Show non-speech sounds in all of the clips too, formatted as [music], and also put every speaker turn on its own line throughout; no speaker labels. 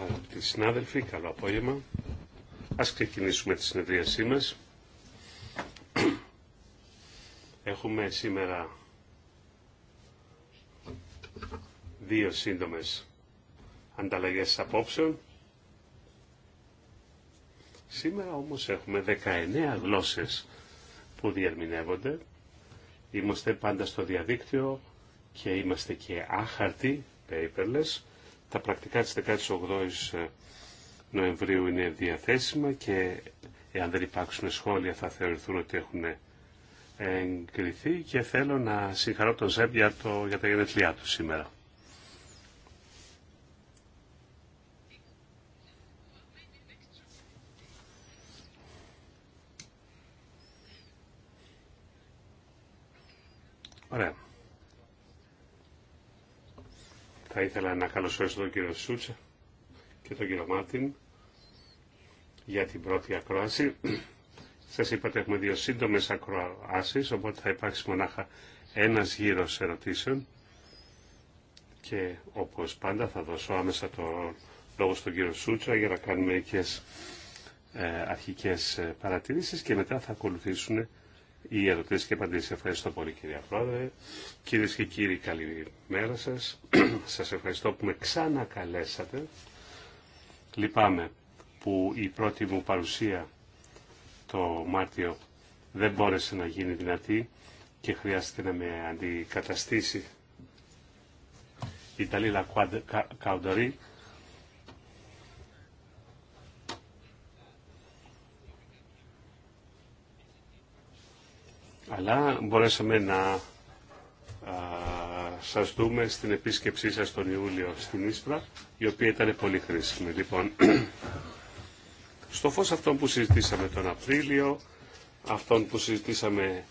Αγαπητοί συνάδελφοι, καλό απόγευμα. Ας ξεκινήσουμε τη συνεδρίασή μας. Έχουμε σήμερα δύο σύντομες ανταλλαγές απόψεων. Σήμερα όμως έχουμε 19 γλώσσες που διερμηνεύονται. Είμαστε πάντα στο διαδίκτυο και είμαστε και άχαρτοι, paperless, τα πρακτικά της 18ης ε, Νοεμβρίου είναι διαθέσιμα και εάν δεν υπάρξουν σχόλια θα θεωρηθούν ότι έχουν εγκριθεί και θέλω να συγχαρώ τον Ζεμ για, το, για τα γενέθλιά του σήμερα. θα ήθελα να καλωσορίσω τον κύριο Σούτσα και τον κύριο Μάρτιν για την πρώτη ακρόαση. Σας είπατε έχουμε δύο σύντομε ακροασει οπότε θα υπάρξει μονάχα ένας γύρος ερωτήσεων και όπως πάντα θα δώσω άμεσα το λόγο στον κύριο Σούτσα για να κάνουμε μερικέ ε, αρχικές ε, παρατηρήσεις και μετά θα ακολουθήσουν οι ερωτήσεις και απαντήσεις. Ευχαριστώ πολύ κυρία Πρόεδρε. κύριε και κύριοι καλημέρα σα, [clears throat] σα ευχαριστώ που με ξανακαλέσατε. Λυπάμαι που η πρώτη μου παρουσία το Μάρτιο δεν μπόρεσε να γίνει δυνατή και χρειάστηκε να με αντικαταστήσει η Ταλίλα Καουντορή αλλά μπορέσαμε να σας δούμε στην επίσκεψή σας τον Ιούλιο στην Ίσπρα, η οποία ήταν πολύ χρήσιμη. Λοιπόν, [clears throat] στο φως αυτών που συζητήσαμε τον Απρίλιο, αυτών που συζητήσαμε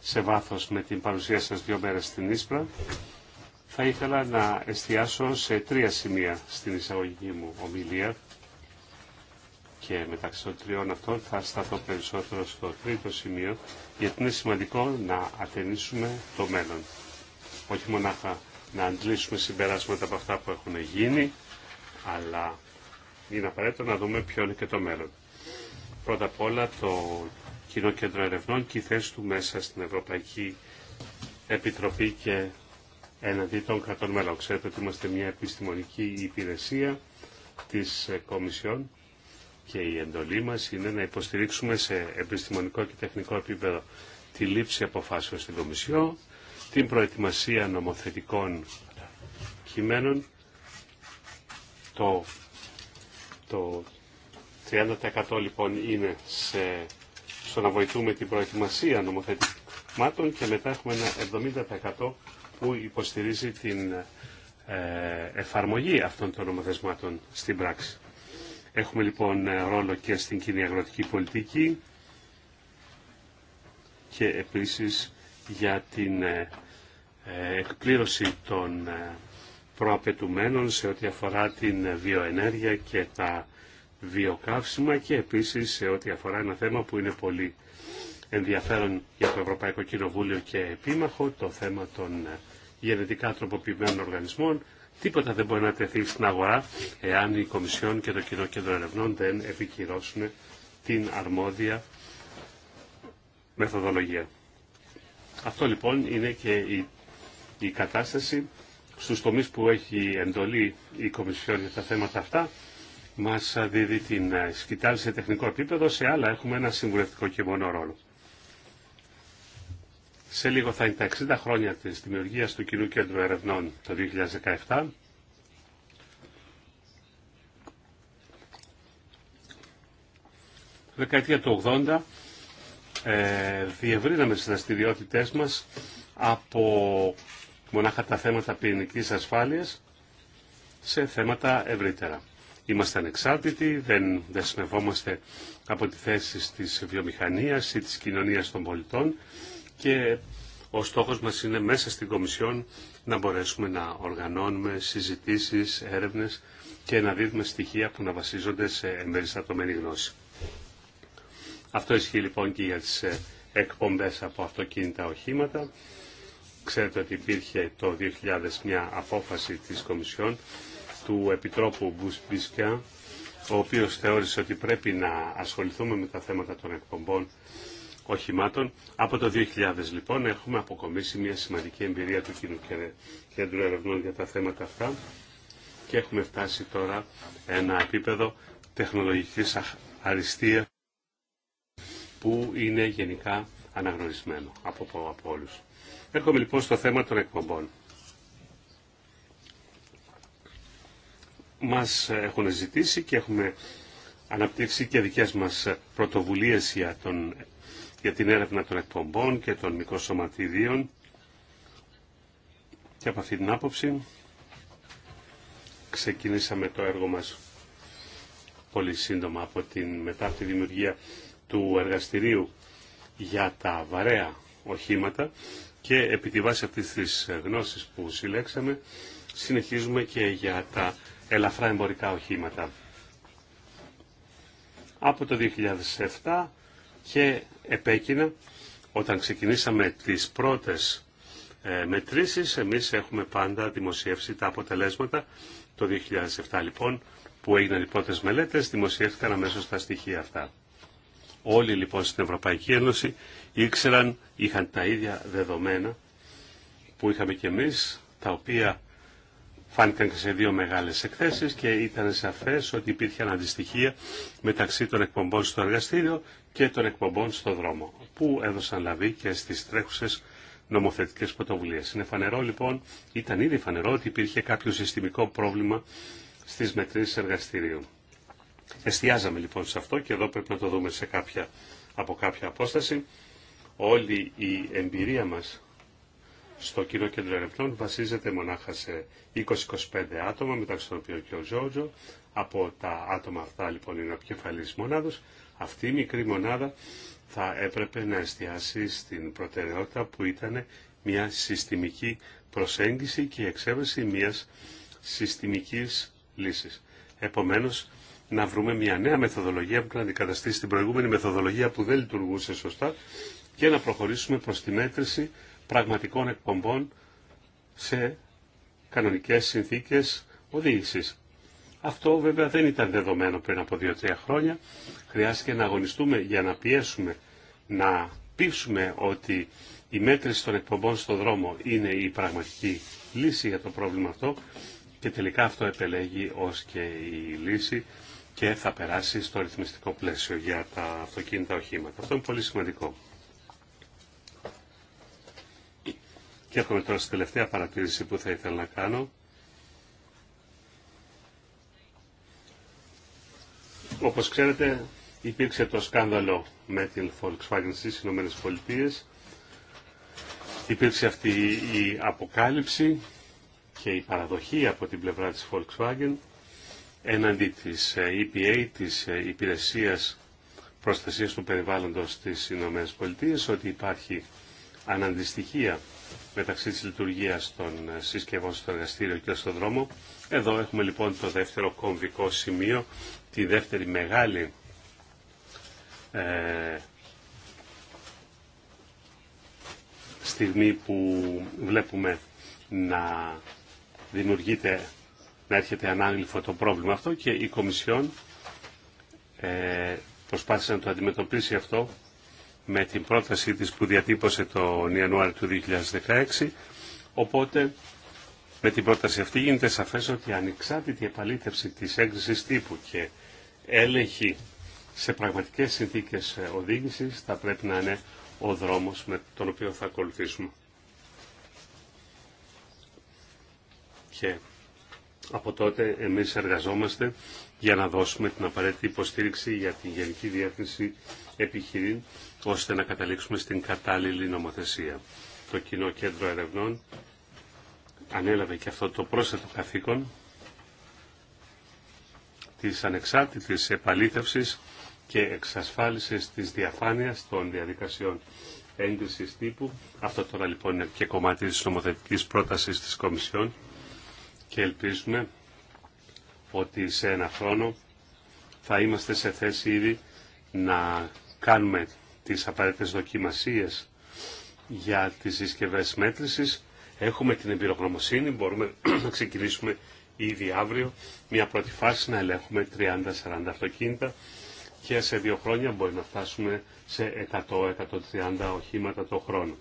σε βάθος με την παρουσία σας δύο μέρες στην Ίσπρα, θα ήθελα να εστιάσω σε τρία σημεία στην εισαγωγική μου ομιλία και μεταξύ των τριών αυτών θα σταθώ περισσότερο στο τρίτο σημείο γιατί είναι σημαντικό να ατενίσουμε το μέλλον. Όχι μονάχα να αντλήσουμε συμπεράσματα από αυτά που έχουν γίνει, αλλά είναι απαραίτητο να δούμε ποιο είναι και το μέλλον. Πρώτα απ' όλα το Κοινό Κέντρο Ερευνών και η θέση του μέσα στην Ευρωπαϊκή Επιτροπή και εναντί των κρατών μέλλων. Ξέρετε ότι είμαστε μια επιστημονική υπηρεσία της Κομισιόν και η εντολή μας είναι να υποστηρίξουμε σε επιστημονικό και τεχνικό επίπεδο τη λήψη αποφάσεων στην Κομισιό, την προετοιμασία νομοθετικών κειμένων, το, το 30% λοιπόν είναι σε, στο να βοηθούμε την προετοιμασία νομοθετημάτων και μετά έχουμε ένα 70% που υποστηρίζει την ε, εφαρμογή αυτών των νομοθεσμάτων στην πράξη. Έχουμε λοιπόν ε, ρόλο και στην κοινή αγροτική πολιτική και επίσης για την ε, ε, εκπλήρωση των προαπαιτουμένων σε ό,τι αφορά την βιοενέργεια και τα βιοκαύσιμα και επίσης σε ό,τι αφορά ένα θέμα που είναι πολύ ενδιαφέρον για το Ευρωπαϊκό Κοινοβούλιο και επίμαχο, το θέμα των γενετικά τροποποιημένων οργανισμών. Τίποτα δεν μπορεί να τεθεί στην αγορά εάν η Κομισιόν και το Κοινό Κέντρο Ερευνών δεν επικυρώσουν την αρμόδια μεθοδολογία. Αυτό λοιπόν είναι και η, κατάσταση στους τομείς που έχει εντολή η Κομισιόν για τα θέματα αυτά. Μας δίδει την ε, σκητάλη σε τεχνικό επίπεδο, σε άλλα έχουμε ένα συμβουλευτικό και μόνο ρόλο. Σε λίγο θα είναι τα 60 χρόνια της δημιουργίας του Κοινού Κέντρου Ερευνών το 2017. δεκαετία του 80 ε, διευρύναμε τις δραστηριότητές μας από μονάχα τα θέματα ποινικής ασφάλειας σε θέματα ευρύτερα. Είμαστε ανεξάρτητοι, δεν δεσμευόμαστε από τη θέση της βιομηχανίας ή της κοινωνίας των πολιτών και ο στόχος μας είναι μέσα στην Κομισιόν να μπορέσουμε να οργανώνουμε συζητήσεις, έρευνες και να δίδουμε στοιχεία που να βασίζονται σε εμπεριστατωμένη γνώση. Αυτό ισχύει λοιπόν και για τις ε, εκπομπές από αυτοκίνητα οχήματα. Ξέρετε ότι υπήρχε το 2001 απόφαση της Κομισιόν του Επιτρόπου Μπουσπίσκια, ο οποίος θεώρησε ότι πρέπει να ασχοληθούμε με τα θέματα των εκπομπών οχημάτων. Από το 2000 λοιπόν έχουμε αποκομίσει μια σημαντική εμπειρία του κοινού κέντρου ερευνών για τα θέματα αυτά και έχουμε φτάσει τώρα ένα επίπεδο τεχνολογικής αριστεία που είναι γενικά αναγνωρισμένο από, από όλους. Έρχομαι λοιπόν στο θέμα των εκπομπών. Μας έχουν ζητήσει και έχουμε αναπτύξει και δικές μας πρωτοβουλίες για τον για την έρευνα των εκπομπών και των μικροσωματιδίων και από αυτή την άποψη ξεκινήσαμε το έργο μας πολύ σύντομα από την, μετά από τη δημιουργία του εργαστηρίου για τα βαρέα οχήματα και επί τη βάση αυτής της γνώσης που συλλέξαμε συνεχίζουμε και για τα ελαφρά εμπορικά οχήματα. Από το 2007 και επέκεινα όταν ξεκινήσαμε τις πρώτες ε, μετρήσεις εμείς έχουμε πάντα δημοσιεύσει τα αποτελέσματα το 2007 λοιπόν που έγιναν οι πρώτες μελέτες δημοσιεύτηκαν αμέσως τα στοιχεία αυτά. Όλοι λοιπόν στην Ευρωπαϊκή Ένωση ήξεραν, είχαν τα ίδια δεδομένα που είχαμε και εμείς, τα οποία φάνηκαν και σε δύο μεγάλες εκθέσεις και ήταν σαφές ότι υπήρχε αναντιστοιχεία μεταξύ των εκπομπών στο εργαστήριο και των εκπομπών στο δρόμο, που έδωσαν λαβή και στις τρέχουσες νομοθετικές πρωτοβουλίες. Είναι φανερό λοιπόν, ήταν ήδη φανερό ότι υπήρχε κάποιο συστημικό πρόβλημα στις μετρήσεις εργαστηρίου. Εστιάζαμε λοιπόν σε αυτό και εδώ πρέπει να το δούμε σε από κάποια απόσταση. Όλη η εμπειρία μας στο κοινό κέντρο ερευνών βασίζεται μονάχα σε 20-25 άτομα, μεταξύ των οποίων και ο Ζόρτζο. Από τα άτομα αυτά λοιπόν είναι κεφαλής μονάδος. Αυτή η μικρή μονάδα θα έπρεπε να εστιάσει στην προτεραιότητα που ήταν μια συστημική προσέγγιση και η εξέβρεση μιας συστημικής λύσης. Επομένως, να βρούμε μια νέα μεθοδολογία που να αντικαταστήσει την προηγούμενη μεθοδολογία που δεν λειτουργούσε σωστά και να προχωρήσουμε προς τη μέτρηση πραγματικών εκπομπών σε κανονικές συνθήκες οδήγησης. Αυτό βέβαια δεν ήταν δεδομένο πριν από 2-3 χρόνια. Χρειάστηκε να αγωνιστούμε για να πιέσουμε, να πείσουμε ότι η μέτρηση των εκπομπών στον δρόμο είναι η πραγματική λύση για το πρόβλημα αυτό και τελικά αυτό επελέγει ως και η λύση και θα περάσει στο ρυθμιστικό πλαίσιο για τα αυτοκίνητα οχήματα. Αυτό είναι πολύ σημαντικό. Και έρχομαι τώρα στη τελευταία παρατήρηση που θα ήθελα να κάνω. Όπως ξέρετε υπήρξε το σκάνδαλο με την Volkswagen στις Ηνωμένες Πολιτείες. Υπήρξε αυτή η αποκάλυψη και η παραδοχή από την πλευρά της Volkswagen έναντι της EPA, της Υπηρεσίας Προστασίας του Περιβάλλοντος στις Ηνωμένες Πολιτείες, ότι υπάρχει αναντιστοιχεία μεταξύ της λειτουργίας των συσκευών στο εργαστήριο και στον δρόμο. Εδώ έχουμε λοιπόν το δεύτερο κομβικό σημείο, τη δεύτερη μεγάλη ε, στιγμή που βλέπουμε να δημιουργείται, να έρχεται ανάγλυφο το πρόβλημα αυτό και η Κομισιόν ε, προσπάθησε να το αντιμετωπίσει αυτό με την πρότασή της που διατύπωσε τον Ιανουάριο του 2016. Οπότε με την πρόταση αυτή γίνεται σαφές ότι η ανεξάρτητη επαλήθευση της έγκρισης τύπου και έλεγχη σε πραγματικές συνθήκες οδήγησης θα πρέπει να είναι ο δρόμος με τον οποίο θα ακολουθήσουμε. Και από τότε εμείς εργαζόμαστε για να δώσουμε την απαραίτητη υποστήριξη για την Γενική Διεύθυνση Επιχειρήν ώστε να καταλήξουμε στην κατάλληλη νομοθεσία. Το Κοινό Κέντρο Ερευνών ανέλαβε και αυτό το πρόσθετο καθήκον της ανεξάρτητης επαλήθευσης και εξασφάλισης της διαφάνειας των διαδικασιών έγκρισης τύπου. Αυτό τώρα λοιπόν είναι και κομμάτι της νομοθετικής πρότασης της Κομισιόν και ελπίζουμε ότι σε ένα χρόνο θα είμαστε σε θέση ήδη να κάνουμε τις απαραίτητες δοκιμασίες για τις συσκευέ μέτρησης. Έχουμε την εμπειρογνωμοσύνη, μπορούμε [clears throat] να ξεκινήσουμε ήδη αύριο μια πρώτη φάση να ελέγχουμε 30-40 αυτοκίνητα και σε δύο χρόνια μπορεί να φτάσουμε σε 100-130 οχήματα το χρόνο.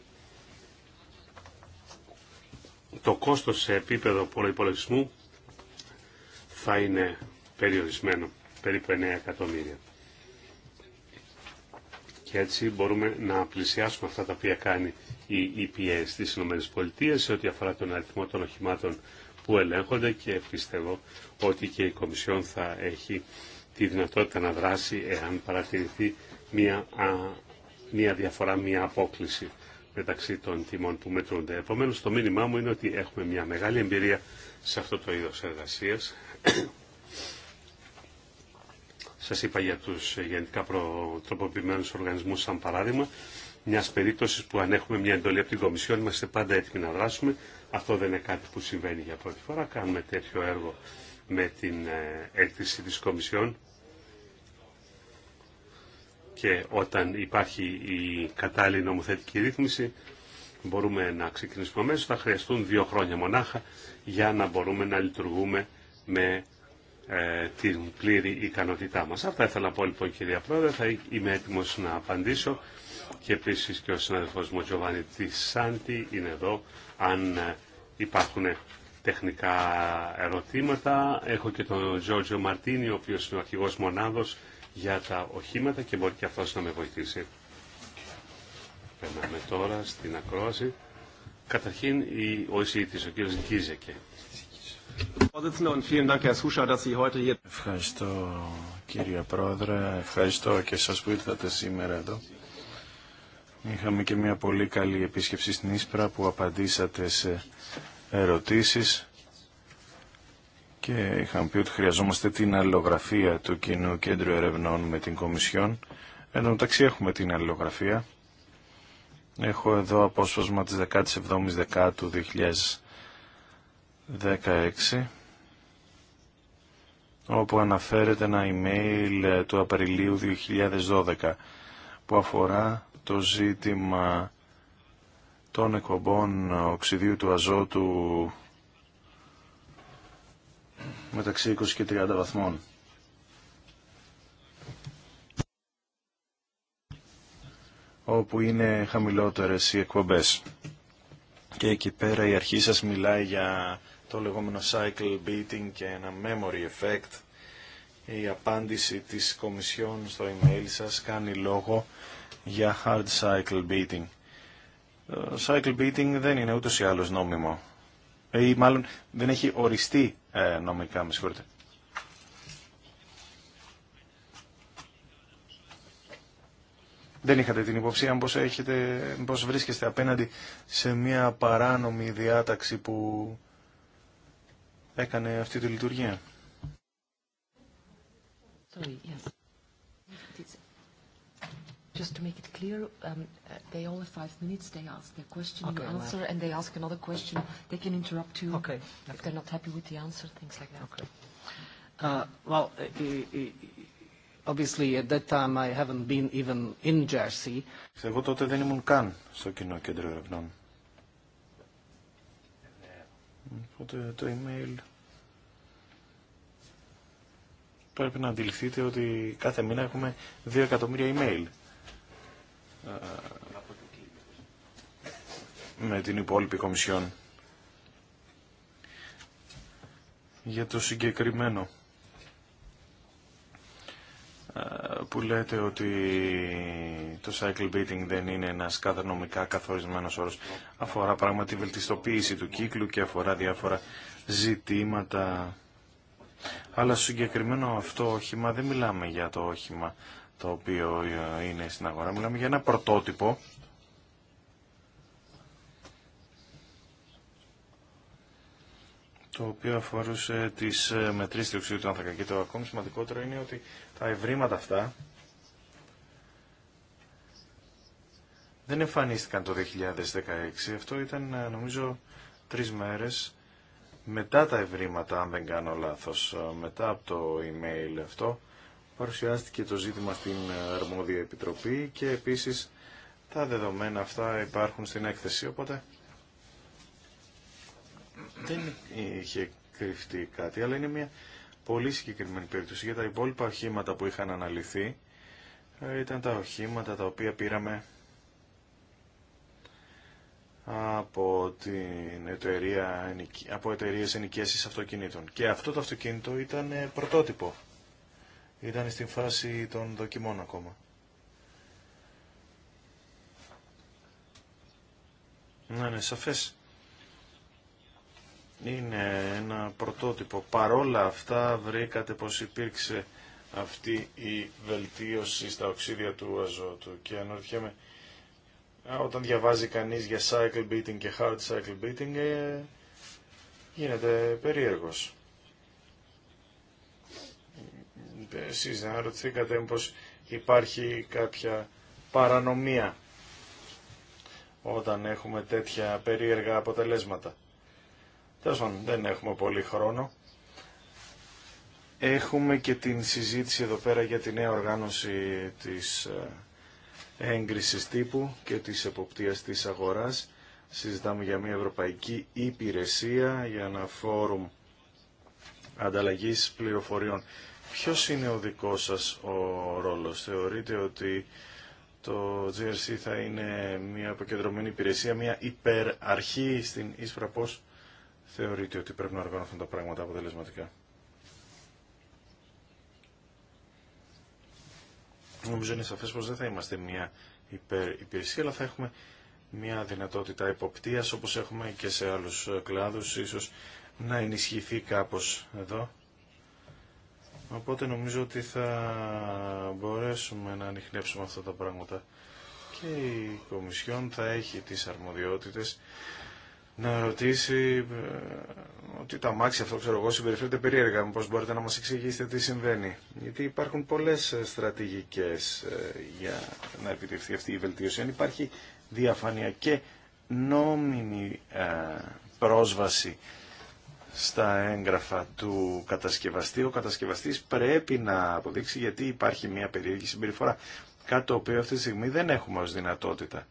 Το κόστος σε επίπεδο προϋπολογισμού θα είναι περιορισμένο, περίπου 9 εκατομμύρια και έτσι μπορούμε να πλησιάσουμε αυτά τα οποία κάνει η EPA στις ΗΠΑ σε ό,τι αφορά τον αριθμό των οχημάτων που ελέγχονται και πιστεύω ότι και η Κομισιόν θα έχει τη δυνατότητα να δράσει εάν παρατηρηθεί μια, μια διαφορά, μια απόκληση μεταξύ των τιμών που μετρούνται. Επομένως το μήνυμά μου είναι ότι έχουμε μια μεγάλη εμπειρία σε αυτό το είδος εργασίας Σα είπα για του ε, γενικά προτροποποιημένου οργανισμού, σαν παράδειγμα. Μια περίπτωση που αν έχουμε μια εντολή από την Κομισιόν είμαστε πάντα έτοιμοι να δράσουμε. Αυτό δεν είναι κάτι που συμβαίνει για πρώτη φορά. Κάνουμε τέτοιο έργο με την ε, έκθεση τη Κομισιόν και όταν υπάρχει η κατάλληλη νομοθετική ρύθμιση μπορούμε να ξεκινήσουμε αμέσως. Θα χρειαστούν δύο χρόνια μονάχα για να μπορούμε να λειτουργούμε με ε, την πλήρη ικανότητά μας. Αυτά ήθελα να πω λοιπόν κυρία Πρόεδρε, θα είμαι έτοιμος να απαντήσω και επίσης και ο συνάδελφος μου Τζοβάνι Τισάντη είναι εδώ αν ε, υπάρχουν τεχνικά ερωτήματα. Έχω και τον Γιώργιο Μαρτίνη, ο οποίος είναι ο αρχηγός μονάδος για τα οχήματα και μπορεί και αυτός να με βοηθήσει. Περνάμε τώρα στην ακρόαση. Καταρχήν ο εισηγητής, ο κύριος Γκίζεκε.
Ευχαριστώ κύριε Πρόεδρε, ευχαριστώ και σας που ήρθατε σήμερα εδώ. Είχαμε και μια πολύ καλή επίσκεψη στην Ίσπρα που απαντήσατε σε ερωτήσεις και είχαμε πει ότι χρειαζόμαστε την αλληλογραφία του Κοινού Κέντρου Ερευνών με την Κομισιόν. Εν τω μεταξύ έχουμε την αλληλογραφία. Έχω εδώ απόσπασμα της 17ης Δεκάτου 2000 16 όπου αναφέρεται ένα email του Απριλίου 2012 που αφορά το ζήτημα των εκπομπών οξυδίου του αζότου μεταξύ 20 και 30 βαθμών. όπου είναι χαμηλότερες οι εκπομπές. Και εκεί πέρα η αρχή σας μιλάει για το λεγόμενο cycle beating και ένα memory effect. Η απάντηση της Κομισιόν στο email σας κάνει λόγο για hard cycle beating. Το ε, cycle beating δεν είναι ούτως ή άλλως νόμιμο. Ε, ή μάλλον δεν έχει οριστεί ε, νομικά, με συγχωρείτε. Δεν είχατε την υποψία πως, έχετε, πως βρίσκεστε απέναντι σε μια παράνομη διάταξη που έκανε αυτή τη λειτουργία. Sorry, yes. Just to make it clear, um, they all have five minutes. They ask their question, okay, you answer, and they ask another question. They can interrupt you okay, if they're not happy with the answer, things like that. Okay. Uh, well, obviously at that time I haven't been even in Jersey. Εγώ τότε δεν ήμουν καν στο κοινό κέντρο Οπότε το email πρέπει να αντιληφθείτε ότι κάθε μήνα έχουμε 2 εκατομμύρια email. Με την υπόλοιπη κομισιόν. Για το συγκεκριμένο ε, που λέτε ότι το cycle beating δεν είναι ένας καθαρνομικά καθορισμένος όρος. Αφορά πράγματι βελτιστοποίηση του κύκλου και αφορά διάφορα ζητήματα. Αλλά στο συγκεκριμένο αυτό όχημα δεν μιλάμε για το όχημα το οποίο ε, είναι στην αγορά. Μιλάμε για ένα πρωτότυπο το οποίο αφορούσε τις ε, μετρήσεις διοξιδίου του άνθρακα. Και το ακόμη σημαντικότερο είναι ότι τα ευρήματα αυτά δεν εμφανίστηκαν το 2016. Αυτό ήταν ε, νομίζω τρεις μέρες μετά τα ευρήματα, αν δεν κάνω λάθος, ε, μετά από το email αυτό, παρουσιάστηκε το ζήτημα στην αρμόδια επιτροπή και επίσης τα δεδομένα αυτά υπάρχουν στην έκθεση, οπότε δεν είχε κρυφτεί κάτι, αλλά είναι μια πολύ συγκεκριμένη περίπτωση. Για τα υπόλοιπα οχήματα που είχαν αναλυθεί, ε, ήταν τα οχήματα τα οποία πήραμε από, την εταιρεία, από εταιρείες ενοικίασης αυτοκινήτων. Και αυτό το αυτοκίνητο ήταν ε, πρωτότυπο. Ήταν στην φάση των δοκιμών ακόμα. Να είναι σαφές είναι ένα πρωτότυπο. Παρόλα αυτά βρήκατε πως υπήρξε αυτή η βελτίωση στα οξύδια του αζότου και αναρωτιέμαι όταν διαβάζει κανείς για cycle beating και hard cycle beating ε, γίνεται περίεργος. Εσείς να αναρωτηθήκατε πως υπάρχει κάποια παρανομία όταν έχουμε τέτοια περίεργα αποτελέσματα δεν έχουμε πολύ χρόνο. Έχουμε και την συζήτηση εδώ πέρα για τη νέα οργάνωση της ε, έγκρισης τύπου και της εποπτείας της αγοράς. Συζητάμε για μια ευρωπαϊκή υπηρεσία, για ένα φόρουμ ανταλλαγής πληροφοριών. Ποιος είναι ο δικός σας ο ρόλος. Θεωρείτε ότι το GRC θα είναι μια αποκεντρωμένη υπηρεσία, μια υπεραρχή στην Ίσπρα θεωρείται ότι πρέπει να οργανωθούν τα πράγματα αποτελεσματικά. Νομίζω είναι σαφές πως δεν θα είμαστε μια υπηρεσία, αλλά θα έχουμε μια δυνατότητα υποπτίας όπως έχουμε και σε άλλους ε, κλάδους, ίσως να ενισχυθεί κάπως εδώ. Οπότε νομίζω ότι θα μπορέσουμε να ανοιχνεύσουμε αυτά τα πράγματα και η Κομισιόν θα έχει τις αρμοδιότητες να ρωτήσει ε, ότι το αμάξι αυτό, ξέρω εγώ, συμπεριφέρεται περίεργα. Μήπως μπορείτε να μας εξηγήσετε τι συμβαίνει. Γιατί υπάρχουν πολλές ε, στρατηγικές ε, για να επιτευχθεί αυτή η βελτίωση. Αν υπάρχει διαφάνεια και νόμιμη πρόσβαση στα έγγραφα του κατασκευαστή, ο κατασκευαστής πρέπει να αποδείξει γιατί υπάρχει μια περίεργη συμπεριφορά. Κάτι το οποίο αυτή τη στιγμή δεν έχουμε ω δυνατότητα.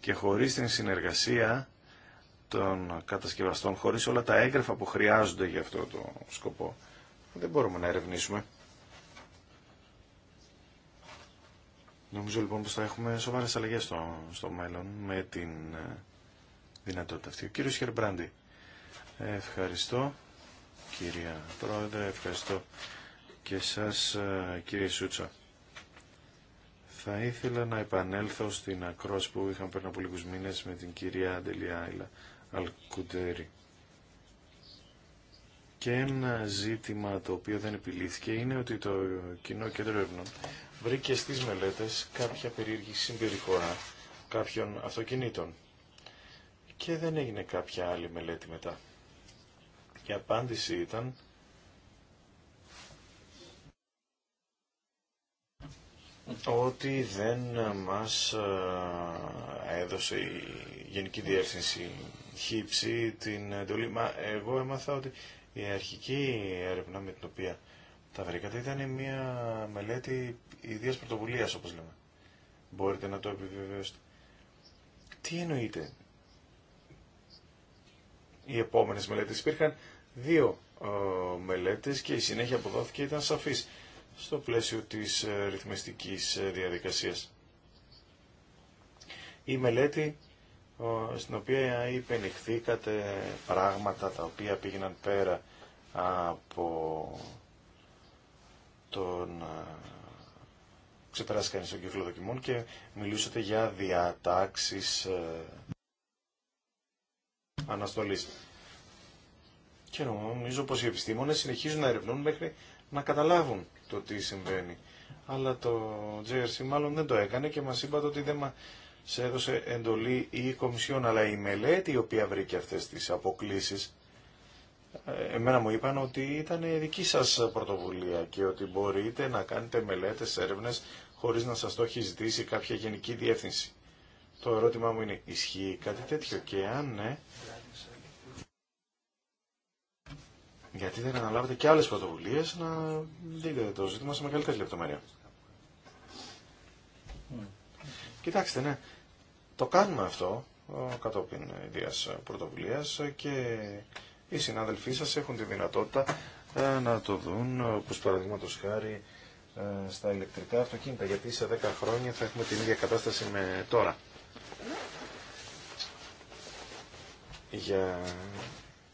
Και χωρί την συνεργασία των κατασκευαστών χωρίς όλα τα έγγραφα που χρειάζονται για αυτό το σκοπό. Δεν μπορούμε να ερευνήσουμε. Νομίζω λοιπόν πως θα έχουμε σοβαρές αλλαγές στο, στο μέλλον με την ε, δυνατότητα αυτή. Ο κύριος Χερμπράντη. Ευχαριστώ κυρία Πρόεδρε, ευχαριστώ και σας ε, κύριε Σούτσα. Θα ήθελα να επανέλθω στην ακρόαση που είχαμε πριν από λίγους μήνες με την κυρία Αντελιάηλα Αλκουντέρη. Και ένα ζήτημα το οποίο δεν επιλύθηκε είναι ότι το Κοινό Κέντρο έρευνων βρήκε στις μελέτες κάποια περίεργη συμπεριφορά κάποιων αυτοκινήτων και δεν έγινε κάποια άλλη μελέτη μετά. Η απάντηση ήταν ότι δεν μας ε, έδωσε η Γενική Διεύθυνση χύψει την εντολή. εγώ έμαθα ότι η αρχική έρευνα με την οποία τα βρήκατε ήταν μια μελέτη ιδίας πρωτοβουλία, όπως λέμε. Μπορείτε να το επιβεβαιώσετε. Τι εννοείτε. Οι επόμενε μελέτε υπήρχαν δύο ε, μελέτες και η συνέχεια αποδόθηκε ήταν σαφή στο πλαίσιο της ε, ρυθμιστικής ε, διαδικασίας. Η μελέτη στην οποία υπενηχθήκατε πράγματα τα οποία πήγαιναν πέρα από τον ξεπεράσει κανείς τον κύκλο δοκιμών και μιλούσατε για διατάξεις ε, αναστολής. Και νομίζω πως οι επιστήμονες συνεχίζουν να ερευνούν μέχρι να καταλάβουν το τι συμβαίνει. Αλλά το JRC μάλλον δεν το έκανε και μας είπατε ότι δεν, σε έδωσε εντολή η Κομισιόν, αλλά η μελέτη η οποία βρήκε αυτές τις αποκλήσεις, εμένα μου είπαν ότι ήταν δική σας πρωτοβουλία και ότι μπορείτε να κάνετε μελέτες, έρευνες, χωρίς να σας το έχει ζητήσει κάποια γενική διεύθυνση. Το ερώτημά μου είναι, ισχύει κάτι τέτοιο και αν ναι, γιατί δεν αναλάβετε και άλλες πρωτοβουλίες να δείτε το ζήτημα σε μεγαλύτερη λεπτομέρεια. Κοιτάξτε, ναι, το κάνουμε αυτό ε, κατόπιν ιδίας πρωτοβουλία και οι συνάδελφοί σας έχουν τη δυνατότητα ε, να το δουν, ε, όπως παραδείγματο χάρη στα ηλεκτρικά αυτοκίνητα, γιατί σε 10 χρόνια θα έχουμε την ίδια κατάσταση με τώρα. Για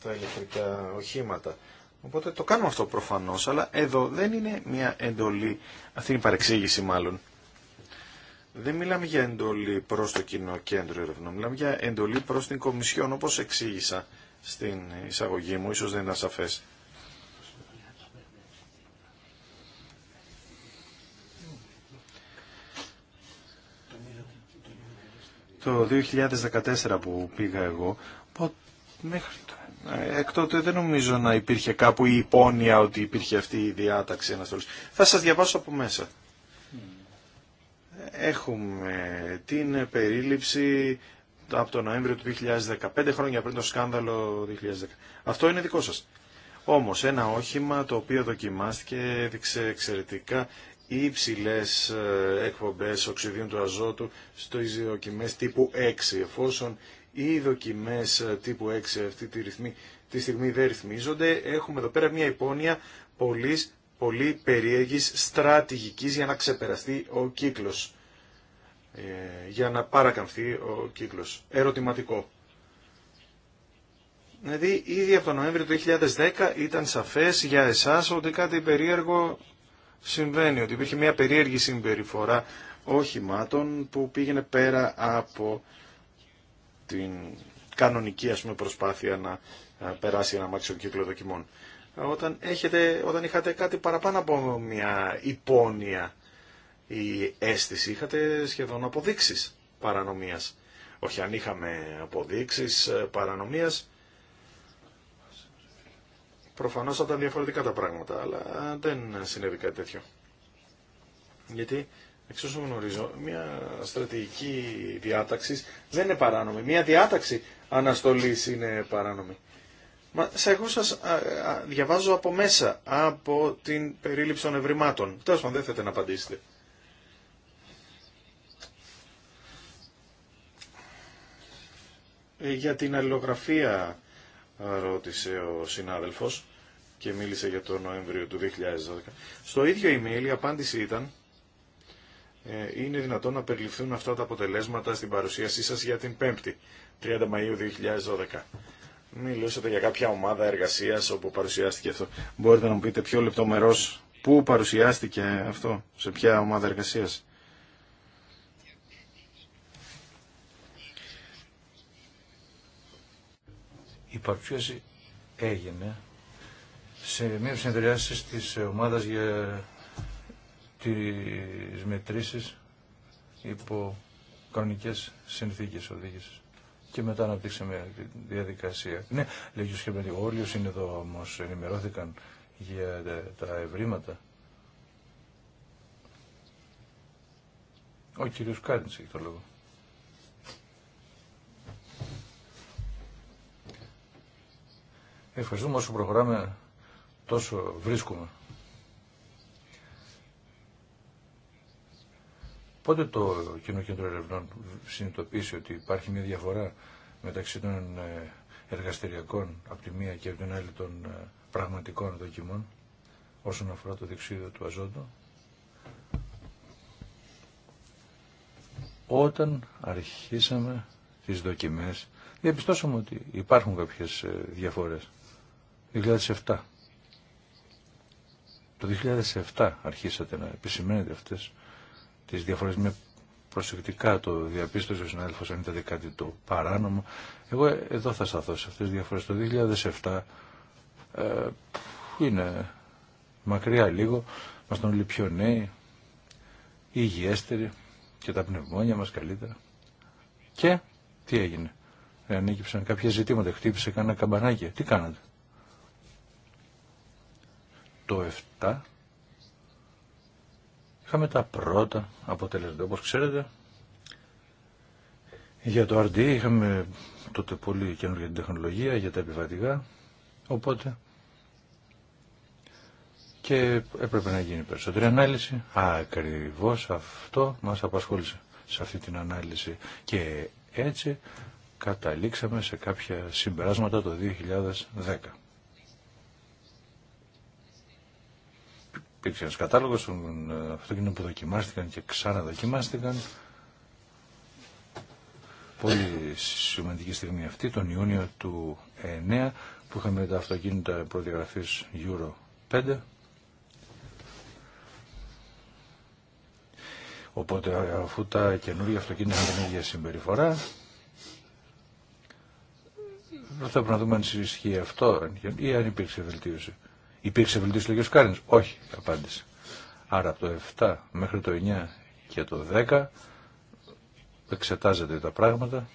τα ηλεκτρικά οχήματα. Οπότε το κάνουμε αυτό προφανώς, αλλά εδώ δεν είναι μια εντολή, αυτή είναι η παρεξήγηση μάλλον, δεν μιλάμε για εντολή προς το κοινό κέντρο ερευνών, μιλάμε για εντολή προς την Κομισιόν, όπως εξήγησα στην εισαγωγή μου, ίσως δεν ήταν σαφές. Το 2014 που πήγα εγώ, μέχρι Εκ τότε δεν νομίζω να υπήρχε κάπου η υπόνοια ότι υπήρχε αυτή η διάταξη αναστολής. Θα σας διαβάσω από μέσα. Έχουμε την περίληψη από τον Νοέμβριο του 2015, χρόνια πριν το σκάνδαλο 2010. Αυτό είναι δικό σας. Όμως ένα όχημα το οποίο δοκιμάστηκε έδειξε εξαιρετικά υψηλέ ε, εκπομπές οξυδίων του αζότου στο δοκιμές τύπου 6. Εφόσον οι δοκιμές ε, τύπου 6 αυτή τη, ρυθμή, τη στιγμή δεν ρυθμίζονται, έχουμε εδώ πέρα μια υπόνοια πολλής πολύ περίεργης στρατηγικής για να ξεπεραστεί ο κύκλος, ε, για να παρακαμφθεί ο κύκλος. Ερωτηματικό. Δηλαδή, ήδη από τον Νοέμβριο του 2010 ήταν σαφές για εσάς ότι κάτι περίεργο συμβαίνει, ότι υπήρχε μια περίεργη συμπεριφορά οχημάτων που πήγαινε πέρα από την κανονική ας πούμε, προσπάθεια να περάσει ένα μάξιο κύκλο δοκιμών όταν, έχετε, όταν είχατε κάτι παραπάνω από μια υπόνοια ή αίσθηση, είχατε σχεδόν αποδείξεις παρανομίας. Όχι αν είχαμε αποδείξεις ε, παρανομίας, προφανώς θα ήταν διαφορετικά τα πράγματα, αλλά δεν συνέβη κάτι τέτοιο. Γιατί, εξ όσων γνωρίζω, μια στρατηγική διάταξη δεν είναι παράνομη. Μια διάταξη αναστολής είναι παράνομη εγώ σας διαβάζω από μέσα, από την περίληψη των ευρημάτων. Τέλος πάντων, δεν θέλετε να απαντήσετε. Ε, για την αλληλογραφία ρώτησε ο συνάδελφος και μίλησε για τον Νοέμβριο του 2012. Στο ίδιο email η απάντηση ήταν ε, είναι δυνατόν να περιληφθούν αυτά τα αποτελέσματα στην παρουσίασή σας για την 5η, 30 Μαΐου 2012. Μιλούσατε για κάποια ομάδα εργασία όπου παρουσιάστηκε αυτό. Μπορείτε να μου πείτε πιο λεπτομερό πού παρουσιάστηκε αυτό, σε ποια ομάδα εργασία.
Η παρουσίαση έγινε σε μία συνεδριάση της ομάδας για τις μετρήσεις υπό κανονικές συνθήκες οδήγησης και μετά αναπτύξαμε τη διαδικασία. Ναι, λέγει ο Σχέπνερ, όλοι όσοι είναι εδώ όμω ενημερώθηκαν για τα ευρήματα. Ο κύριος Κάρνης έχει το λόγο. Ευχαριστούμε όσο προχωράμε τόσο βρίσκουμε. Πότε το Κοινό Κέντρο Ερευνών συνειδητοποίησε ότι υπάρχει μια διαφορά μεταξύ των ε, εργαστηριακών από τη μία και από την άλλη των ε, πραγματικών δοκιμών όσον αφορά το διεξίδιο του αζόντου. Όταν αρχίσαμε τις δοκιμές, διαπιστώσαμε ότι υπάρχουν κάποιες ε, διαφορές. 2007. Το 2007 αρχίσατε να επισημαίνετε αυτές τι διαφορέ με προσεκτικά το διαπίστωσε ο συνάδελφος αν ήταν κάτι το παράνομο. Εγώ εδώ θα σταθώ σε αυτές τις διαφορές. Το 2007 ε, είναι μακριά λίγο, μας τον όλοι πιο νέοι, υγιέστεροι και τα πνευμόνια μας καλύτερα. Και τι έγινε. Ε, ανήκυψαν κάποια ζητήματα, χτύπησε κανένα καμπανάκι. Τι κάνατε. Το 7 είχαμε τα πρώτα αποτελέσματα. Όπως ξέρετε, για το RDE είχαμε τότε πολύ καινούργια την τεχνολογία, για τα επιβατικά, οπότε και έπρεπε να γίνει περισσότερη ανάλυση. Ακριβώς αυτό μας απασχόλησε σε αυτή την ανάλυση και έτσι καταλήξαμε σε κάποια συμπεράσματα το 2010. υπήρξε ένα κατάλογο των ε, αυτοκινήτων που δοκιμάστηκαν και ξαναδοκιμάστηκαν. Πολύ σημαντική στιγμή αυτή, τον Ιούνιο του 9, που είχαμε τα αυτοκίνητα προδιαγραφής Euro 5. Οπότε αφού τα καινούργια αυτοκίνητα είχαν την ίδια συμπεριφορά, θα πρέπει να δούμε αν ισχύει αυτό ή αν υπήρξε βελτίωση. Υπήρξε βελτίωση του κ. Κάριν. Όχι, απάντησε. Άρα από το 7 μέχρι το 9 και το 10 εξετάζεται τα πράγματα,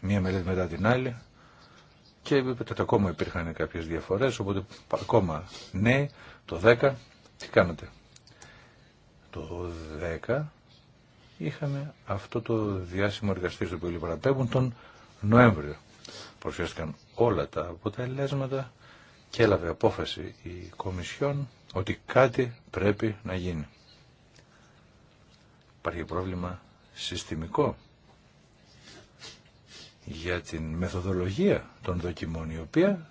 μία μελέτη μετά την άλλη και ότι ακόμα υπήρχαν κάποιε διαφορέ, οπότε ακόμα ναι, το 10, τι κάνατε. Το 10 είχαμε αυτό το διάσημο εργαστήριο στο οποίο τον Νοέμβριο. Προσφέρθηκαν όλα τα αποτελέσματα και έλαβε απόφαση η Κομισιόν ότι κάτι πρέπει να γίνει. Υπάρχει πρόβλημα συστημικό για την μεθοδολογία των δοκιμών η οποία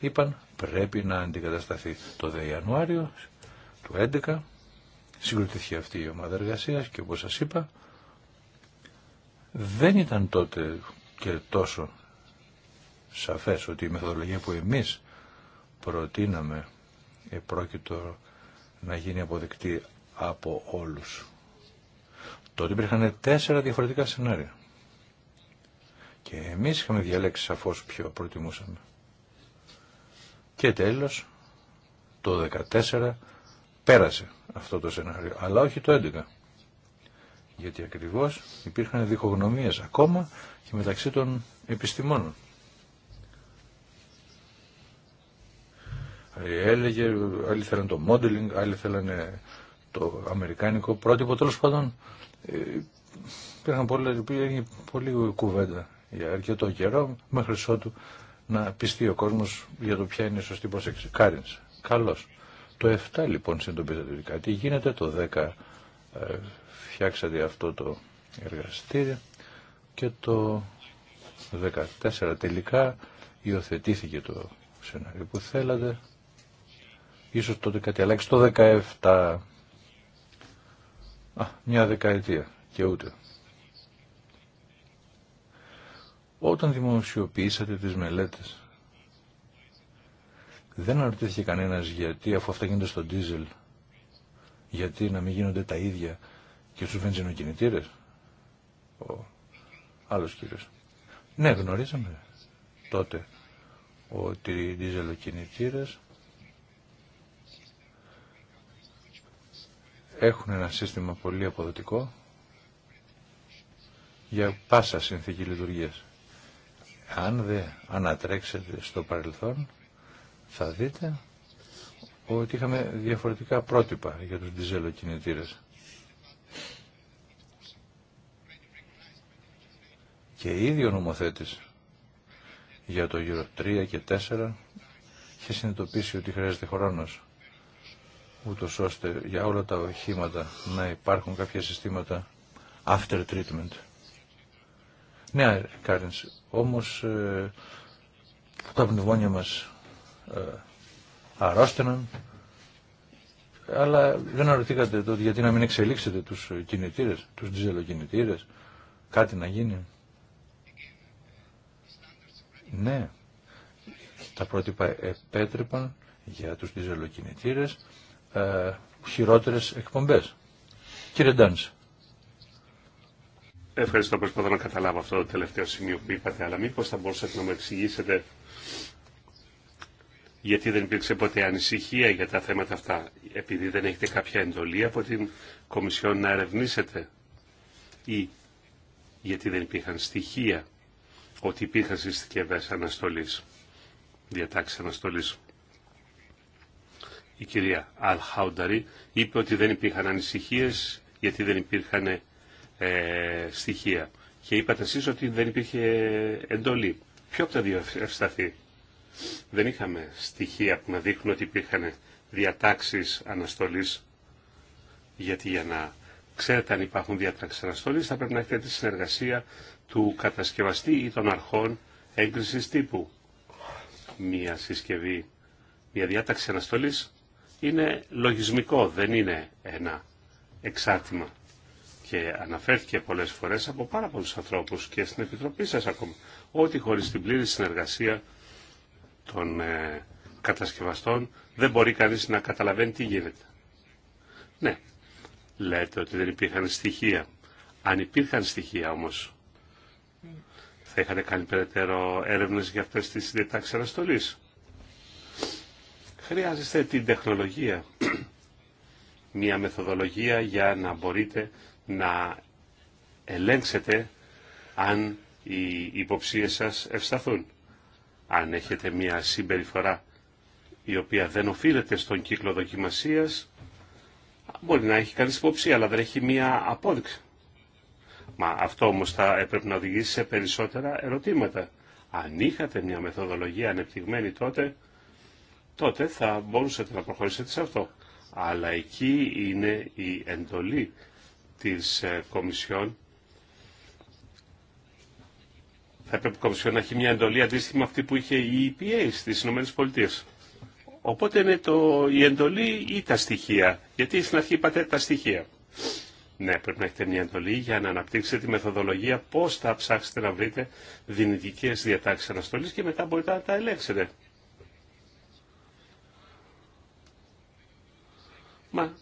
είπαν πρέπει να αντικατασταθεί το δε Ιανουάριο του 11 συγκροτήθηκε αυτή η ομάδα εργασία και όπως σας είπα δεν ήταν τότε και τόσο σαφές ότι η μεθοδολογία που εμείς προτείναμε επρόκειτο να γίνει αποδεκτή από όλους. Τότε υπήρχαν τέσσερα διαφορετικά σενάρια. Και εμείς είχαμε διαλέξει σαφώς πιο προτιμούσαμε. Και τέλος, το 14 πέρασε αυτό το σενάριο, αλλά όχι το 11. Γιατί ακριβώς υπήρχαν διχογνωμίες ακόμα και μεταξύ των επιστημόνων. έλεγε, άλλοι θέλανε το modeling, άλλοι θέλανε το αμερικάνικο πρότυπο. Τέλο πάντων, ε, υπήρχαν πολλή, έγινε πολύ κουβέντα για αρκετό καιρό, μέχρι ότου να πιστεί ο κόσμο για το ποια είναι η σωστή προσέξη. Κάριν, καλώ. Το 7 λοιπόν ότι κάτι. Γίνεται το 10 ε, φτιάξατε αυτό το εργαστήριο και το 14 τελικά υιοθετήθηκε το σενάριο που θέλατε Ίσως τότε κάτι αλλάξει. Το 17, α, μια δεκαετία και ούτε. Όταν δημοσιοποιήσατε τις μελέτες, δεν αναρωτήθηκε κανένας γιατί αφού αυτά γίνονται στο ντίζελ, γιατί να μην γίνονται τα ίδια και στους βενζινοκινητήρες. Ο άλλος κύριος. Ναι, γνωρίζαμε τότε ότι οι ντίζελοκινητήρες έχουν ένα σύστημα πολύ αποδοτικό για πάσα συνθήκη λειτουργίας. Αν δεν ανατρέξετε στο παρελθόν, θα δείτε ότι είχαμε διαφορετικά πρότυπα για τους διζελοκινητήρες. Και ήδη ο νομοθέτης για το γύρο 3 και 4 είχε συνειδητοποιήσει ότι χρειάζεται χρόνος ούτως ώστε για όλα τα οχήματα να υπάρχουν κάποια συστήματα after treatment. Ναι, Κάρινς, όμως ε, τα πνευμόνια μας ε, αρρώστηναν, αλλά δεν αρωτήκατε τότε γιατί να μην εξελίξετε τους κινητήρες, τους διζελοκινητήρες, κάτι να γίνει. Ναι, τα πρότυπα επέτρεπαν για τους διζελοκινητήρες ε, χειρότερες εκπομπές. Κύριε Ντάνης.
Ευχαριστώ. Προσπαθώ να καταλάβω αυτό το τελευταίο σημείο που είπατε, αλλά μήπως θα μπορούσατε να μου εξηγήσετε γιατί δεν υπήρξε ποτέ ανησυχία για τα θέματα αυτά, επειδή δεν έχετε κάποια εντολή από την Κομισιόν να ερευνήσετε ή γιατί δεν υπήρχαν στοιχεία ότι υπήρχαν συσκευέ αναστολής, διατάξεις αναστολής η κυρία Αλ Χαουνταρή είπε ότι δεν υπήρχαν ανησυχίες γιατί δεν υπήρχαν ε, στοιχεία. Και είπατε εσείς ότι δεν υπήρχε εντολή. Ποιο από τα δύο ευσταθεί. Δεν είχαμε στοιχεία που να δείχνουν ότι υπήρχαν διατάξεις αναστολής. Γιατί για να ξέρετε αν υπάρχουν διατάξεις αναστολής θα πρέπει να έχετε τη συνεργασία του κατασκευαστή ή των αρχών έγκρισης τύπου. Μία συσκευή, μία διάταξη αναστολής είναι λογισμικό, δεν είναι ένα εξάρτημα Και αναφέρθηκε πολλές φορές από πάρα πολλούς ανθρώπους και στην Επιτροπή σας ακόμα, ότι χωρίς την πλήρη συνεργασία των ε, κατασκευαστών δεν μπορεί κανείς να καταλαβαίνει τι γίνεται. Ναι, λέτε ότι δεν υπήρχαν στοιχεία. Αν υπήρχαν στοιχεία όμως, θα είχατε κάνει περαιτέρω έρευνες για αυτές τις συντετάξεις αναστολής. Χρειάζεστε την τεχνολογία, [clears throat] μια μεθοδολογία για να μπορείτε να ελέγξετε αν οι υποψίες σας ευσταθούν. Αν έχετε μια συμπεριφορά η οποία δεν οφείλεται στον κύκλο δοκιμασίας, μπορεί να έχει κανείς υποψία, αλλά δεν έχει μια απόδειξη. Μα αυτό όμως θα έπρεπε να οδηγήσει σε περισσότερα ερωτήματα. Αν είχατε μια μεθοδολογία ανεπτυγμένη τότε, τότε θα μπορούσατε να προχωρήσετε σε αυτό. Αλλά εκεί είναι η εντολή της ε, Κομισιόν. Θα έπρεπε η Κομισιόν να έχει μια εντολή αντίστοιχη με αυτή που είχε η EPA στις ΗΠΑ. Οπότε είναι το, η εντολή ή τα στοιχεία. Γιατί στην αρχή είπατε τα στοιχεία. Ναι, πρέπει να έχετε μια εντολή για να αναπτύξετε τη μεθοδολογία πώς θα ψάξετε να βρείτε δυνητικές διατάξεις αναστολής και μετά μπορείτε να τα ελέγξετε. Μα...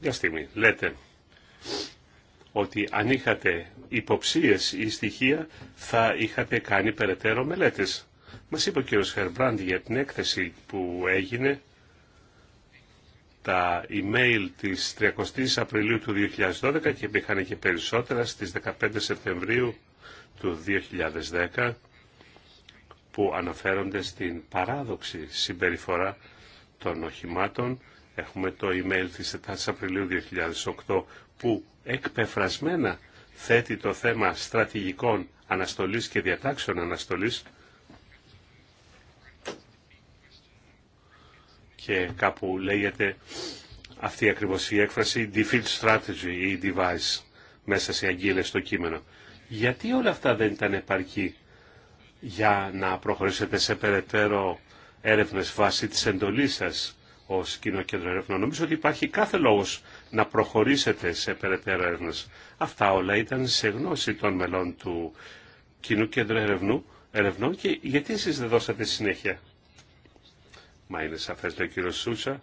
Μια στιγμή, λέτε ότι αν είχατε υποψίες ή στοιχεία θα είχατε κάνει περαιτέρω μελέτες. Μας είπε ο κ. Χερμπράντ για την έκθεση που έγινε τα email της 30 Απριλίου του 2012 και υπήρχαν και περισσότερα στις 15 Σεπτεμβρίου του 2010 που αναφέρονται στην παράδοξη συμπεριφορά των οχημάτων. Έχουμε το email της 4 Απριλίου 2008 που εκπεφρασμένα θέτει το θέμα στρατηγικών αναστολής και διατάξεων αναστολής και κάπου λέγεται αυτή ακριβώς η έκφραση «Defeat strategy ή device μέσα σε αγγείλες στο κείμενο. Γιατί όλα αυτά δεν ήταν επαρκή για να προχωρήσετε σε περαιτέρω έρευνες βάσει της εντολής σας ω κοινό κέντρο έρευνων. Νομίζω ότι υπάρχει κάθε λόγος να προχωρήσετε σε περαιτέρω έρευνες. Αυτά όλα ήταν σε γνώση των μελών του κοινού κέντρου ερευνού, ερευνών και γιατί εσείς δεν δώσατε συνέχεια. Μα είναι σαφές λέει ο κύριο Σούσα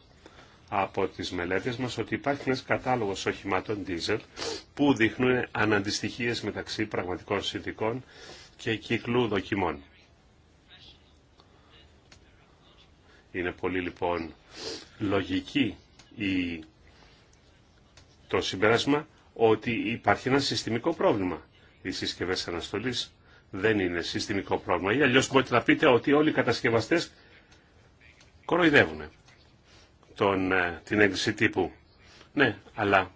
από τις μελέτες μας ότι υπάρχει ένας κατάλογος οχημάτων diesel που δείχνουν αναντιστοιχίε μεταξύ πραγματικών συνθήκων και κύκλου δοκιμών. Είναι πολύ λοιπόν λογική η... το συμπέρασμα ότι υπάρχει ένα συστημικό πρόβλημα. Οι συσκευές αναστολής δεν είναι συστημικό πρόβλημα. Ή αλλιώς μπορείτε να πείτε ότι όλοι οι κατασκευαστές κοροϊδεύουν τον, ε, την έγκριση τύπου. Ναι, αλλά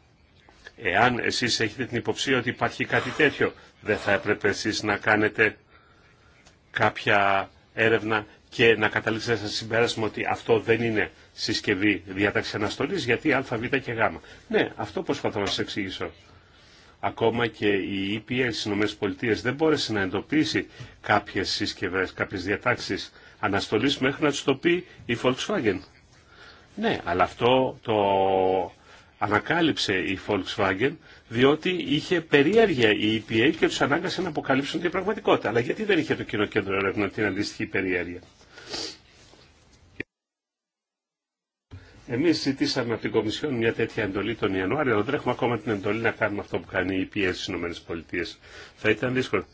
Εάν εσείς έχετε την υποψία ότι υπάρχει κάτι τέτοιο, δεν θα έπρεπε εσείς να κάνετε κάποια έρευνα και να καταλήξετε σε συμπέρασμα ότι αυτό δεν είναι συσκευή διάταξη αναστολής γιατί α, β και γ. Ναι, αυτό προσπαθώ να σας εξηγήσω. Ακόμα και η οι στις πολιτείες δεν μπόρεσε να εντοπίσει κάποιες συσκευές, κάποιες διατάξεις αναστολής μέχρι να τους το πει η Volkswagen. Ναι, αλλά αυτό το ανακάλυψε η Volkswagen διότι είχε περίεργεια η EPA και του ανάγκασε να αποκαλύψουν την πραγματικότητα. Αλλά γιατί δεν είχε το κοινό κέντρο έρευνα την αντίστοιχη περιέργεια. Εμεί ζητήσαμε από την Κομισιόν μια τέτοια εντολή τον Ιανουάριο, αλλά δεν έχουμε ακόμα την εντολή να κάνουμε αυτό που κάνει η EPA στι ΗΠΑ. Θα ήταν δύσκολο.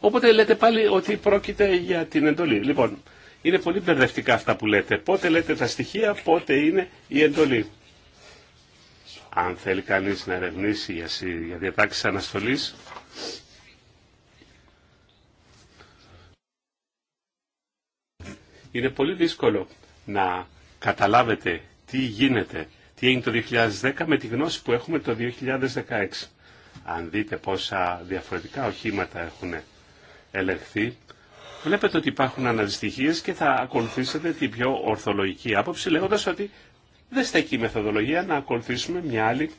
Οπότε λέτε πάλι ότι πρόκειται για την εντολή. Λοιπόν, είναι πολύ μπερδευτικά αυτά που λέτε. Πότε λέτε τα στοιχεία, πότε είναι η εντολή αν θέλει κανείς να ερευνήσει για, για διατάξεις αναστολής, είναι πολύ δύσκολο να καταλάβετε τι γίνεται, τι έγινε το 2010 με τη γνώση που έχουμε το 2016. Αν δείτε πόσα διαφορετικά οχήματα έχουν ελεγχθεί, βλέπετε ότι υπάρχουν αναδυστυχίες και θα ακολουθήσετε την πιο ορθολογική άποψη λέγοντας ότι δεν στέκει η μεθοδολογία να ακολουθήσουμε μια άλλη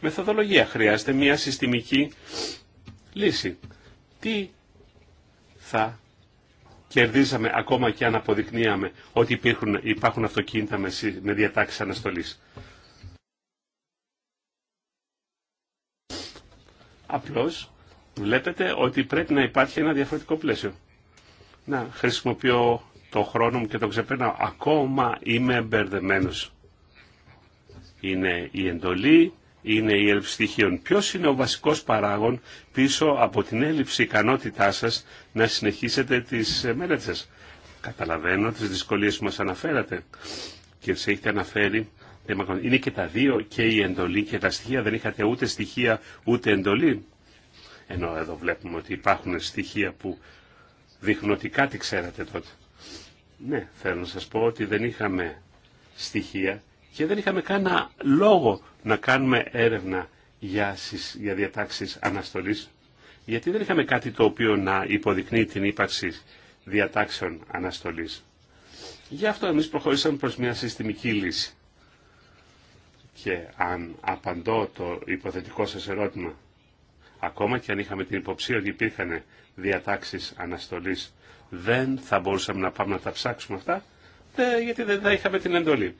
μεθοδολογία. Χρειάζεται μια συστημική λύση. Τι θα κερδίζαμε ακόμα και αν αποδεικνύαμε ότι υπάρχουν, υπάρχουν αυτοκίνητα με, με διατάξεις αναστολής. Απλώς βλέπετε ότι πρέπει να υπάρχει ένα διαφορετικό πλαίσιο. Να χρησιμοποιώ το χρόνο μου και το ξεπέρναω. Ακόμα είμαι μπερδεμένος είναι η εντολή, είναι η έλλειψη στοιχείων. Ποιος είναι ο βασικός παράγων πίσω από την έλλειψη ικανότητά σας να συνεχίσετε τις μελέτες σας. Καταλαβαίνω τι δυσκολίες που μας αναφέρατε και σε έχετε αναφέρει. Είναι και τα δύο και η εντολή και τα στοιχεία. Δεν είχατε ούτε στοιχεία ούτε εντολή. Ενώ εδώ βλέπουμε ότι υπάρχουν στοιχεία που δείχνουν ότι κάτι ξέρατε τότε. Ναι, θέλω να σας πω ότι δεν είχαμε στοιχεία και δεν είχαμε κανένα λόγο να κάνουμε έρευνα για, για διατάξεις αναστολής, γιατί δεν είχαμε κάτι το οποίο να υποδεικνύει την ύπαρξη διατάξεων αναστολής. Γι' αυτό εμείς προχωρήσαμε προς μια συστημική λύση. Και αν απαντώ το υποθετικό σας ερώτημα, ακόμα και αν είχαμε την υποψία ότι υπήρχαν διατάξεις αναστολής, δεν θα μπορούσαμε να πάμε να τα ψάξουμε αυτά, γιατί δεν θα είχαμε την εντολή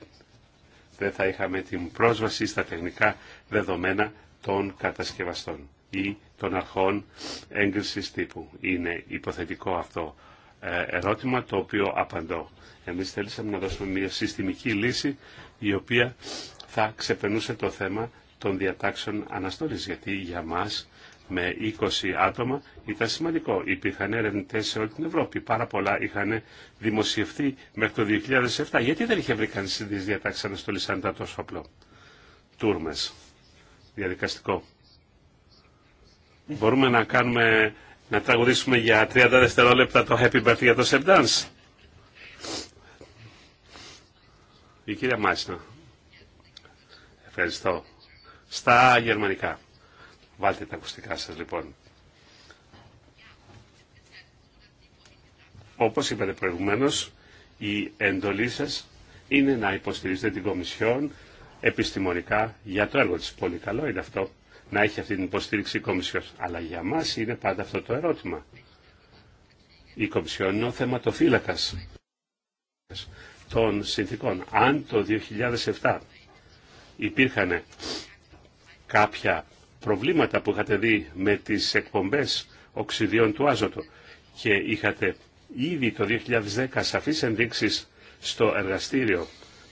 δεν θα είχαμε την πρόσβαση στα τεχνικά δεδομένα των κατασκευαστών ή των αρχών έγκρισης τύπου. Είναι υποθετικό αυτό ε, ερώτημα το οποίο απαντώ. Εμείς θέλησαμε να δώσουμε μια συστημική λύση η οποία θα ξεπερνούσε το θέμα των διατάξεων αναστολής γιατί για μας με 20 άτομα ήταν σημαντικό. Υπήρχαν ερευνητέ σε όλη την Ευρώπη. Πάρα πολλά είχαν δημοσιευθεί μέχρι το 2007. Γιατί δεν είχε βρει κανεί τι διατάξει αναστολή αν ήταν τόσο απλό. Τούρμε. Διαδικαστικό. Μπορούμε να κάνουμε, να τραγουδήσουμε για 30 δευτερόλεπτα το Happy Birthday για το Step Dance. Η κυρία Μάσινα. Ευχαριστώ. Στα γερμανικά. Βάλτε τα ακουστικά σας λοιπόν. Όπως είπατε προηγουμένως, η εντολή σας είναι να υποστηρίζετε την Κομισιόν επιστημονικά για το έργο της. Πολύ καλό είναι αυτό να έχει αυτή την υποστήριξη η Κομισιόν. Αλλά για μας είναι πάντα αυτό το ερώτημα. Η Κομισιόν είναι ο θεματοφύλακας των συνθήκων. Αν το 2007 υπήρχαν κάποια προβλήματα που είχατε δει με τις εκπομπές οξυδιών του άζωτο και είχατε ήδη το 2010 σαφείς ενδείξεις στο εργαστήριο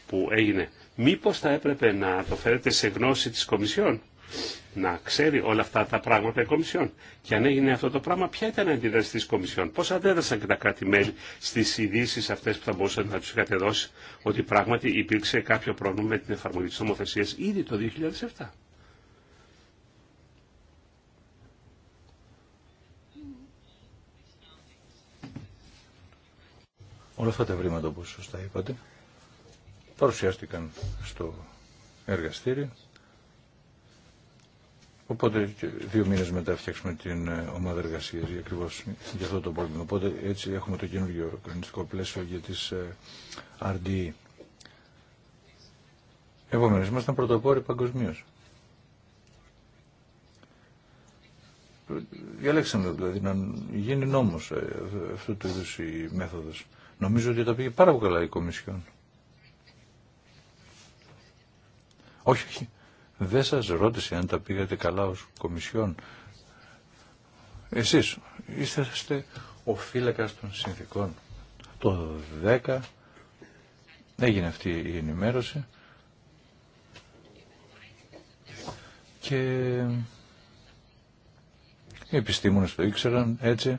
που έγινε, μήπως θα έπρεπε να το φέρετε σε γνώση της Κομισιόν, να ξέρει όλα αυτά τα πράγματα η Κομισιόν. Και αν έγινε αυτό το πράγμα, ποια ήταν η αντίδραση της Κομισιόν, πώς αντέδρασαν και τα κράτη-μέλη στις ειδήσει αυτές που θα μπορούσαν να τους είχατε δώσει, ότι πράγματι υπήρξε κάποιο πρόβλημα με την εφαρμογή της νομοθεσίας ήδη το 2007.
Όλα αυτά τα βρήματα, όπως σωστά είπατε, παρουσιάστηκαν στο εργαστήριο. Οπότε δύο μήνες μετά φτιάξουμε την ε, ομάδα εργασίας για ακριβώς για αυτό το πρόβλημα. Οπότε έτσι έχουμε το καινούργιο οργανιστικό πλαίσιο για τις RDE. Ε, Επομένως, ήμασταν πρωτοπόροι παγκοσμίω. Διαλέξαμε δηλαδή να γίνει νόμος ε, αυτού του είδους η μέθοδος. Νομίζω ότι τα πήγε πάρα πολύ καλά η Κομισιόν. Όχι, όχι. Δεν σα ρώτησε αν τα πήγατε καλά ω Κομισιόν. Εσείς είστε ο φύλακας των συνθήκων. Το 10 έγινε αυτή η ενημέρωση και οι επιστήμονες το ήξεραν έτσι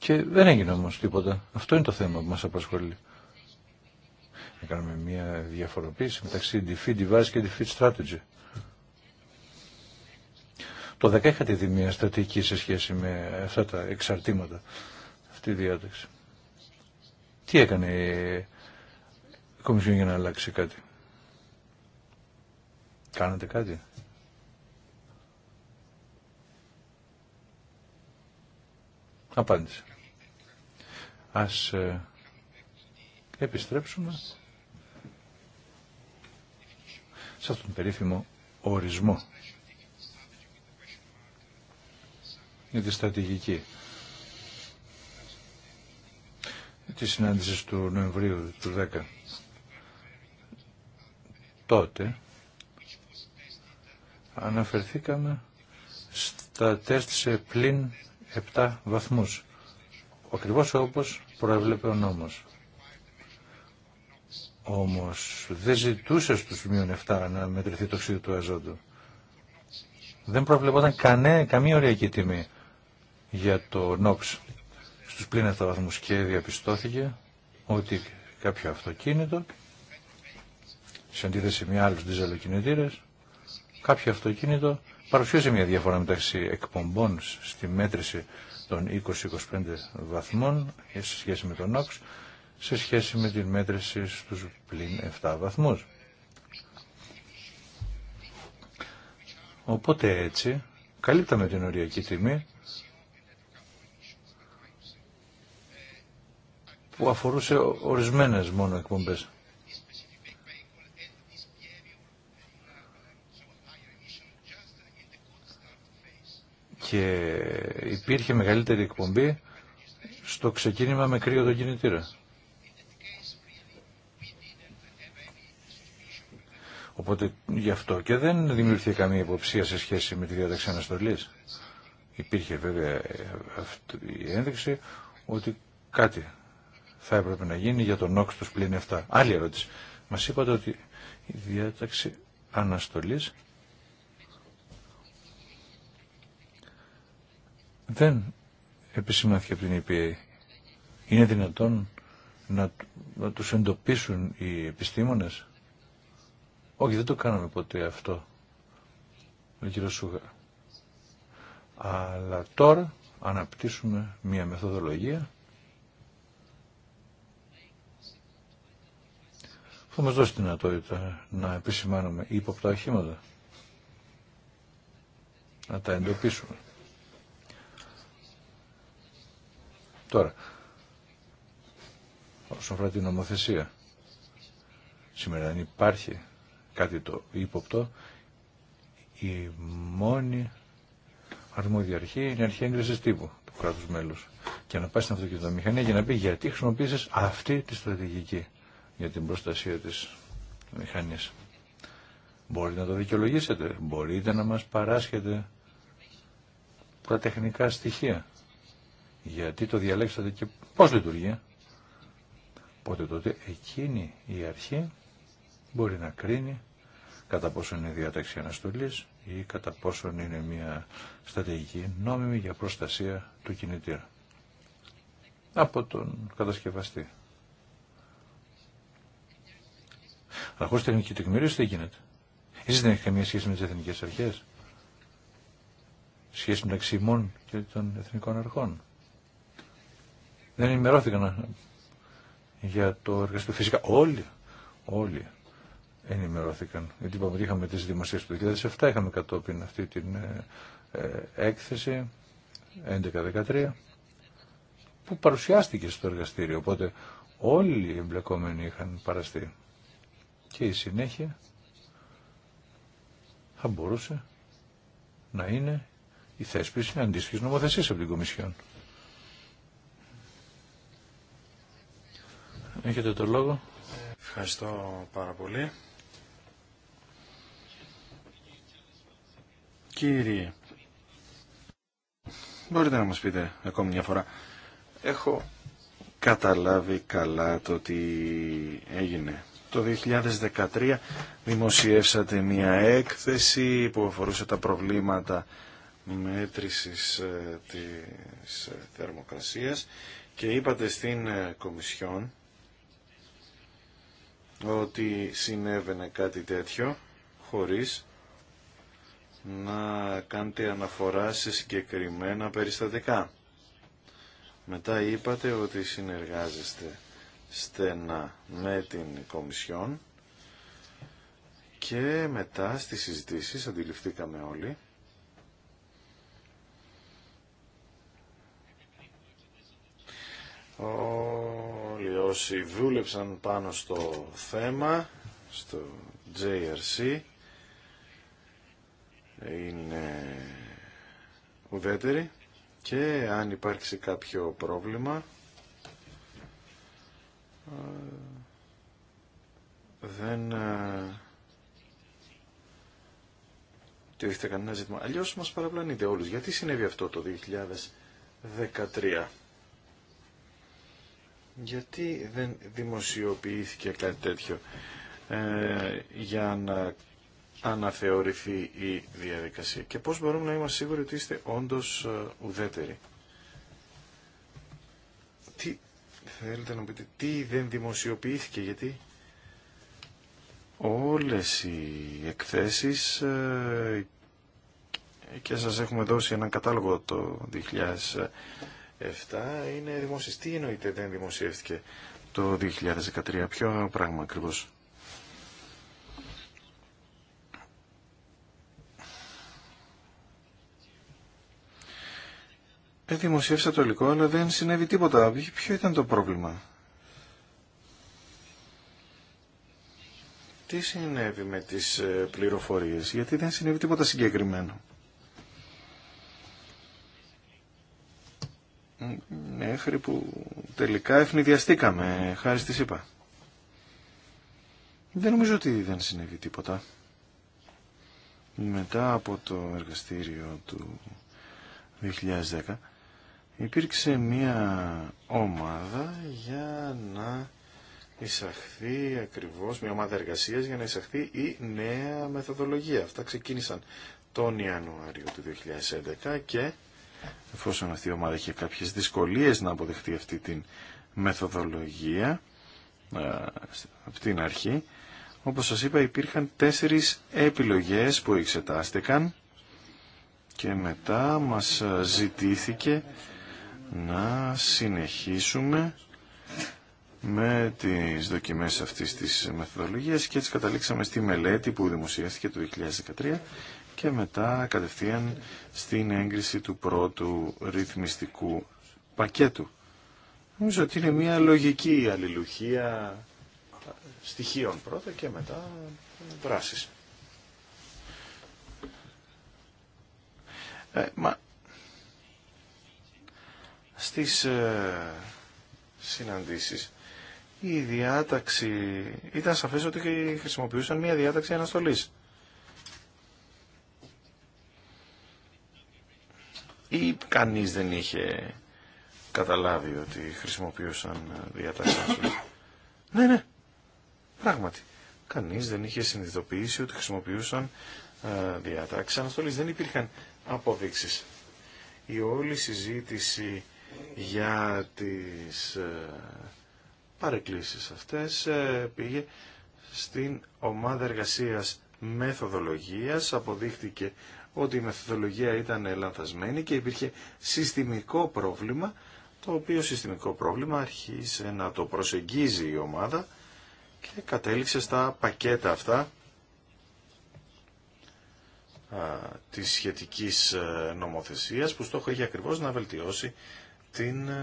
και δεν έγινε όμως τίποτα. Αυτό είναι το θέμα που μας απασχολεί. Να μια διαφοροποίηση μεταξύ defeat device και defeat strategy. Το 10 είχατε δει μια στρατηγική σε σχέση με αυτά τα εξαρτήματα, αυτή η διάταξη. Τι έκανε η Κομισιόν για να αλλάξει κάτι. Κάνατε κάτι. Απάντησε. Ας ε, επιστρέψουμε σε αυτόν τον περίφημο ορισμό για τη στρατηγική τη συνάντηση του Νοεμβρίου του 10. Τότε αναφερθήκαμε στα τεστ σε πλην 7 βαθμούς ακριβώς όπως προέβλεπε ο νόμος. Όμως δεν ζητούσε στους μειών 7 να μετρηθεί το οξύδιο του αζόντου. Δεν προβλεπόταν κανέ, καμία ωριακή τιμή για το νόξ στους πλήν βαθμούς και διαπιστώθηκε ότι κάποιο αυτοκίνητο σε αντίθεση με άλλους διζελοκινητήρες κάποιο αυτοκίνητο παρουσίασε μια διαφορά μεταξύ εκπομπών στη μέτρηση των 20-25 βαθμών σε σχέση με τον όξ, σε σχέση με την μέτρηση στους πλήν 7 βαθμούς. Οπότε έτσι καλύπταμε την οριακή τιμή που αφορούσε ορισμένες μόνο εκπομπές. και υπήρχε μεγαλύτερη εκπομπή στο ξεκίνημα με κρύο τον κινητήρα. Οπότε γι' αυτό και δεν δημιουργήθηκε καμία υποψία σε σχέση με τη διάταξη αναστολή. Υπήρχε βέβαια αυτή η ένδειξη ότι κάτι θα έπρεπε να γίνει για τον όξ του πλήν 7. Άλλη ερώτηση. Μα είπατε ότι η διάταξη αναστολής δεν επισημάθηκε από την EPA. Είναι δυνατόν να, να τους εντοπίσουν οι επιστήμονες. Όχι, δεν το κάναμε ποτέ αυτό, ο κύριο Σούγα. Αλλά τώρα αναπτύσσουμε μία μεθοδολογία που μας δώσει τη δυνατότητα να επισημάνουμε ύποπτα οχήματα. Να τα εντοπίσουμε. Τώρα, όσον αφορά την νομοθεσία, σήμερα αν υπάρχει κάτι το ύποπτο, η μόνη αρμόδια αρχή είναι η αρχή έγκριση τύπου του κράτου μέλου. Και να πάει στην αυτοκινητομηχανία για να πει γιατί χρησιμοποίησε αυτή τη στρατηγική για την προστασία τη μηχανή. Μπορείτε να το δικαιολογήσετε, μπορείτε να μας παράσχετε τα τεχνικά στοιχεία γιατί το διαλέξατε και πώς λειτουργεί. Οπότε τότε εκείνη η αρχή μπορεί να κρίνει κατά πόσο είναι διάταξη αναστολής ή κατά πόσο είναι μια στρατηγική νόμιμη για προστασία του κινητήρα από τον κατασκευαστή. Αλλά χωρίς τεχνική τεκμηρίωση δεν γίνεται. Εσείς δεν έχετε καμία σχέση με τις εθνικές αρχές. Σχέση μεταξύ και των εθνικών αρχών δεν ενημερώθηκαν για το εργαστήριο. Φυσικά όλοι, όλοι ενημερώθηκαν. Γιατί είπαμε ότι είχαμε τις δημοσίες του 2007, είχαμε κατόπιν αυτή την ε, ε, έκθεση 11-13 που παρουσιάστηκε στο εργαστήριο. Οπότε όλοι οι εμπλεκόμενοι είχαν παραστεί. Και η συνέχεια θα μπορούσε να είναι η θέσπιση αντίστοιχη νομοθεσία από την Κομισιόν. Έχετε το λόγο. Ευχαριστώ πάρα πολύ.
Κύριε, μπορείτε να μας πείτε ακόμη μια φορά. Έχω καταλάβει καλά το τι έγινε. Το 2013 δημοσιεύσατε μια έκθεση που αφορούσε τα προβλήματα μέτρησης ε, της ε, θερμοκρασίας και είπατε στην ε, Κομισιόν ότι συνέβαινε κάτι τέτοιο χωρίς να κάνετε αναφορά σε συγκεκριμένα περιστατικά. Μετά είπατε ότι συνεργάζεστε στενά με την Κομισιόν και μετά στις συζητήσεις αντιληφθήκαμε όλοι ο όσοι δούλεψαν πάνω στο θέμα, στο JRC. Είναι ουδέτεροι και αν υπάρξει κάποιο πρόβλημα ε, δεν ε, τίθεται κανένα ζήτημα. Αλλιώς μας παραπλανείτε όλους. Γιατί συνέβη αυτό το 2013 γιατί δεν δημοσιοποιήθηκε κάτι τέτοιο ε, για να αναθεωρηθεί η διαδικασία και πώς μπορούμε να είμαστε σίγουροι ότι είστε όντως ε, ουδέτεροι. Τι θέλετε να πείτε, τι δεν δημοσιοποιήθηκε, γιατί όλες οι εκθέσεις ε, και σας έχουμε δώσει έναν κατάλογο το είναι δημόσιες. Τι εννοείται δεν δημοσιεύτηκε το 2013, ποιο πράγμα ακριβώς. Ε, δημοσιεύσα το υλικό, αλλά δεν συνέβη τίποτα. Ποιο ήταν το πρόβλημα. Τι συνέβη με τις ε, πληροφορίες, γιατί δεν συνέβη τίποτα συγκεκριμένο. μέχρι που τελικά ευνηδιαστήκαμε χάρη στη ΣΥΠΑ. Δεν νομίζω ότι δεν συνέβη τίποτα. Μετά από το εργαστήριο του 2010 υπήρξε μία ομάδα για να εισαχθεί ακριβώς, μία ομάδα εργασίας για να εισαχθεί η νέα μεθοδολογία. Αυτά ξεκίνησαν τον Ιανουάριο του 2011 και εφόσον αυτή η ομάδα είχε κάποιες δυσκολίες να αποδεχτεί αυτή την μεθοδολογία ε, από την αρχή. Όπως σας είπα υπήρχαν τέσσερις επιλογές που εξετάστηκαν και μετά μας ζητήθηκε να συνεχίσουμε με τις δοκιμές αυτής της μεθοδολογίας και έτσι καταλήξαμε στη μελέτη που δημοσιεύτηκε το 2013 και μετά κατευθείαν στην έγκριση του πρώτου ρυθμιστικού πακέτου. Νομίζω ότι είναι μια λογική αλληλουχία στοιχείων πρώτα και μετά δράσης. Ε, μα, στις ε, συναντήσεις η διάταξη ήταν σαφές ότι χρησιμοποιούσαν μια διάταξη αναστολής. ή κανείς δεν είχε καταλάβει ότι χρησιμοποιούσαν διατάξεις. ναι, ναι, πράγματι. Κανείς δεν είχε συνειδητοποιήσει ότι χρησιμοποιούσαν διατάξεις αναστολής. Δεν υπήρχαν αποδείξεις. Η όλη συζήτηση για τις ε, παρεκκλήσεις αυτές ε, πήγε στην ομάδα εργασίας μεθοδολογίας αποδείχτηκε ότι η μεθοδολογία ήταν λανθασμένη και υπήρχε συστημικό πρόβλημα, το οποίο συστημικό πρόβλημα αρχίσε να το προσεγγίζει η ομάδα και κατέληξε στα πακέτα αυτά της σχετικής ε, νομοθεσίας που στόχο είχε ακριβώς να βελτιώσει την ε,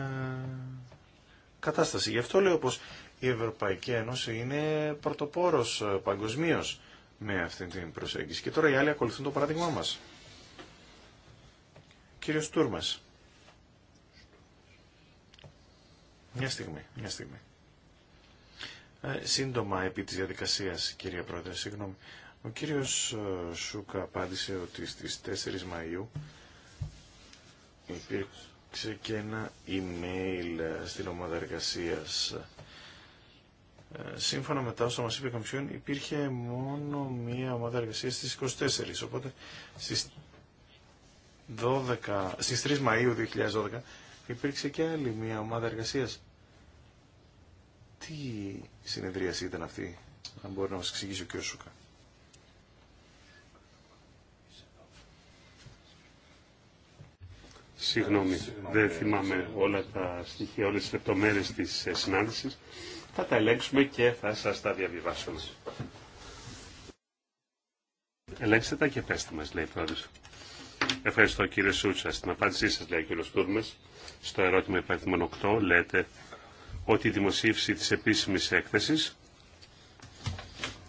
κατάσταση. Γι' αυτό λέω πως η Ευρωπαϊκή Ένωση είναι πρωτοπόρος ε, παγκοσμίω με αυτή την προσέγγιση. Και τώρα οι άλλοι ακολουθούν το παράδειγμά μας. Κύριος Τούρμας. Μια στιγμή, μια στιγμή. Ε, σύντομα επί της διαδικασίας, κύριε Πρόεδρε, συγγνώμη. Ο κύριος ε, Σούκα απάντησε ότι στις 4 Μαΐου υπήρξε και ένα email ε, στην ομάδα εργασίας ε, σύμφωνα με τα όσα μας είπε η Κομισιόν υπήρχε μόνο μία ομάδα εργασία στις 24 οπότε στις, 12, στις 3 Μαΐου 2012 υπήρξε και άλλη μία ομάδα εργασίας τι συνεδρίαση ήταν αυτή αν μπορεί να μας εξηγήσει ο κ. Σούκα
Συγγνώμη, δεν θυμάμαι όλα τα στοιχεία, όλες τις λεπτομέρειες της ε, συνάντησης θα τα ελέγξουμε και θα σας τα διαβιβάσουμε. Ελέγξτε τα και πέστε μας, λέει η Ευχαριστώ κύριε Σούτσα. Στην απάντησή σας, λέει ο κύριος Τούρμες, στο ερώτημα υπαριθμών 8, λέτε ότι η δημοσίευση της επίσημης έκθεσης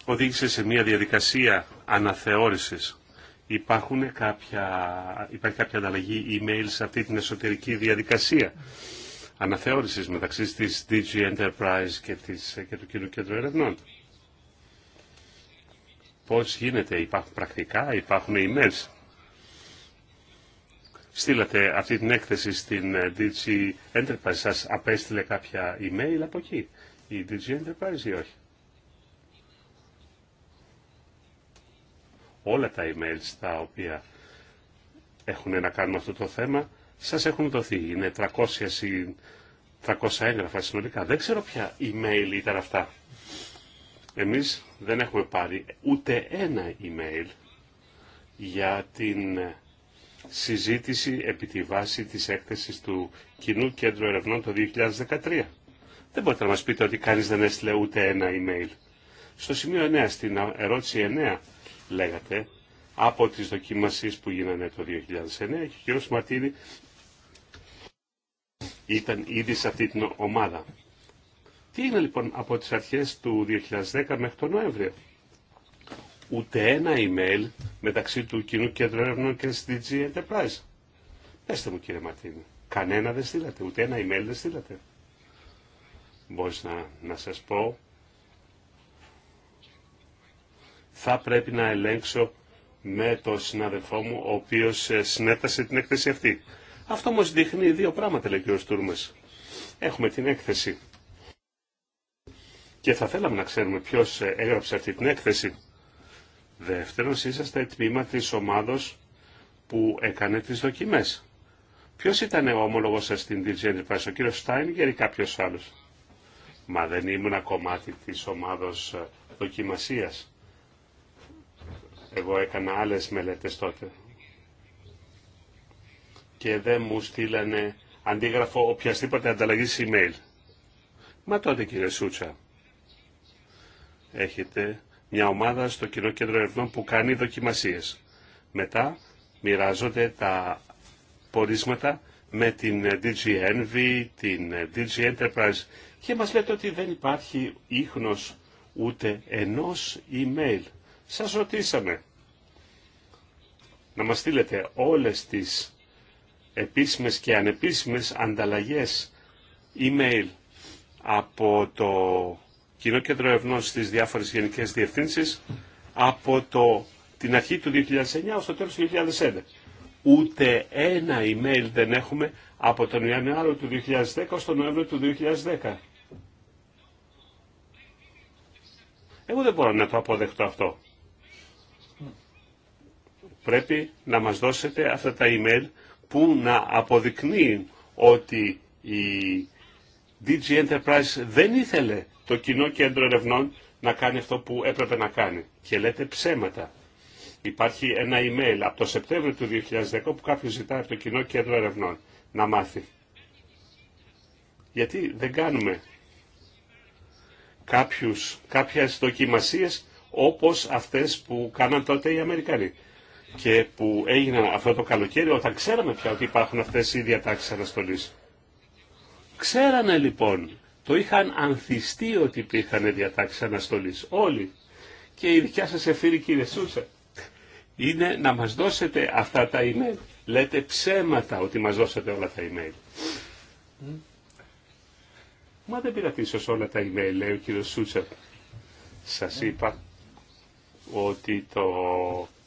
οδήγησε σε μια διαδικασία αναθεώρησης. Υπάρχουν κάποια, υπάρχει κάποια ανταλλαγή email σε αυτή την εσωτερική διαδικασία αναθεώρησης μεταξύ της DG Enterprise και, της, του Κοινού Κέντρου Ερευνών. Πώς γίνεται, υπάρχουν πρακτικά, υπάρχουν emails. Στείλατε αυτή την έκθεση στην ε, DG Enterprise, σας απέστειλε κάποια email από εκεί, η DG Enterprise ή όχι. Όλα τα emails τα οποία έχουν να κάνουν αυτό το θέμα σας έχουν δοθεί. Είναι 300, 300 έγγραφα συνολικά. Δεν ξέρω ποια email ήταν αυτά. Εμείς δεν έχουμε πάρει ούτε ένα email για την συζήτηση επί τη βάση της έκθεσης του Κοινού Κέντρου Ερευνών το 2013. Δεν μπορείτε να μας πείτε ότι κανείς δεν έστειλε ούτε ένα email. Στο σημείο 9, στην ερώτηση 9, λέγατε, από τις δοκιμασίες που γίνανε το 2009, και ο κ. Μαρτίνη ήταν ήδη σε αυτή την ομάδα. Τι είναι λοιπόν από τις αρχές του 2010 μέχρι τον Νοέμβριο. Ούτε ένα email μεταξύ του Κοινού Κέντρου Έρευνων και της DG Enterprise. Πεςτε μου κύριε Μαρτίνη, κανένα δεν στείλατε, ούτε ένα email δεν στείλατε. Μπορείς να, να σας πω, θα πρέπει να ελέγξω με τον συναδελφό μου, ο οποίος ε, συνέτασε την έκθεση αυτή. Αυτό όμω δείχνει δύο πράγματα, λέει ο κ. Έχουμε την έκθεση. Και θα θέλαμε να ξέρουμε ποιο ε, έγραψε αυτή την έκθεση. Δεύτερον, είσαστε τμήμα τη ομάδο που έκανε τι δοκιμέ. Ποιο ήταν ο ομόλογο σα στην DJ Enterprise, ο κύριο Στάινγκερ ή κάποιο άλλο. Μα δεν ήμουν κομμάτι τη ομάδο ε, δοκιμασία. Εγώ έκανα άλλε μελέτε τότε και δεν μου στείλανε αντίγραφο οποιασδήποτε ανταλλαγή email. Μα τότε κύριε Σούτσα, έχετε μια ομάδα στο Κοινό Κέντρο Ερευνών που κάνει δοκιμασίες. Μετά μοιράζονται τα πορίσματα με την DG Envy, την DG Enterprise και μας λέτε ότι δεν υπάρχει ίχνος ούτε ενός email. Σας ρωτήσαμε να μας στείλετε όλες τις επίσημες και ανεπίσημες ανταλλαγές email από το Κοινό Κέντρο Ευνών στις διάφορες γενικές διευθύνσεις από το, την αρχή του 2009 ως το τέλος του 2011. Ούτε ένα email δεν έχουμε από τον Ιανουάριο του 2010 ως τον Νοέμβριο του 2010. Εγώ δεν μπορώ να το αποδεχτώ αυτό. Πρέπει να μας δώσετε αυτά τα email που να αποδεικνύει ότι η DG Enterprise δεν ήθελε το κοινό κέντρο ερευνών να κάνει αυτό που έπρεπε να κάνει. Και λέτε ψέματα. Υπάρχει ένα email από το Σεπτέμβριο του 2010 που κάποιος ζητάει από το κοινό κέντρο ερευνών να μάθει. Γιατί δεν κάνουμε κάποιους, κάποιες δοκιμασίες όπως αυτές που κάναν τότε οι Αμερικανοί και που έγιναν αυτό το καλοκαίρι όταν ξέραμε πια ότι υπάρχουν αυτές οι διατάξεις αναστολής. Ξέρανε λοιπόν, το είχαν ανθιστεί ότι υπήρχαν διατάξεις αναστολής όλοι και η δικιά σας εφήρη κύριε Σούσα είναι να μας δώσετε αυτά τα email. Λέτε ψέματα ότι μας δώσατε όλα τα email. Μα δεν πήρατε ίσως όλα τα email, λέει ο κύριος Σούτσερ. Σας είπα ότι το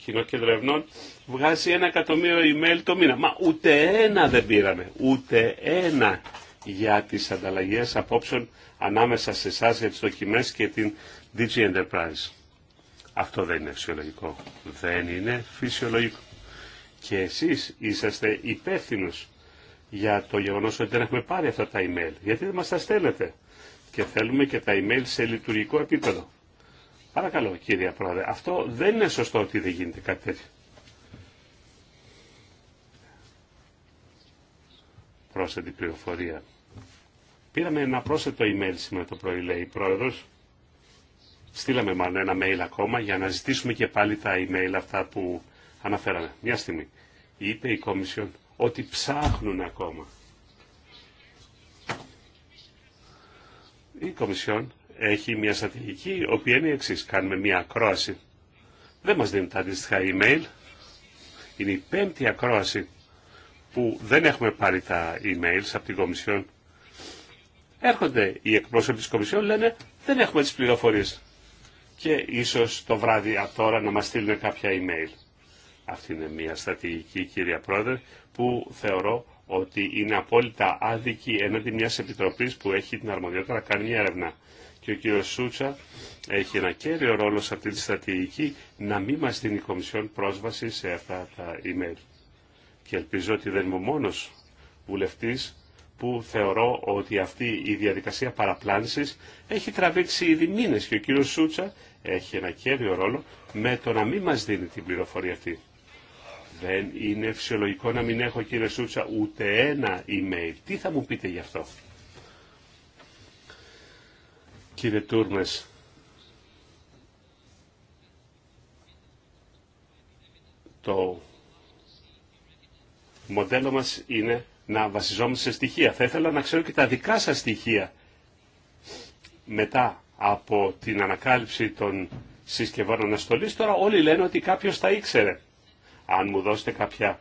κοινό κεντρευνών, βγάζει ένα εκατομμύριο email το μήνα. Μα ούτε ένα δεν πήραμε, ούτε ένα για τις ανταλλαγές απόψεων ανάμεσα σε εσά για τις δοκιμές και την DG Enterprise. Αυτό δεν είναι φυσιολογικό. Δεν είναι φυσιολογικό. Και εσείς είσαστε υπεύθυνου για το γεγονός ότι δεν έχουμε πάρει αυτά τα email. Γιατί δεν μας τα στέλνετε. Και θέλουμε και τα email σε λειτουργικό επίπεδο. Παρακαλώ κύριε Πρόεδρε, αυτό δεν είναι σωστό ότι δεν γίνεται κάτι τέτοιο. Πρόσθετη πληροφορία. Πήραμε ένα πρόσθετο email σήμερα το πρωί, λέει η Πρόεδρος. Στείλαμε μάλλον ένα mail ακόμα για να ζητήσουμε και πάλι τα email αυτά που αναφέραμε. Μια στιγμή. Είπε η Κομισιόν ότι ψάχνουν ακόμα. Η Κομισιόν έχει μια στρατηγική, η οποία είναι η εξή. Κάνουμε μια ακρόαση. Δεν μας δίνουν τα αντίστοιχα email. Είναι η πέμπτη ακρόαση που δεν έχουμε πάρει τα emails από την Κομισιόν. Έρχονται οι εκπρόσωποι της Κομισιόν, λένε δεν έχουμε τις πληροφορίες. Και ίσως το βράδυ από τώρα να μας στείλουν κάποια email. Αυτή είναι μια στρατηγική, κυρία Πρόεδρε, που θεωρώ ότι είναι απόλυτα άδικη έναντι μιας επιτροπή που έχει την αρμοδιότητα να κάνει μια έρευνα και ο κύριος Σούτσα έχει ένα κέριο ρόλο σε αυτή τη στρατηγική να μην μας δίνει η Κομισιόν πρόσβαση σε αυτά τα email. Και ελπίζω ότι δεν είμαι ο μόνος βουλευτής που θεωρώ ότι αυτή η διαδικασία παραπλάνησης έχει τραβήξει ήδη μήνες και ο κύριος Σούτσα έχει ένα κέριο ρόλο με το να μην μας δίνει την πληροφορία αυτή. Δεν είναι φυσιολογικό να μην έχω κύριε Σούτσα ούτε ένα email. Τι θα μου πείτε γι' αυτό. Κύριε Τούρμες, το μοντέλο μας είναι να βασιζόμαστε σε στοιχεία. Θα ήθελα να ξέρω και τα δικά σας στοιχεία μετά από την ανακάλυψη των συσκευών αναστολής. Τώρα όλοι λένε ότι κάποιος τα ήξερε. Αν μου δώσετε κάποια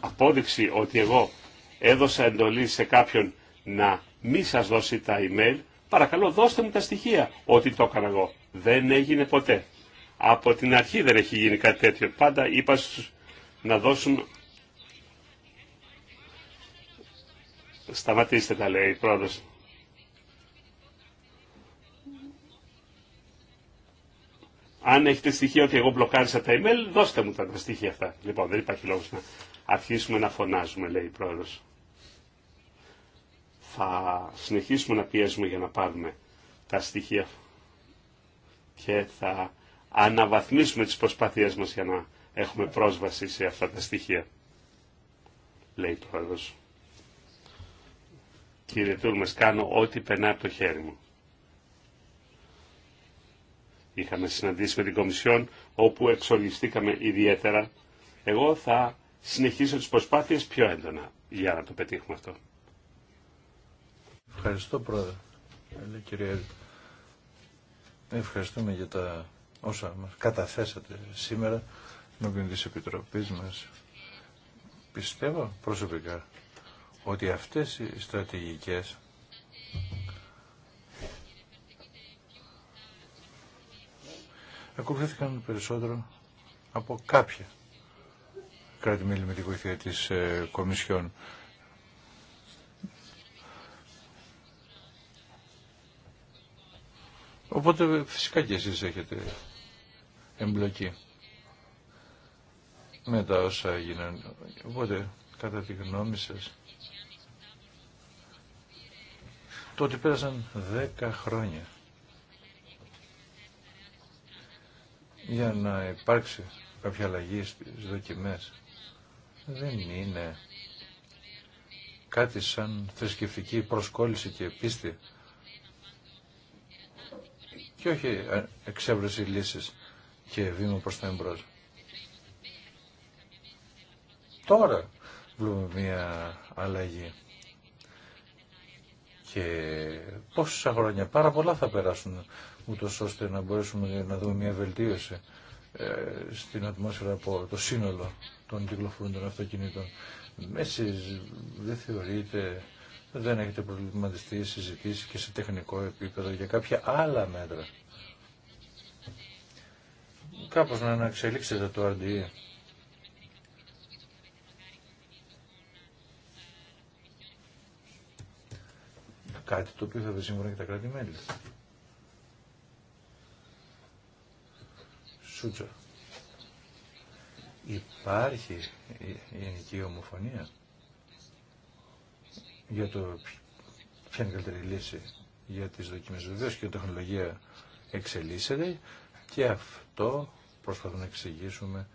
απόδειξη ότι εγώ έδωσα εντολή σε κάποιον να μη σας δώσει τα email, παρακαλώ δώστε μου τα στοιχεία ότι το έκανα εγώ. Δεν έγινε ποτέ. Από την αρχή δεν έχει γίνει κάτι τέτοιο. Πάντα είπα στους, να δώσουν... Σταματήστε τα λέει η πρόεδρος. Αν έχετε στοιχεία ότι εγώ μπλοκάρισα τα email, δώστε μου τα, στοιχεία αυτά. Λοιπόν, δεν υπάρχει λόγος να αρχίσουμε να φωνάζουμε, λέει η πρόεδρος θα συνεχίσουμε να πιέζουμε για να πάρουμε τα στοιχεία και θα αναβαθμίσουμε τις προσπάθειές μας για να έχουμε πρόσβαση σε αυτά τα στοιχεία. Λέει ο Πρόεδρος. Κύριε Τούρμες, κάνω ό,τι περνάει από το χέρι μου. Είχαμε συναντήσει με την Κομισιόν, όπου εξοργιστήκαμε ιδιαίτερα. Εγώ θα συνεχίσω τις προσπάθειες πιο έντονα για να το πετύχουμε αυτό.
Ευχαριστώ πρόεδρε. Έλλη. ευχαριστούμε για τα όσα μας καταθέσατε σήμερα με της Επιτροπής μας. Πιστεύω προσωπικά ότι αυτές οι στρατηγικές ακολουθήθηκαν περισσότερο από κάποια κράτη-μέλη με τη βοήθεια της ε, Κομισιόν. Οπότε φυσικά και εσείς έχετε εμπλοκή με τα όσα έγιναν. Οπότε, κατά τη γνώμη σας, το ότι πέρασαν δέκα χρόνια για να υπάρξει κάποια αλλαγή στις δοκιμές δεν είναι κάτι σαν θρησκευτική προσκόλληση και πίστη και όχι ε, εξέβρεση λύσης και βήμα προς το εμπρός. Τώρα βλέπουμε μια αλλαγή. Και πόσα χρόνια, πάρα πολλά θα περάσουν, ούτως ώστε να μπορέσουμε να δούμε μια βελτίωση ε, στην ατμόσφαιρα από το σύνολο των κυκλοφορούντων αυτοκινήτων. Μέσης δεν θεωρείται δεν έχετε προβληματιστεί συζητήσει και σε τεχνικό επίπεδο για κάποια άλλα μέτρα. Κάπως να αναξελίξετε το RDE. Κάτι το οποίο θα βρει σύμφωνα και τα κράτη-μέλη. Σούτσα. Υπάρχει η γενική ομοφωνία για το ποια είναι η καλύτερη λύση για τις δοκιμές. Βεβαίως και η τεχνολογία εξελίσσεται και αυτό προσπαθούμε να εξηγήσουμε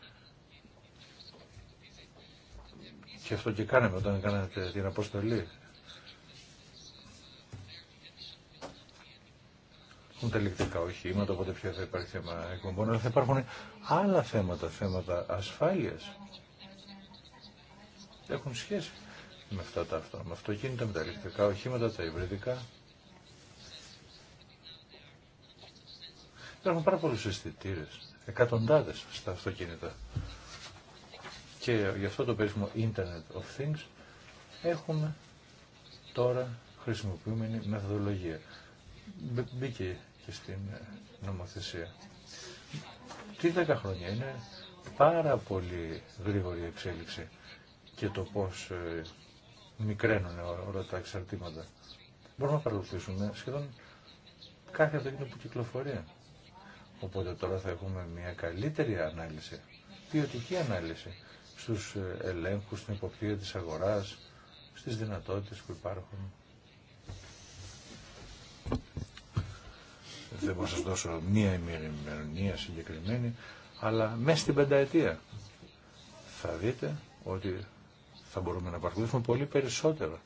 και αυτό και κάναμε όταν κάνατε την αποστολή. Έχουν τα ηλεκτρικά οχήματα, οπότε πια θα υπάρχει θέμα εκπομπών, αλλά θα υπάρχουν άλλα θέματα, θέματα ασφάλειας. Έχουν σχέση με αυτά τα αυτό. με αυτοκίνητα, με τα ηλεκτρικά οχήματα, τα υβριδικά. Υπάρχουν πάρα πολλούς αισθητήρε, εκατοντάδες στα αυτοκίνητα. Και γι' αυτό το περίφημο Internet of Things έχουμε τώρα χρησιμοποιούμενη μεθοδολογία. Μπήκε και στην ε, νομοθεσία. Τι 10 χρόνια είναι πάρα πολύ γρήγορη εξέλιξη και το πώς ε, μικραίνουν όλα τα εξαρτήματα. Μπορούμε να παρακολουθήσουμε σχεδόν κάθε αυτοκίνητο που κυκλοφορεί. Οπότε τώρα θα έχουμε μια καλύτερη ανάλυση, ποιοτική ανάλυση στους ε, ελέγχους, στην υποπτήρια της αγοράς, στις δυνατότητες που υπάρχουν. Δεν μπορώ να σας δώσω μία ημερομηνία συγκεκριμένη, αλλά μέσα στην πενταετία θα δείτε ότι θα μπορούμε να παρακολουθούμε πολύ περισσότερα.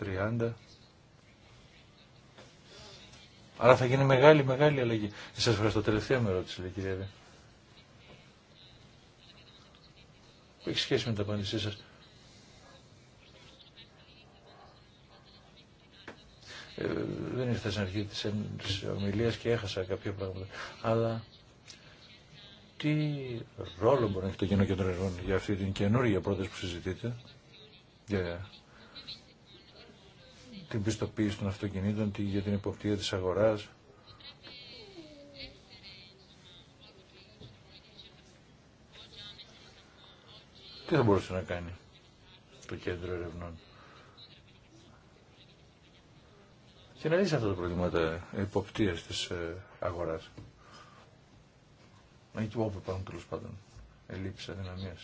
30. Άρα θα γίνει μεγάλη, μεγάλη αλλαγή. Σα ευχαριστώ. Τελευταία με ρώτηση, λέει κυρία Βε. Που έχει σχέση με τα απάντησή σα. Ε, δεν ήρθα στην αρχή τη ομιλία και έχασα κάποια πράγματα. Αλλά τι ρόλο μπορεί να έχει το κοινό κέντρο εργών για αυτή την καινούργια πρόταση που συζητείτε, για την πιστοποίηση των αυτοκινήτων, για την υποπτία της αγοράς. Τι θα μπορούσε να κάνει το κέντρο ερευνών. Και να λύσει αυτά τα προβλήματα υποπτίας της ε, αγοράς εκεί όπου υπάρχουν τέλο πάντων ελλείψεις αδυναμία.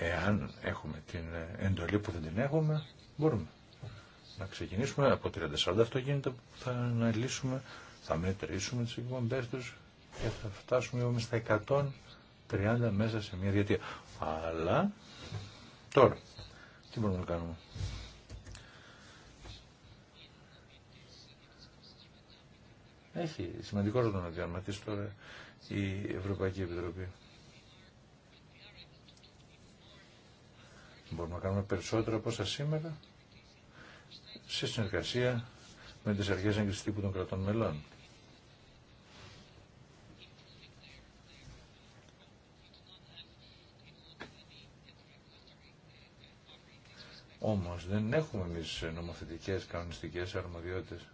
Εάν έχουμε την ε, εντολή που δεν την έχουμε, μπορούμε να ξεκινήσουμε από 30-40 αυτοκίνητα που θα αναλύσουμε, θα μετρήσουμε τις εκπομπές τους και θα φτάσουμε όμως στα 130 μέσα σε μια διετία. Αλλά τώρα, τι μπορούμε να κάνουμε. Έχει σημαντικό ρόλο να διαρματίσει τώρα η Ευρωπαϊκή Επιτροπή. Μπορούμε να κάνουμε περισσότερα από όσα σήμερα σε συνεργασία με τις αρχές εγκριστήπου των κρατών μελών. Όμως δεν έχουμε εμείς νομοθετικές, κανονιστικές αρμοδιότητες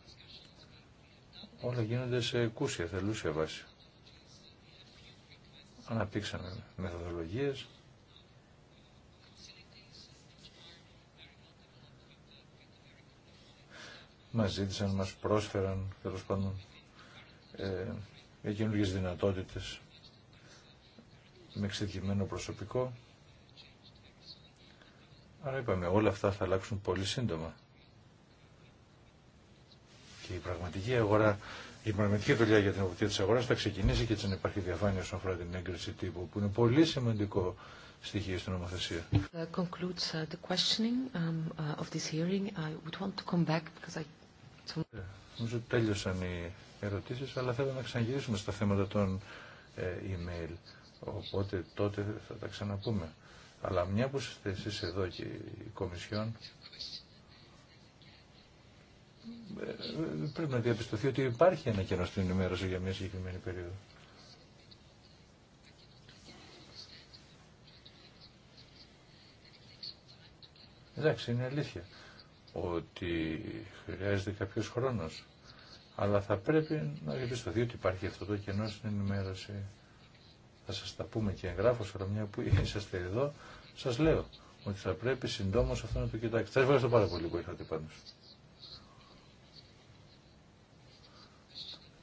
όλα γίνονται σε εκούσια, θελούσια βάση. Αναπτύξαμε μεθοδολογίες, μας ζήτησαν, μας πρόσφεραν, τέλο πάντων, ε, καινούργιες δυνατότητες με εξειδικευμένο προσωπικό. Άρα είπαμε, όλα αυτά θα αλλάξουν πολύ σύντομα. Και η πραγματική αγορά, η πραγματική δουλειά για την αποκτήρια τη αγορά θα ξεκινήσει και έτσι να υπάρχει διαφάνεια όσον αφορά την έγκριση τύπου, που είναι πολύ σημαντικό στοιχείο στην νομοθεσία. Νομίζω τέλειωσαν οι ερωτήσεις, αλλά θέλω να ξαναγυρίσουμε στα θέματα των ε, email. Οπότε τότε θα τα ξαναπούμε. Αλλά μια που είστε εσείς εδώ και η Κομισιόν, ε, πρέπει να διαπιστωθεί ότι υπάρχει ένα κενό στην ενημέρωση για μια συγκεκριμένη περίοδο. Εντάξει, είναι αλήθεια ότι χρειάζεται κάποιος χρόνος, αλλά θα πρέπει να διαπιστωθεί ότι υπάρχει αυτό το κενό στην ενημέρωση. Θα σας τα πούμε και εγγράφω αλλά μια που είσαστε εδώ, σας λέω ότι θα πρέπει συντόμως αυτό να το κοιτάξετε. Σας ευχαριστώ πάρα πολύ που ήρθατε πάνω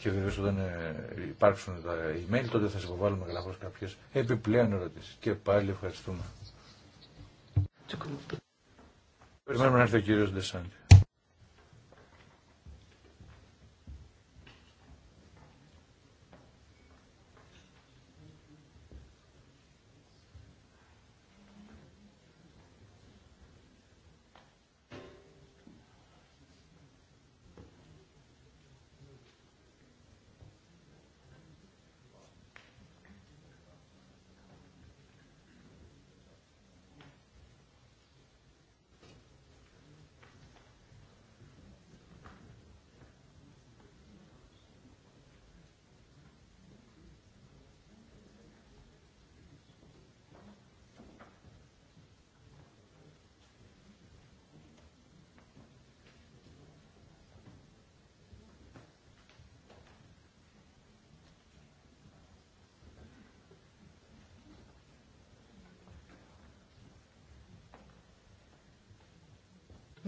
Και βεβαίω όταν ε, υπάρξουν τα email, τότε θα σε υποβάλουμε γραφώ κάποιε επιπλέον ερωτήσει. Και πάλι ευχαριστούμε. Περιμένουμε να έρθει ο κύριο Ντεσάντη.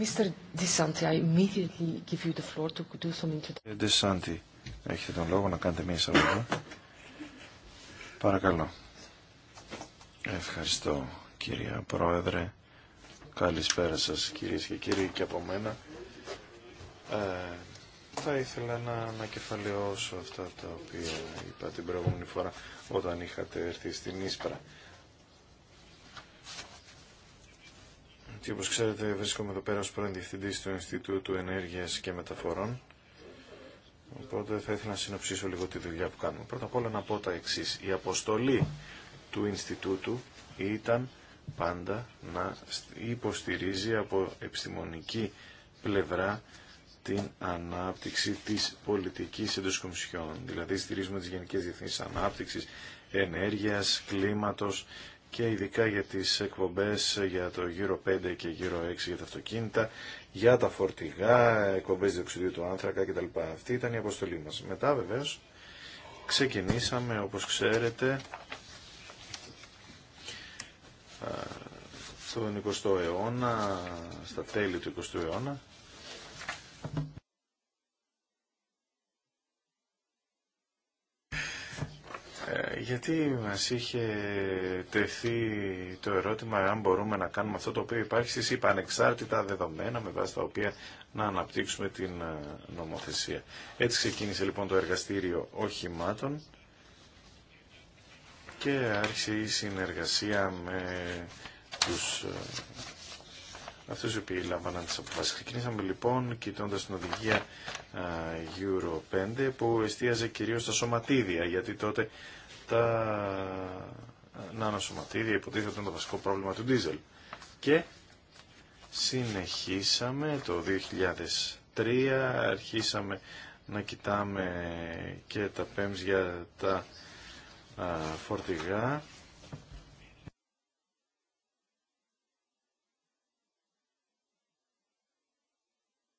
Mr. DeSanti, I immediately give you the floor to do some έχετε τον λόγο να κάνετε μια εισαγωγή. Παρακαλώ. Ευχαριστώ κυρία Πρόεδρε. Καλησπέρα σας κύριε και κύριοι και από μένα. Ε, θα ήθελα να ανακεφαλαιώσω αυτά τα οποία είπα την προηγούμενη φορά όταν είχατε έρθει στην Ίσπρα. Και όπως ξέρετε βρίσκομαι εδώ πέρα ως πρώην διευθυντή του Ινστιτούτου Ενέργειας και Μεταφορών. Οπότε θα ήθελα να συνοψίσω λίγο τη δουλειά που κάνουμε. Πρώτα απ' όλα να πω τα εξής. Η αποστολή του Ινστιτούτου ήταν πάντα να υποστηρίζει από επιστημονική πλευρά την ανάπτυξη της πολιτικής εντός κομισιών. Δηλαδή στηρίζουμε τις γενικές διεθνείς ανάπτυξης, ενέργειας, κλίματος και ειδικά για τις εκπομπές για το γύρο 5 και γύρο 6 για τα αυτοκίνητα, για τα φορτηγά, εκπομπές διοξιδίου του άνθρακα κτλ. Αυτή ήταν η αποστολή μας. Μετά βεβαίως ξεκινήσαμε όπως ξέρετε στον 20ο αιώνα, στα τέλη του 20ου αιώνα γιατί μας είχε τεθεί το ερώτημα αν μπορούμε να κάνουμε αυτό το οποίο υπάρχει στις είπα ανεξάρτητα δεδομένα με βάση τα οποία να αναπτύξουμε την ε, νομοθεσία. Έτσι ξεκίνησε λοιπόν το εργαστήριο οχημάτων και άρχισε η συνεργασία με τους ε, αυτούς οι οποίοι λαμβάναν τις αποφάσεις. Ξεκινήσαμε λοιπόν κοιτώντα την οδηγία ε, Euro 5 που εστίαζε κυρίως στα σωματίδια γιατί τότε τα νανοσωματίδια υποτίθεται ήταν το βασικό πρόβλημα του ντίζελ. Και συνεχίσαμε το 2003, αρχίσαμε να κοιτάμε και τα PEMS για τα φορτηγά.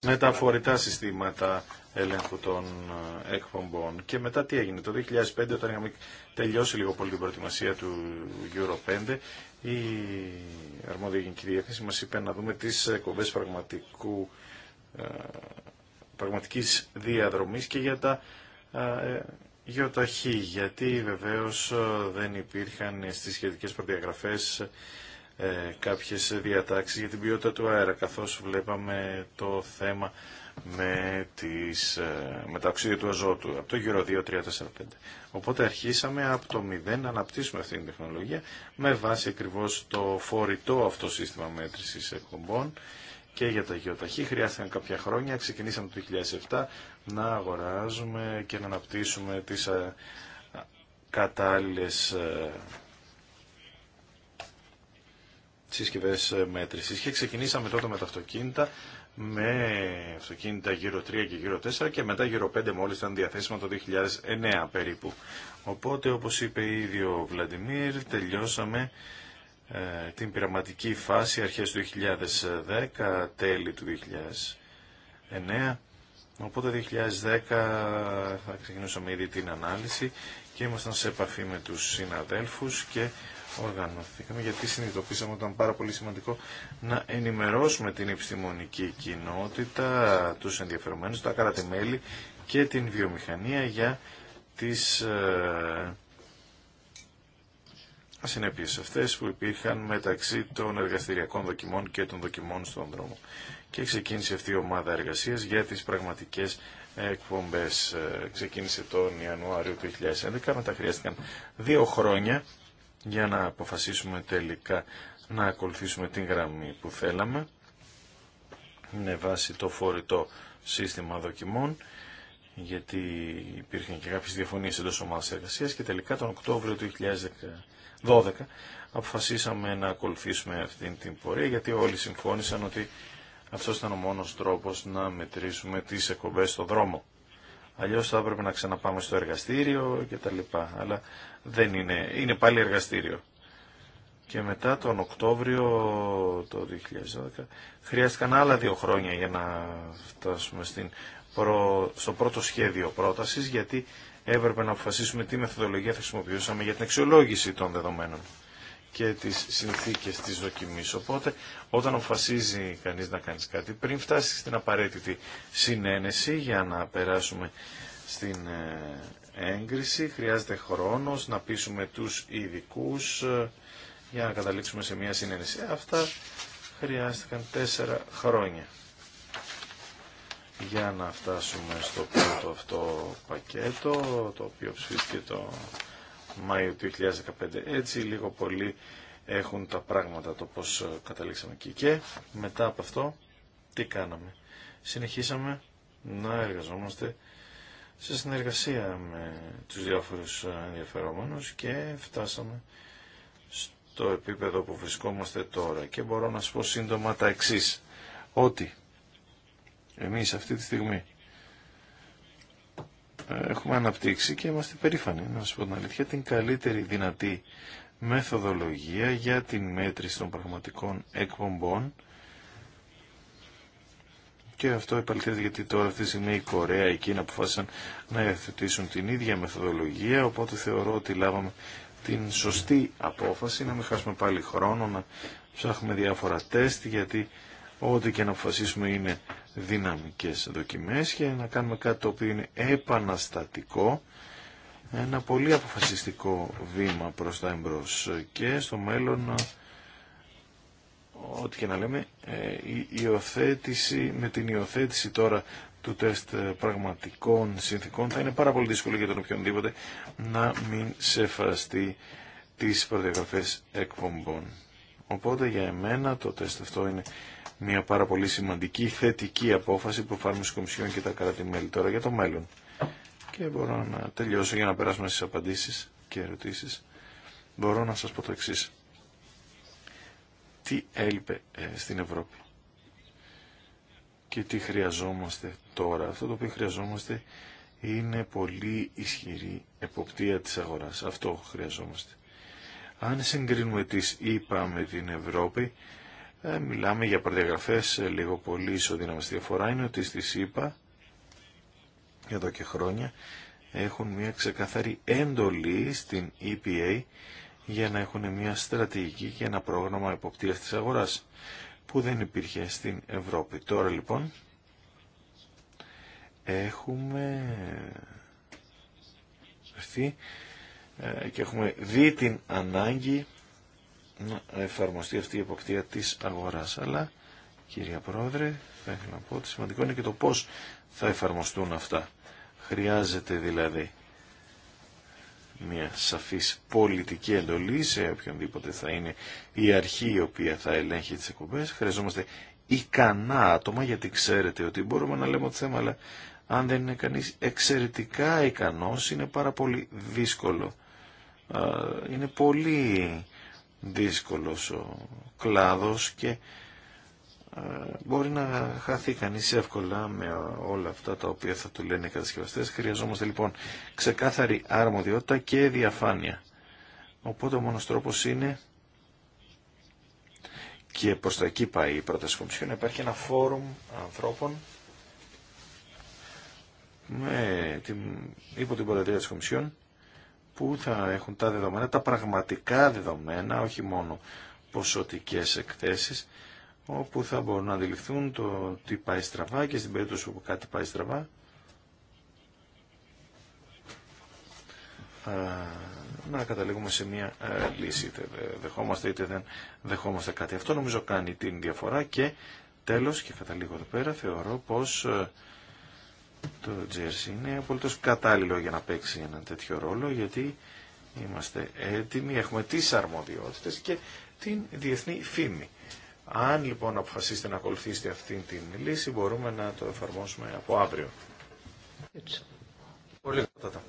με τα συστήματα έλεγχου των ε, εκπομπών. Και μετά τι έγινε. Το 2005 όταν είχαμε τελειώσει λίγο πολύ την προετοιμασία του Euro 5 η αρμόδια γενική διεύθυνση μας είπε να δούμε τις εκπομπές πραγματικού, ε, πραγματικής διαδρομής και για τα ε, γεωταχή γιατί βεβαίως δεν υπήρχαν στις σχετικές προδιαγραφέ κάποιες διατάξει για την ποιότητα του αέρα καθώ βλέπαμε το θέμα με, τις, ε, με τα οξύδια του αζότου, από το γύρο 2, 3, 4, 5. Οπότε αρχίσαμε από το 0 να αναπτύσσουμε αυτή την τεχνολογία με βάση ακριβώ το φορητό αυτό σύστημα μέτρησης εκπομπών και για τα γεωταχή. Χρειάστηκαν κάποια χρόνια, ξεκινήσαμε το 2007 να αγοράζουμε και να αναπτύσσουμε τις ε, κατάλληλες ε, συσκευέ μέτρηση. Και ξεκινήσαμε τότε με τα αυτοκίνητα με αυτοκίνητα γύρω 3 και γύρω 4 και μετά γύρω 5 μόλις ήταν διαθέσιμα το 2009 περίπου. Οπότε όπως είπε ήδη ο Βλαντιμίρ τελειώσαμε ε, την πειραματική φάση αρχές του 2010, τέλη του 2009. Οπότε 2010 θα ξεκινούσαμε ήδη την ανάλυση και ήμασταν σε επαφή με τους συναδέλφους και οργανωθήκαμε γιατί συνειδητοποίησαμε ότι ήταν πάρα πολύ σημαντικό να ενημερώσουμε την επιστημονική κοινότητα, τους ενδιαφερομένους, τα καρατεμέλη και την βιομηχανία για τις ε, ασυνέπειες αυτές που υπήρχαν μεταξύ των εργαστηριακών δοκιμών και των δοκιμών στον δρόμο. Και ξεκίνησε αυτή η ομάδα εργασίας για τις πραγματικές εκπομπές. Ε, ξεκίνησε τον Ιανουάριο του 2011, μετά χρειάστηκαν δύο χρόνια για να αποφασίσουμε τελικά να ακολουθήσουμε την γραμμή που θέλαμε με βάση το φορητό σύστημα δοκιμών γιατί υπήρχαν και κάποιες διαφωνίες εντός ομάδας εργασίας και τελικά τον Οκτώβριο του 2012 αποφασίσαμε να ακολουθήσουμε αυτή την πορεία γιατί όλοι συμφώνησαν ότι αυτό ήταν ο μόνος τρόπος να μετρήσουμε τις εκπομπές στο δρόμο. Αλλιώς θα έπρεπε να ξαναπάμε στο εργαστήριο και τα λοιπά. Αλλά δεν είναι, είναι πάλι εργαστήριο. Και μετά τον Οκτώβριο το 2012 χρειάστηκαν άλλα δύο χρόνια για να φτάσουμε στην στο πρώτο σχέδιο πρότασης γιατί έπρεπε να αποφασίσουμε τι μεθοδολογία θα χρησιμοποιούσαμε για την αξιολόγηση των δεδομένων και τις συνθήκες της δοκιμής. Οπότε όταν αποφασίζει κανείς να κάνει κάτι πριν φτάσει στην απαραίτητη συνένεση για να περάσουμε στην ε, έγκριση. Χρειάζεται χρόνος να πείσουμε τους ειδικού ε, για να καταλήξουμε σε μια συνένεση. Αυτά χρειάστηκαν τέσσερα χρόνια για να φτάσουμε στο πρώτο αυτό πακέτο, το οποίο ψηφίστηκε το Μάιο 2015. Έτσι λίγο πολύ έχουν τα πράγματα το πώς ε, καταλήξαμε εκεί. Και μετά από αυτό, τι κάναμε. Συνεχίσαμε να εργαζόμαστε σε συνεργασία με τους διάφορους ε, ενδιαφερόμενους και φτάσαμε στο επίπεδο που βρισκόμαστε τώρα. Και μπορώ να σας πω σύντομα τα εξής. Ότι εμείς αυτή τη στιγμή ε, έχουμε αναπτύξει και είμαστε περήφανοι, να σας πω την αλήθεια, την καλύτερη δυνατή μεθοδολογία για την μέτρηση των πραγματικών εκπομπών και αυτό επαληθεύεται γιατί τώρα αυτή τη στιγμή η Κορέα, η Κίνα αποφάσισαν να εθετήσουν την ίδια μεθοδολογία, οπότε θεωρώ ότι λάβαμε την σωστή απόφαση, να μην χάσουμε πάλι χρόνο, να ψάχνουμε διάφορα τεστ, γιατί ό,τι και να αποφασίσουμε είναι δυναμικές δοκιμές και να κάνουμε κάτι το οποίο είναι επαναστατικό, ένα πολύ αποφασιστικό βήμα προς τα εμπρός και στο μέλλον ό,τι και να λέμε, ε, η υιοθέτηση, με την υιοθέτηση τώρα του τεστ πραγματικών συνθήκων θα είναι πάρα πολύ δύσκολο για τον οποιονδήποτε να μην σεφαστεί τις προδιαγραφές εκπομπών. Οπότε για εμένα το τεστ αυτό είναι μια πάρα πολύ σημαντική θετική απόφαση που στις Κομισιόν και τα κράτη-μέλη τώρα για το μέλλον. Και μπορώ να τελειώσω για να περάσουμε στις απαντήσεις και ερωτήσεις. Μπορώ να σας πω το εξής τι έλειπε ε, στην Ευρώπη και τι χρειαζόμαστε τώρα. Αυτό το οποίο χρειαζόμαστε είναι πολύ ισχυρή εποπτεία της αγοράς. Αυτό χρειαζόμαστε. Αν συγκρίνουμε τις ΙΠΑ με την Ευρώπη, ε, μιλάμε για προδιαγραφές ε, λίγο πολύ ισοδύναμες. Η διαφορά είναι ότι στις ΗΠΑ, εδώ και χρόνια, έχουν μια ξεκαθαρή έντολη στην EPA για να έχουν μια στρατηγική και ένα πρόγραμμα εποπτείας της αγοράς που δεν υπήρχε στην Ευρώπη. Τώρα λοιπόν έχουμε έρθει ε, και έχουμε δει την ανάγκη να εφαρμοστεί αυτή η εποπτεία της αγοράς. Αλλά κυρία Πρόεδρε θα ήθελα να πω ότι σημαντικό είναι και το πώς θα εφαρμοστούν αυτά. Χρειάζεται δηλαδή μια σαφής πολιτική εντολή σε οποιονδήποτε θα είναι η αρχή η οποία θα ελέγχει τις εκπομπές. Χρειαζόμαστε ικανά άτομα γιατί ξέρετε ότι μπορούμε να λέμε το θέμα αλλά αν δεν είναι κανείς εξαιρετικά ικανός είναι πάρα πολύ δύσκολο. Είναι πολύ δύσκολος ο κλάδος και ε, μπορεί να χαθεί κανείς εύκολα με όλα αυτά τα οποία θα του λένε οι κατασκευαστές. Χρειαζόμαστε λοιπόν ξεκάθαρη αρμοδιότητα και διαφάνεια. Οπότε ο μόνος τρόπος είναι και προς τα εκεί πάει η πρόταση Κομισιόν. Υπάρχει ένα φόρουμ ανθρώπων με την, υπό την πρωτοβουλία που θα έχουν τα δεδομένα, τα πραγματικά δεδομένα, όχι μόνο ποσοτικές εκθέσεις όπου θα μπορούν να αντιληφθούν το τι πάει στραβά και στην περίπτωση που κάτι πάει στραβά να καταλήγουμε σε μια ε, λύση. Είτε δεχόμαστε είτε δεν δεχόμαστε κάτι. Αυτό νομίζω κάνει την διαφορά και τέλος και καταλήγω εδώ πέρα θεωρώ πως ε, το Jersey είναι απολύτως κατάλληλο για να παίξει ένα τέτοιο ρόλο γιατί είμαστε έτοιμοι, έχουμε τις αρμοδιότητες και την διεθνή φήμη. Αν λοιπόν αποφασίσετε να ακολουθήσετε αυτήν την λύση, μπορούμε να το εφαρμόσουμε από αύριο. Έτσι. Πολύ κατάτα.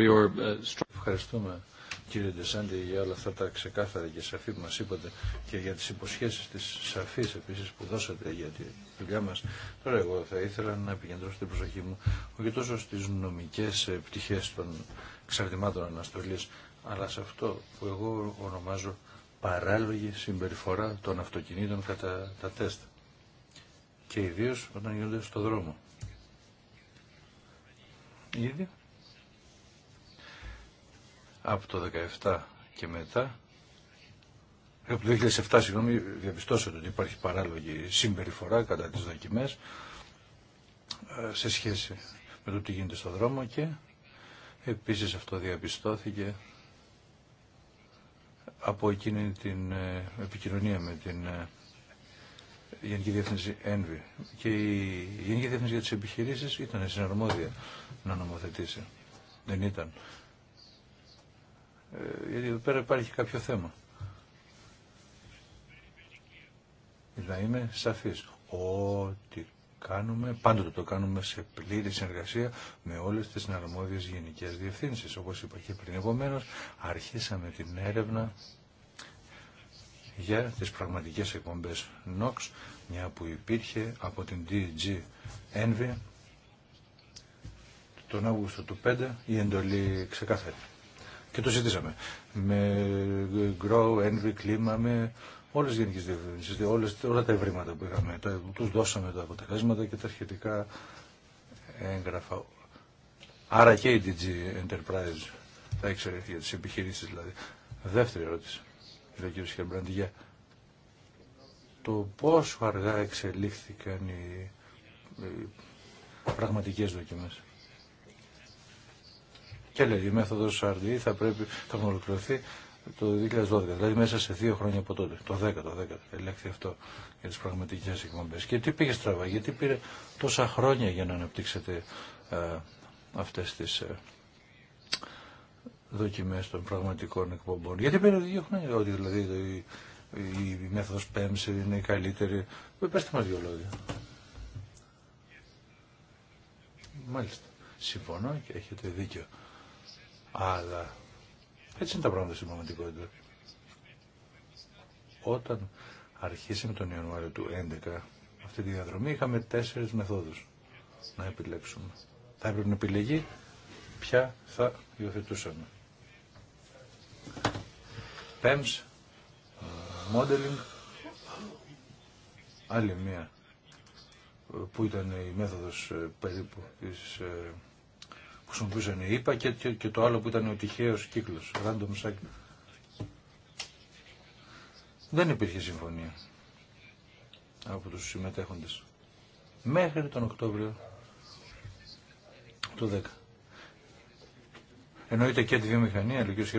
Uh, Ευχαριστούμε κύριε Ντεσάντη για όλα αυτά τα ξεκάθαρα και σαφή που μας είπατε και για τις υποσχέσεις της σαφής επίσης που δώσατε για τη δουλειά μας. Τώρα εγώ θα ήθελα να επικεντρώσω την προσοχή μου όχι τόσο στις νομικές πτυχές των εξαρτημάτων αναστολής αλλά σε αυτό που εγώ ονομάζω παράλογη συμπεριφορά των αυτοκινήτων κατά τα τεστ και ιδίως όταν γίνονται στο δρόμο. Ήδη από το 17 και μετά από το 2007 συγγνώμη διαπιστώσατε ότι υπάρχει παράλογη συμπεριφορά κατά τις δοκιμές ε, σε σχέση με το τι γίνεται στο δρόμο και επίσης αυτό διαπιστώθηκε από εκείνη την ε, επικοινωνία με την ε, Γενική Διεύθυνση ΕΝΒΗ. Και η Γενική Διεύθυνση για τις επιχειρήσεις ήταν συναρμόδια να νομοθετήσει. Δεν ήταν. Ε, γιατί εδώ πέρα υπάρχει κάποιο θέμα. Να είμαι σαφής. Ό,τι κάνουμε, πάντοτε το κάνουμε σε πλήρη συνεργασία με όλες τις αρμόδιες γενικές διευθύνσεις. Όπως είπα και πριν επομένως, αρχίσαμε την έρευνα για τις πραγματικές εκπομπές NOx, μια που υπήρχε από την DG Envy τον Αύγουστο του 5 η εντολή ξεκάθαρη. Και το ζητήσαμε με Grow, Envy, κλίμα, με όλες τις γενικές διευθύνσεις, όλες, όλα τα ευρήματα που είχαμε, τα, τους δώσαμε τα αποτελέσματα και τα σχετικά έγγραφα. Άρα και η DG Enterprise θα ήξερε για τις επιχειρήσεις δηλαδή. Δεύτερη ερώτηση, κύριε το κ. το πόσο αργά εξελίχθηκαν οι, οι πραγματικές δοκιμές. Και λέει, η μέθοδος RDE θα πρέπει, να ολοκληρωθεί το 2012, δηλαδή μέσα σε δύο χρόνια από τότε, το 10, το 10, ελέγχθη αυτό για τις πραγματικές εκπομπές. Και τι πήγε στραβά, γιατί πήρε τόσα χρόνια για να αναπτύξετε ε, αυτές τις ε, δοκιμές των πραγματικών εκπομπών. Γιατί πήρε δύο χρόνια, ότι δηλαδή η, η, η μέθοδος πέμψη είναι η καλύτερη. Πέστε μας δύο λόγια. Μάλιστα. Συμφωνώ και έχετε δίκιο. Αλλά έτσι είναι τα πράγματα στην πραγματικότητα. Όταν αρχίσαμε τον Ιανουάριο του 2011 αυτή τη διαδρομή είχαμε τέσσερις μεθόδους να επιλέξουμε. Θα έπρεπε να επιλεγεί ποια θα υιοθετούσαμε. PEMS, modeling, άλλη μία που ήταν η μέθοδος ε, περίπου της ε, που χρησιμοποιούσαν οι ΙΠΑ και, και, το άλλο που ήταν ο τυχαίος κύκλος, random cycle. Δεν υπήρχε συμφωνία από τους συμμετέχοντες. Μέχρι τον Οκτώβριο του 10. Εννοείται και τη βιομηχανία, λέει και κ.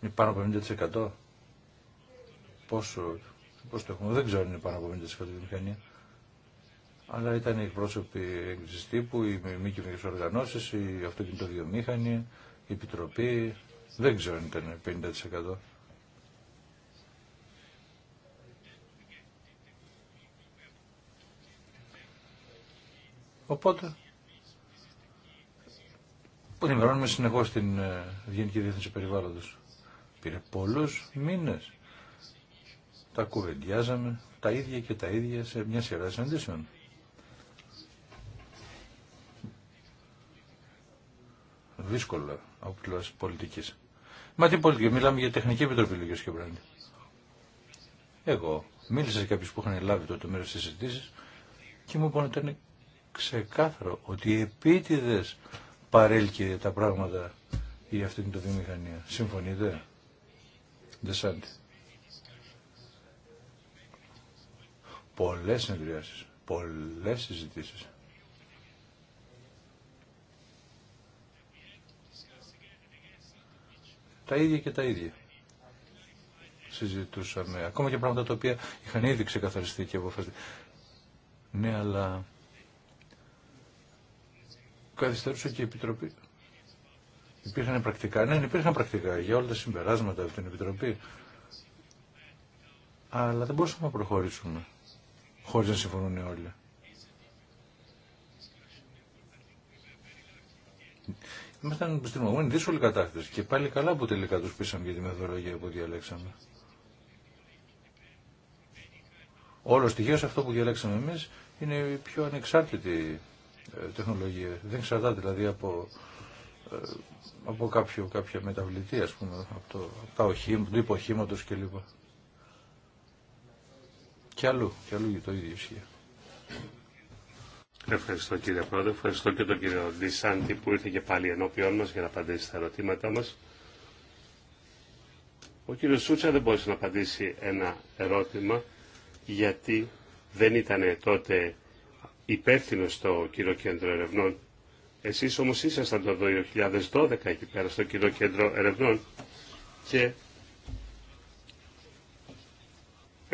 Είναι πάνω από 50%. Πόσο, πόσο το έχουμε, δεν ξέρω αν είναι πάνω από 50% τη βιομηχανία αλλά ήταν οι εκπρόσωποι έγκρισης τύπου, οι μη κυβερνικές οργανώσεις, οι αυτοκινητοβιομήχανοι, η επιτροπή, δεν ξέρω αν ήταν 50%. Οπότε, που ενημερώνουμε συνεχώ την ε, Γενική Διεθνή Περιβάλλοντο. Πήρε πολλού μήνε. Τα κουβεντιάζαμε τα ίδια και τα ίδια σε μια σειρά συναντήσεων. δύσκολα από πλευρά πολιτική. Μα τι πολιτική, μιλάμε για τεχνική επιτροπή, λέει και Εγώ μίλησα σε κάποιου που είχαν λάβει το μέρο τη συζήτηση και μου είπαν ότι ήταν ξεκάθαρο ότι επίτηδε παρέλκει τα πράγματα για η μηχανία. Συμφωνείτε, Δεσάντη. Πολλές συνεδριάσεις, πολλές συζητήσεις. Τα ίδια και τα ίδια συζητούσαμε. Ακόμα και πράγματα τα οποία είχαν ήδη ξεκαθαριστεί και αποφασιστεί. Ναι, αλλά καθυστερούσε και η Επιτροπή. Υπήρχαν πρακτικά. Ναι, υπήρχαν πρακτικά για όλα τα συμπεράσματα από την Επιτροπή. Αλλά δεν μπορούσαμε να προχωρήσουμε χωρίς να συμφωνούν όλοι. Ήμασταν επιστημονικοί, δύσκολη κατάσταση. Και πάλι καλά που τελικά του πείσαμε για τη μεθοδολογία που διαλέξαμε. Όλο στοιχείο αυτό που διαλέξαμε εμεί είναι η πιο ανεξάρτητη ε, τεχνολογία. Δεν εξαρτάται δηλαδή από, ε, από κάποιο, κάποια μεταβλητή, ας πούμε, από, το, από τα οχήμα, του υποχήματος κλπ. Και αλλού, και αλλού για το ίδιο ισχύει.
Ευχαριστώ κύριε Πρόεδρε, ευχαριστώ και τον κύριο Δησάντη που ήρθε και πάλι ενώπιόν μας για να απαντήσει στα ερωτήματά μας. Ο κύριος Σούτσα δεν μπορούσε να απαντήσει ένα ερώτημα γιατί δεν ήταν τότε υπεύθυνο στο κύριο κέντρο ερευνών. Εσείς όμως ήσασταν το 2012 εκεί πέρα στο κύριο κέντρο ερευνών και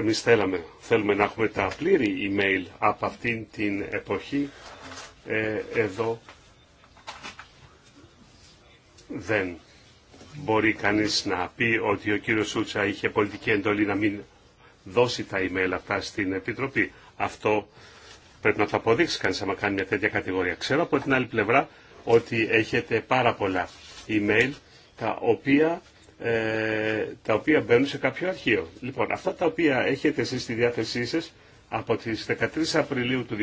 Εμείς θέλαμε, θέλουμε να έχουμε τα πλήρη email από αυτήν την εποχή ε, εδώ δεν μπορεί κανείς να πει ότι ο κύριος Σούτσα είχε πολιτική εντολή να μην δώσει τα email αυτά στην Επιτροπή. Αυτό πρέπει να το αποδείξει κανείς άμα κάνει μια τέτοια κατηγορία. Ξέρω από την άλλη πλευρά ότι έχετε πάρα πολλά email τα οποία ε, τα οποία μπαίνουν σε κάποιο αρχείο. Λοιπόν, αυτά τα οποία έχετε εσεί στη διάθεσή σα από τι 13 Απριλίου του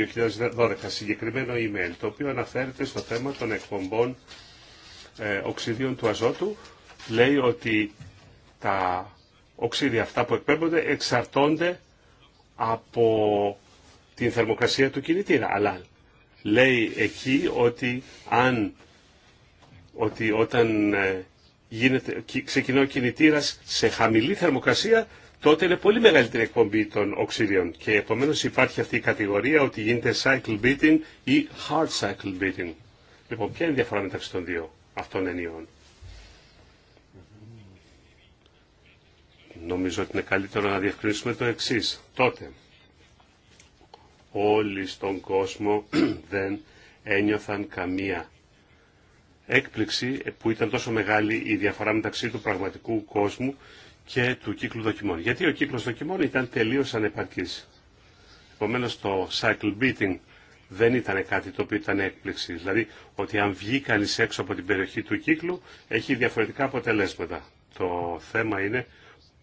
2012, συγκεκριμένο email, το οποίο αναφέρεται στο θέμα των εκπομπών ε, οξυδίων του αζότου, λέει ότι τα οξύδια αυτά που εκπέμπονται εξαρτώνται από την θερμοκρασία του κινητήρα. Αλλά λέει εκεί ότι, αν, ότι όταν ε, γίνεται, ξεκινά ο κινητήρας σε χαμηλή θερμοκρασία, τότε είναι πολύ μεγαλύτερη εκπομπή των οξύδιων. Και επομένω υπάρχει αυτή η κατηγορία ότι γίνεται cycle beating ή hard cycle beating. Λοιπόν, ποια είναι η διαφορά μεταξύ των δύο αυτών ενιών. Νομίζω ότι είναι καλύτερο να διευκρινίσουμε το εξή. Τότε, όλοι στον κόσμο [clears throat] δεν ένιωθαν καμία έκπληξη που ήταν τόσο μεγάλη η διαφορά μεταξύ του πραγματικού κόσμου και του κύκλου δοκιμών. Γιατί ο κύκλος δοκιμών ήταν τελείως ανεπαρκής. Επομένω το cycle beating δεν ήταν κάτι το οποίο ήταν έκπληξη. Δηλαδή ότι αν βγει κανείς έξω από την περιοχή του κύκλου έχει διαφορετικά αποτελέσματα. Το θέμα είναι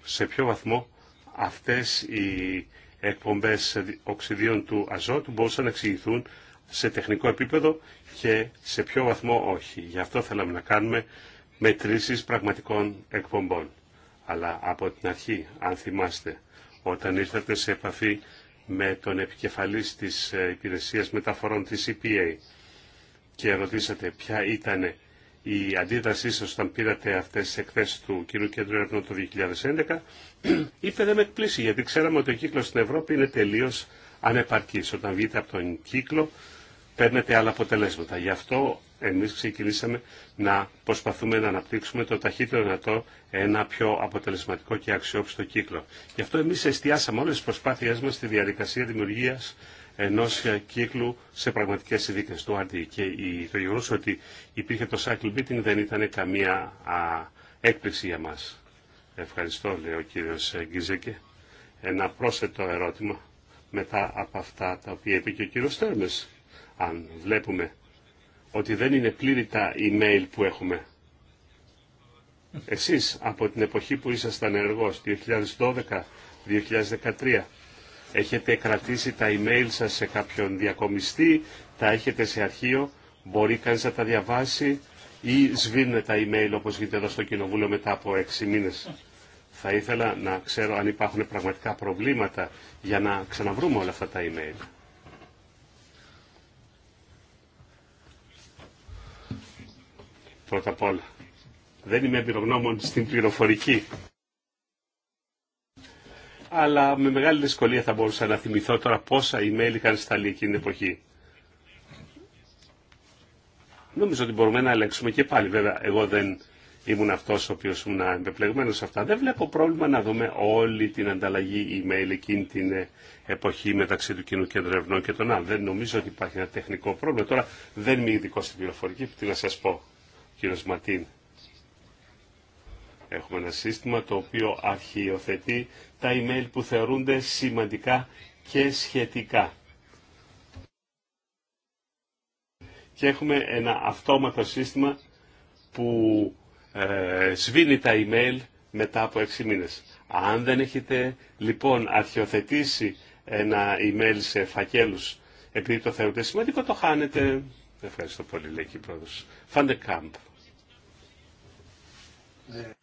σε ποιο βαθμό αυτές οι εκπομπές οξυδίων του αζότου μπορούσαν να εξηγηθούν σε τεχνικό επίπεδο και σε ποιο βαθμό όχι. Γι' αυτό θέλαμε να κάνουμε μετρήσεις πραγματικών εκπομπών. Αλλά από την αρχή, αν θυμάστε, όταν ήρθατε σε επαφή με τον επικεφαλής της ε, Υπηρεσίας Μεταφορών της EPA και ρωτήσατε ποια ήταν η αντίδρασή σας όταν πήρατε αυτές τις εκθέσεις του κοινού κέντρου έρευνων το 2011, [clears throat] είπε δεν με εκπλήσει γιατί ξέραμε ότι ο κύκλος στην Ευρώπη είναι τελείως ανεπαρκής. Όταν βγείτε από τον κύκλο παίρνετε άλλα αποτελέσματα. Γι' αυτό εμείς ξεκινήσαμε να προσπαθούμε να αναπτύξουμε το ταχύτερο δυνατό ένα πιο αποτελεσματικό και αξιόπιστο κύκλο. Γι' αυτό εμείς εστιάσαμε όλες τις προσπάθειές μας στη διαδικασία δημιουργίας ενός κύκλου σε πραγματικές συνδίκες του RD. Και το γεγονό ότι υπήρχε το cycle beating δεν ήταν καμία έκπληξη για μας. Ευχαριστώ, λέει ο κύριος Γκίζεκε. Ένα πρόσθετο ερώτημα μετά από αυτά τα οποία είπε και ο κύριο Τέρμες αν βλέπουμε ότι δεν είναι πλήρη τα email που έχουμε. Εσείς από την εποχή που ήσασταν ενεργός, 2012-2013, έχετε κρατήσει τα email σας σε κάποιον διακομιστή, τα έχετε σε αρχείο, μπορεί κανείς να τα διαβάσει ή σβήνουν τα email όπως γίνεται εδώ στο Κοινοβούλιο μετά από έξι μήνες. Θα ήθελα να ξέρω αν υπάρχουν πραγματικά προβλήματα για να ξαναβρούμε όλα αυτά τα email. πρώτα απ' όλα. Δεν είμαι εμπειρογνώμων στην πληροφορική. Αλλά με μεγάλη δυσκολία θα μπορούσα να θυμηθώ τώρα πόσα email είχαν σταλεί εκείνη την εποχή. Νομίζω ότι μπορούμε να ελέγξουμε και πάλι. Βέβαια, εγώ δεν ήμουν αυτό ο οποίο ήμουν εμπεπλεγμένο σε αυτά. Δεν βλέπω πρόβλημα να δούμε όλη την ανταλλαγή email εκείνη την εποχή μεταξύ του κοινού κέντρου ερευνών και των άλλων. Δεν νομίζω ότι υπάρχει ένα τεχνικό πρόβλημα. Τώρα δεν είμαι ειδικό στην πληροφορική, τι να σα πω κύριος Ματίν. Έχουμε ένα σύστημα το οποίο αρχιοθετεί τα email που θεωρούνται σημαντικά και σχετικά. Και έχουμε ένα αυτόματο σύστημα που ε, σβήνει τα email μετά από 6 μήνες. Αν δεν έχετε λοιπόν αρχιοθετήσει ένα email σε φακέλους επειδή το θεωρείτε σημαντικό το χάνετε. Ευχαριστώ πολύ, λέει και η πρόεδρος. Φάντε Κάμπ.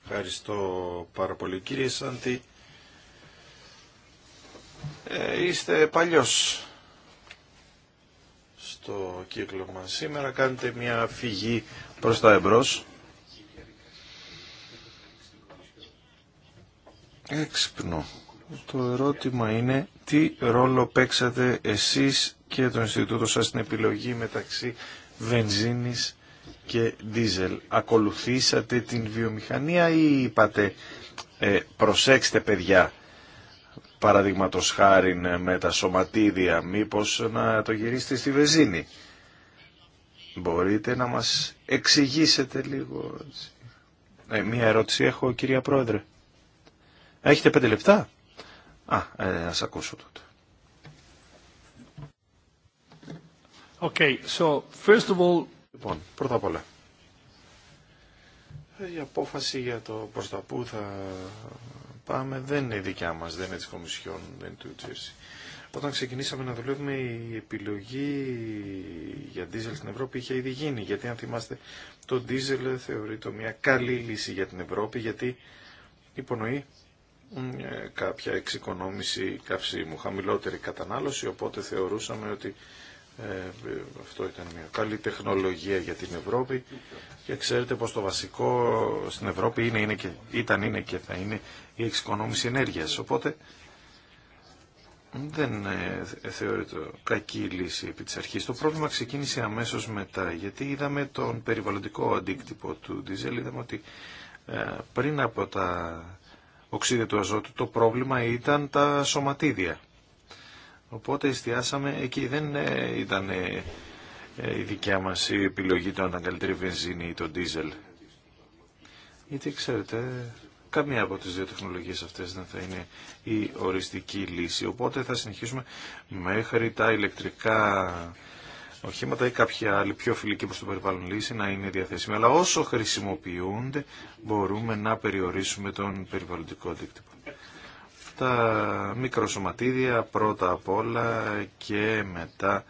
Ευχαριστώ πάρα πολύ. Κύριε Σάντι,
ε, είστε παλιός στο κύκλο μας. Σήμερα κάνετε μια φυγή προς τα εμπρός. Έξυπνο. Το ερώτημα είναι τι ρόλο παίξατε εσείς και το Ινστιτούτο σας στην επιλογή μεταξύ βενζίνης και δίζελ. Ακολουθήσατε την βιομηχανία ή είπατε ε, προσέξτε παιδιά παραδείγματο χάρη ε, με τα σωματίδια μήπως να το γυρίσετε στη βενζίνη. Μπορείτε να μας εξηγήσετε λίγο. Ε, μία ερώτηση έχω κυρία Πρόεδρε. Έχετε πέντε λεπτά. Α, ε, ας ακούσω τότε. Okay, so first of all... Λοιπόν, πρώτα απ' όλα. Η απόφαση για το προς τα που θα πάμε δεν είναι δικιά μας, δεν είναι της Κομισιόν, δεν είναι του Τζέρσι. Όταν ξεκινήσαμε να δουλεύουμε η επιλογή για δίζελ στην Ευρώπη είχε ήδη γίνει. Γιατί αν θυμάστε το δίζελ θεωρείται μια καλή λύση για την Ευρώπη γιατί υπονοεί ε, κάποια εξοικονόμηση καυσίμου, χαμηλότερη κατανάλωση, οπότε θεωρούσαμε ότι ε, αυτό ήταν μια καλή τεχνολογία για την Ευρώπη και ξέρετε πως το βασικό στην Ευρώπη είναι, είναι και, ήταν, είναι και θα είναι η εξοικονόμηση ενέργειας. Οπότε δεν ε, θεωρείται κακή λύση επί της αρχής. Το πρόβλημα ξεκίνησε αμέσως μετά γιατί είδαμε τον περιβαλλοντικό αντίκτυπο του Ντιζέλ. Είδαμε ότι ε, πριν από τα οξύδια του αζότου το πρόβλημα ήταν τα σωματίδια Οπότε εστιάσαμε εκεί. Δεν ε, ήταν ε, ε, η δικιά μας η επιλογή το να ήταν καλύτερη βενζίνη ή το ντίζελ. Γιατί ξέρετε, καμία από τις δύο τεχνολογίες αυτές δεν θα είναι η οριστική λύση. Οπότε θα συνεχίσουμε μέχρι τα ηλεκτρικά οχήματα ή κάποια άλλη πιο φιλική προς το περιβάλλον λύση να είναι διαθέσιμη. Αλλά όσο χρησιμοποιούνται μπορούμε να περιορίσουμε τον περιβαλλοντικό αντίκτυπο τα μικροσωματίδια πρώτα απ' όλα και μετά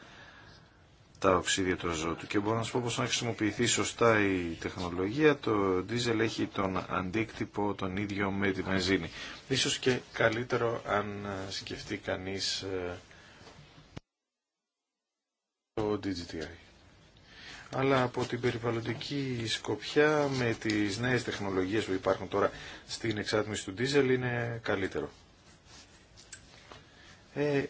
τα οξύδια του αζότου. Και μπορώ να σου πω πως αν χρησιμοποιηθεί σωστά η τεχνολογία, το ντίζελ έχει τον αντίκτυπο τον ίδιο με τη βενζίνη. Ίσως και καλύτερο αν σκεφτεί κανείς ε, το DGTI. Αλλά από την περιβαλλοντική σκοπιά με τις νέες τεχνολογίες που υπάρχουν τώρα στην εξάτμιση του δίζελ είναι καλύτερο. Ε,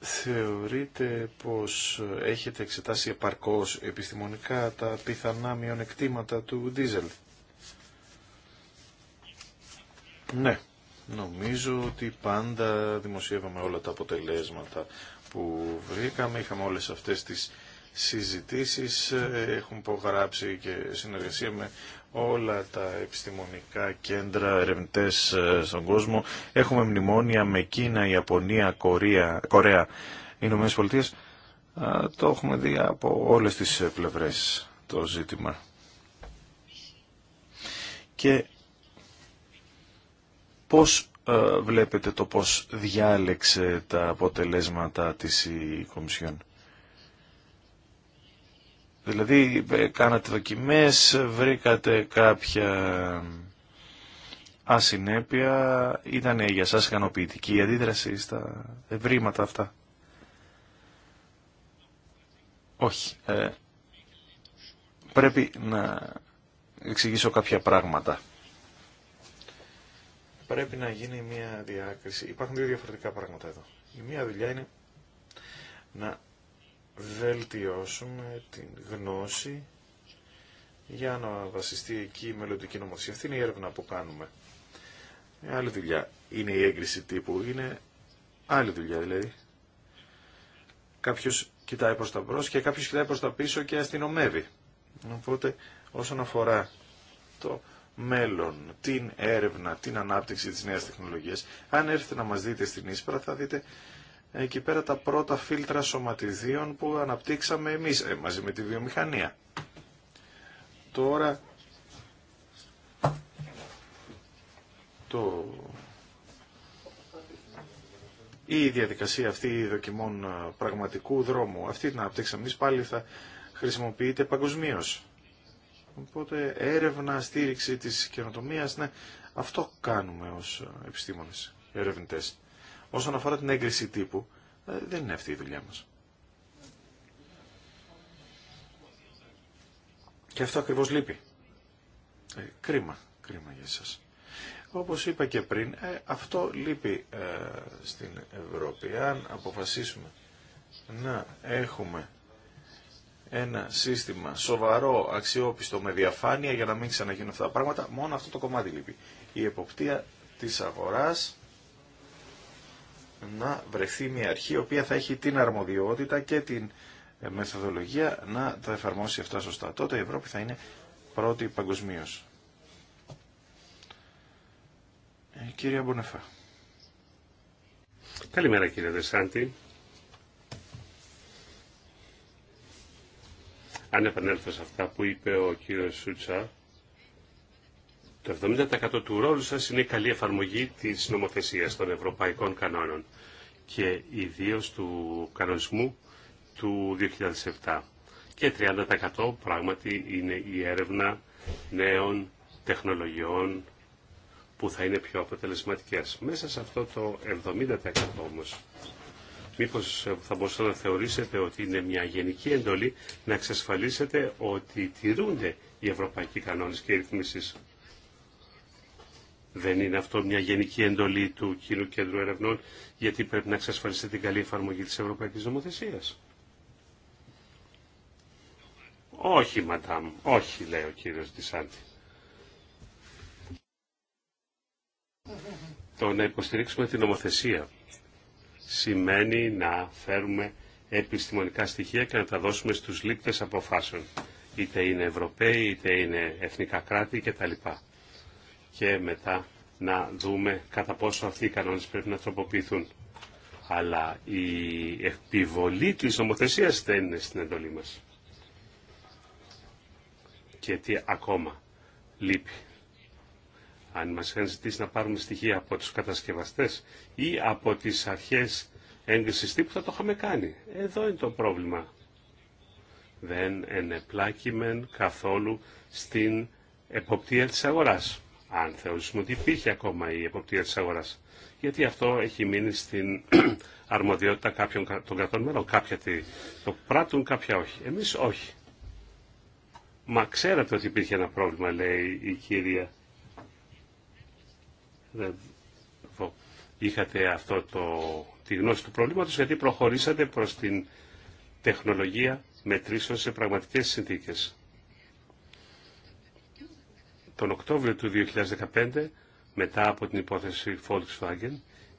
θεωρείτε πως έχετε εξετάσει επαρκώς επιστημονικά τα πιθανά μειονεκτήματα του δίζελ. Ναι, νομίζω ότι πάντα δημοσιεύαμε όλα τα αποτελέσματα που βρήκαμε. Είχαμε όλες αυτές τις συζητήσεις. Ε, Έχουμε υπογράψει και συνεργασία με όλα τα επιστημονικά κέντρα, ερευνητές ε, στον κόσμο. Έχουμε μνημόνια με Κίνα, Ιαπωνία, Κορία, Κορέα, Ηνωμένε Πολιτείες. Το έχουμε δει από όλες τις πλευρές το ζήτημα. Και πώς ε, βλέπετε το πώς διάλεξε τα αποτελέσματα της η Κομισιόν. Δηλαδή ε, κάνατε δοκιμές, βρήκατε κάποια ασυνέπεια, ήταν για σας ικανοποιητική η αντίδραση στα ευρήματα αυτά. Όχι. Ε, πρέπει να εξηγήσω κάποια πράγματα. Πρέπει να γίνει μια διάκριση. Υπάρχουν δύο διαφορετικά πράγματα εδώ. Η μία δουλειά είναι να βελτιώσουμε την γνώση για να βασιστεί εκεί η μελλοντική νομοθεσία. Αυτή είναι η έρευνα που κάνουμε. Ε, άλλη δουλειά είναι η έγκριση τύπου, είναι άλλη δουλειά δηλαδή. Κάποιος κοιτάει προς τα μπρος και κάποιος κοιτάει προς τα πίσω και αστυνομεύει. Οπότε όσον αφορά το μέλλον, την έρευνα, την ανάπτυξη της νέας τεχνολογίας, αν έρθετε να μας δείτε στην Ίσπρα θα δείτε εκεί πέρα τα πρώτα φίλτρα σωματιδίων που αναπτύξαμε εμείς ε, μαζί με τη βιομηχανία. Τώρα το... η διαδικασία αυτή δοκιμών πραγματικού δρόμου, αυτή την αναπτύξαμε εμείς πάλι θα χρησιμοποιείται παγκοσμίω. Οπότε έρευνα, στήριξη της καινοτομίας, ναι, αυτό κάνουμε ως επιστήμονες, ερευνητές. Όσον αφορά την έγκριση τύπου, ε, δεν είναι αυτή η δουλειά μας. Και αυτό ακριβώς λείπει. Ε, κρίμα, κρίμα για σας. Όπως είπα και πριν, ε, αυτό λείπει στην Ευρώπη. Αν αποφασίσουμε να έχουμε ένα σύστημα σοβαρό, αξιόπιστο, με διαφάνεια για να μην ξαναγίνουν αυτά τα πράγματα, μόνο αυτό το κομμάτι λείπει. Η εποπτεία της αγοράς να βρεθεί μια αρχή η οποία θα έχει την αρμοδιότητα και την ε, μεθοδολογία να τα εφαρμόσει αυτά σωστά. Τότε η Ευρώπη θα είναι πρώτη παγκοσμίω. Ε, κύριε Μπονεφά.
Καλημέρα κύριε Δεσάντη. Αν επανέλθω σε αυτά που είπε ο κύριος Σούτσα, το 70% του ρόλου σας είναι η καλή εφαρμογή της νομοθεσίας των ευρωπαϊκών κανόνων και ιδίω του κανονισμού του 2007. Και 30% πράγματι είναι η έρευνα νέων τεχνολογιών που θα είναι πιο αποτελεσματικές. Μέσα σε αυτό το 70% όμως, μήπως θα μπορούσατε να θεωρήσετε ότι είναι μια γενική εντολή να εξασφαλίσετε ότι τηρούνται οι ευρωπαϊκοί κανόνες και οι ρυθμίσεις. Δεν είναι αυτό μια γενική εντολή του Κοινού Κέντρου Ερευνών, γιατί πρέπει να εξασφαλιστεί την καλή εφαρμογή της Ευρωπαϊκής Νομοθεσίας. Όχι, μαντάμ, όχι, λέει ο κύριος Ντισάντη. Το να υποστηρίξουμε την νομοθεσία σημαίνει να φέρουμε επιστημονικά στοιχεία και να τα δώσουμε στους λήπτες αποφάσεων. Είτε είναι Ευρωπαίοι, είτε είναι εθνικά κράτη κτλ και μετά να δούμε κατά πόσο αυτοί οι κανόνες πρέπει να τροποποιηθούν. Αλλά η επιβολή της νομοθεσίας δεν είναι στην εντολή μας. Και τι ακόμα λείπει. Αν μας είχαν ζητήσει να πάρουμε στοιχεία από τους κατασκευαστές ή από τις αρχές έγκρισης τύπου θα το είχαμε κάνει. Εδώ είναι το πρόβλημα. Δεν ενεπλάκημεν καθόλου στην εποπτεία της αγοράς αν θεωρήσουμε ότι υπήρχε ακόμα η εποπτεία της αγοράς. Γιατί αυτό έχει μείνει στην [clears throat] αρμοδιότητα κάποιων των κρατών μέλων. Κάποια το πράττουν, κάποια όχι. Εμείς όχι. Μα ξέρατε ότι υπήρχε ένα πρόβλημα, λέει η κυρία. Είχατε αυτό το, τη γνώση του προβλήματος γιατί προχωρήσατε προς την τεχνολογία μετρήσεως σε πραγματικές συνθήκες τον Οκτώβριο του 2015 μετά από την υπόθεση Volkswagen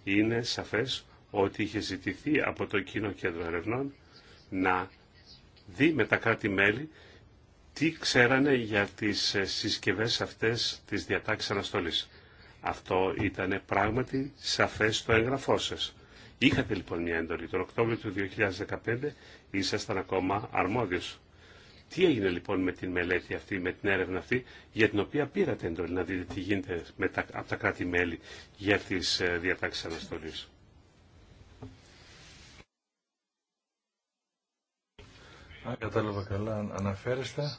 είναι σαφές ότι είχε ζητηθεί από το κοινό κέντρο ερευνών να δει με τα κράτη-μέλη τι ξέρανε για τις ε, συσκευές αυτές της διατάξης αναστολής. Αυτό ήταν πράγματι σαφές στο έγγραφό σας. Είχατε λοιπόν μια έντολη. Τον Οκτώβριο του 2015 ήσασταν ακόμα αρμόδιος. Τι έγινε λοιπόν με την μελέτη αυτή, με την έρευνα αυτή, για την οποία πήρατε εντολή να δείτε τι γίνεται με τα, από τα κράτη-μέλη για τις ε, διατάξεις αναστολής.
Αν κατάλαβα καλά, αναφέρεστε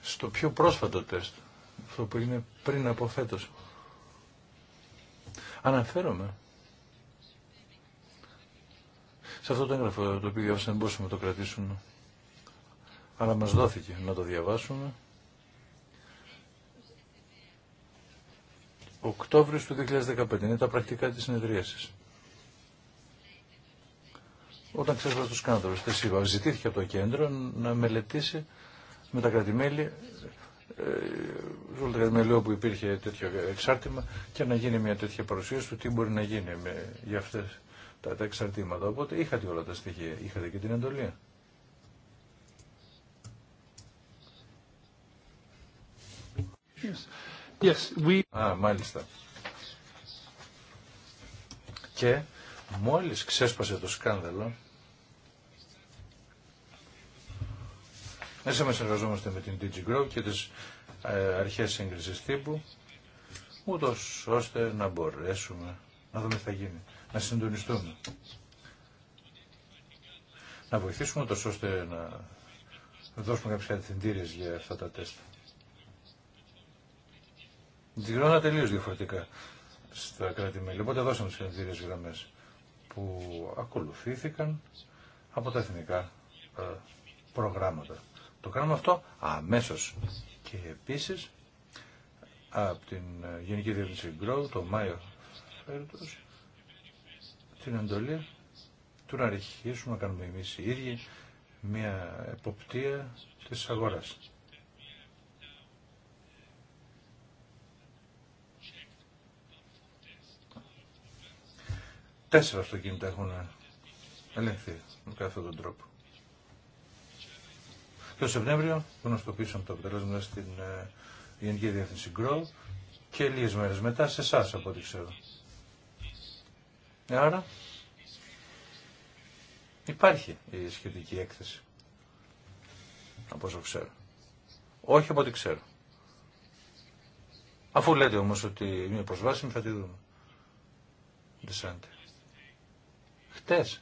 στο πιο πρόσφατο τεστ, αυτό που είναι πριν από φέτος. Αναφέρομαι σε αυτό το έγγραφο το οποίο διάβασα, δεν μπορούσαμε να το κρατήσουμε αλλά μας δόθηκε να το διαβάσουμε. Οκτώβριος του 2015 είναι τα πρακτικά της συνεδρίασης. Όταν ξέρω το σκάνδαλο, ζητήθηκε από το κέντρο να μελετήσει με τα κρατημέλη ε, σε όλα τα κρατημέλη όπου υπήρχε τέτοιο εξάρτημα και να γίνει μια τέτοια παρουσίαση του τι μπορεί να γίνει με, για αυτές τα, τα εξαρτήματα. Οπότε είχατε όλα τα στοιχεία, είχατε και την εντολία. Yes. Yes, we... Α, μάλιστα. Και μόλις ξέσπασε το σκάνδαλο, Μέσα μας εργαζόμαστε με την DigiGrow και τις ε, αρχές σύγκρισης τύπου, ούτως ώστε να μπορέσουμε να δούμε τι θα γίνει, να συντονιστούμε. Να βοηθήσουμε ούτως ώστε να δώσουμε κάποιες κατευθυντήριες για αυτά τα τέστα να τελείω διαφορετικά στα κράτη-μέλη. Οπότε δώσαμε τι κινητήριε γραμμέ που ακολουθήθηκαν από τα εθνικά ε, προγράμματα. Το κάνουμε αυτό αμέσω. Και επίση από την ε, Γενική Διεύθυνση Grow το Μάιο φέτο την εντολή του να αρχίσουμε να κάνουμε εμεί οι ίδιοι μια εποπτεία της αγοράς. Τέσσερα αυτοκίνητα έχουν ελεγχθεί με αυτόν τον τρόπο. Και το Σεπτέμβριο γνωστοποίησαμε το αποτελέσμα στην ε, Γενική Διεύθυνση Grow και λίγες μέρες μετά σε εσά από ό,τι ξέρω. Άρα υπάρχει η σχετική έκθεση από όσο ξέρω. Όχι από ό,τι ξέρω. Αφού λέτε όμως ότι είναι προσβάσιμη θα τη δούμε. Χτες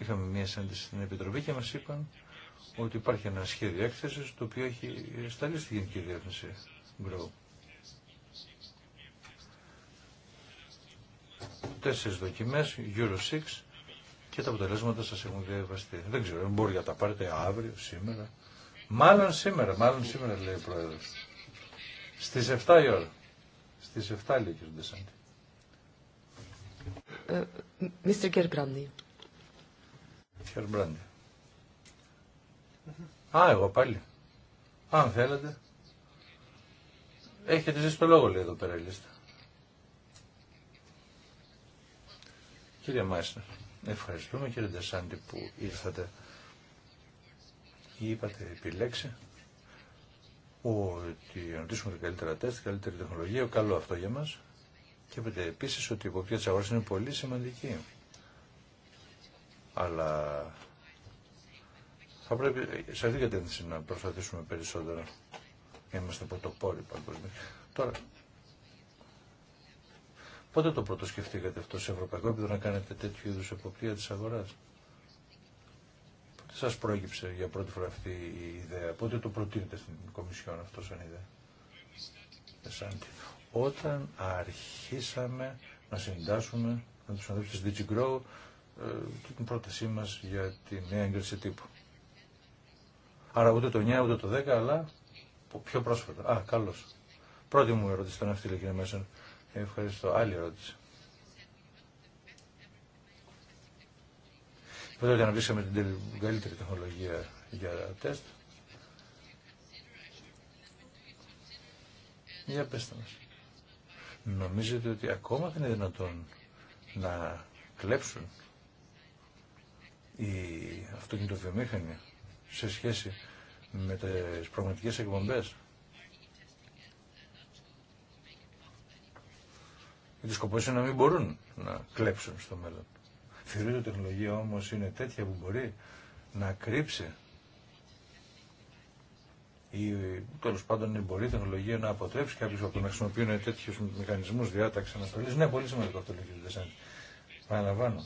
είχαμε μία συνάντηση στην Επιτροπή και μας είπαν ότι υπάρχει ένα σχέδιο έκθεσης το οποίο έχει σταλεί στη Γενική Διεύθυνση Grow. Τέσσερις δοκιμές, Euro 6 και τα αποτελέσματα σας έχουν διαβαστεί. Δεν ξέρω, μπορεί να τα πάρετε αύριο, σήμερα. Μάλλον σήμερα, μάλλον σήμερα λέει ο Πρόεδρος. Στις 7 η ώρα. Στις 7 λέει ο κ. Ντεσάντη. Mr. Gerbrandi. Gerbrandi. Α, εγώ πάλι. Αν θέλετε. Έχετε ζήσει το λόγο, λέει εδώ πέρα η λίστα. Κύριε Μάισνερ, ευχαριστούμε κύριε Ντεσάντη που ήρθατε. Είπατε επιλέξει ότι αναπτύσσουμε τα καλύτερα τεστ, καλύτερη τεχνολογία, καλό αυτό για μας. Και είπατε επίση ότι η υποπτία τη αγορά είναι πολύ σημαντική. Αλλά θα πρέπει σε αυτή την κατεύθυνση να προσπαθήσουμε περισσότερο. Είμαστε πρωτοπόροι παγκοσμίω. Τώρα, πότε το πρώτο σκεφτήκατε αυτό σε ευρωπαϊκό επίπεδο να κάνετε τέτοιου είδου εποπτεία τη αγορά. Πότε σα προέκυψε για πρώτη φορά αυτή η ιδέα, πότε το προτείνετε στην Κομισιόν αυτό σαν ιδέα όταν αρχίσαμε να συντάσσουμε με τους ανθρώπους της DigiGrow ε, την πρότασή μας για τη νέα έγκριση τύπου. Άρα ούτε το 9 ούτε το 10, αλλά πιο πρόσφατα. Α, καλώς. Πρώτη μου ερώτηση ήταν αυτή, λέει μέσα. Ε, ευχαριστώ. Άλλη ερώτηση. Είπατε να αναπτύξαμε την καλύτερη τεχνολογία για τεστ. Για πέστε μας. Νομίζετε ότι ακόμα δεν είναι δυνατόν να κλέψουν οι αυτοκινητοβιομήχανοι σε σχέση με τις πραγματικές εκπομπές. Γιατί σκοπό είναι να μην μπορούν να κλέψουν στο μέλλον. Θεωρείται ότι η τεχνολογία όμως είναι τέτοια που μπορεί να κρύψει ή τέλο πάντων μπορεί η τεχνολογία να αποτρέψει κάποιου από να χρησιμοποιούν τέτοιου μηχανισμού διάταξη αναστολή. Ναι, πολύ σημαντικό αυτό λέει ο Παραλαμβάνω.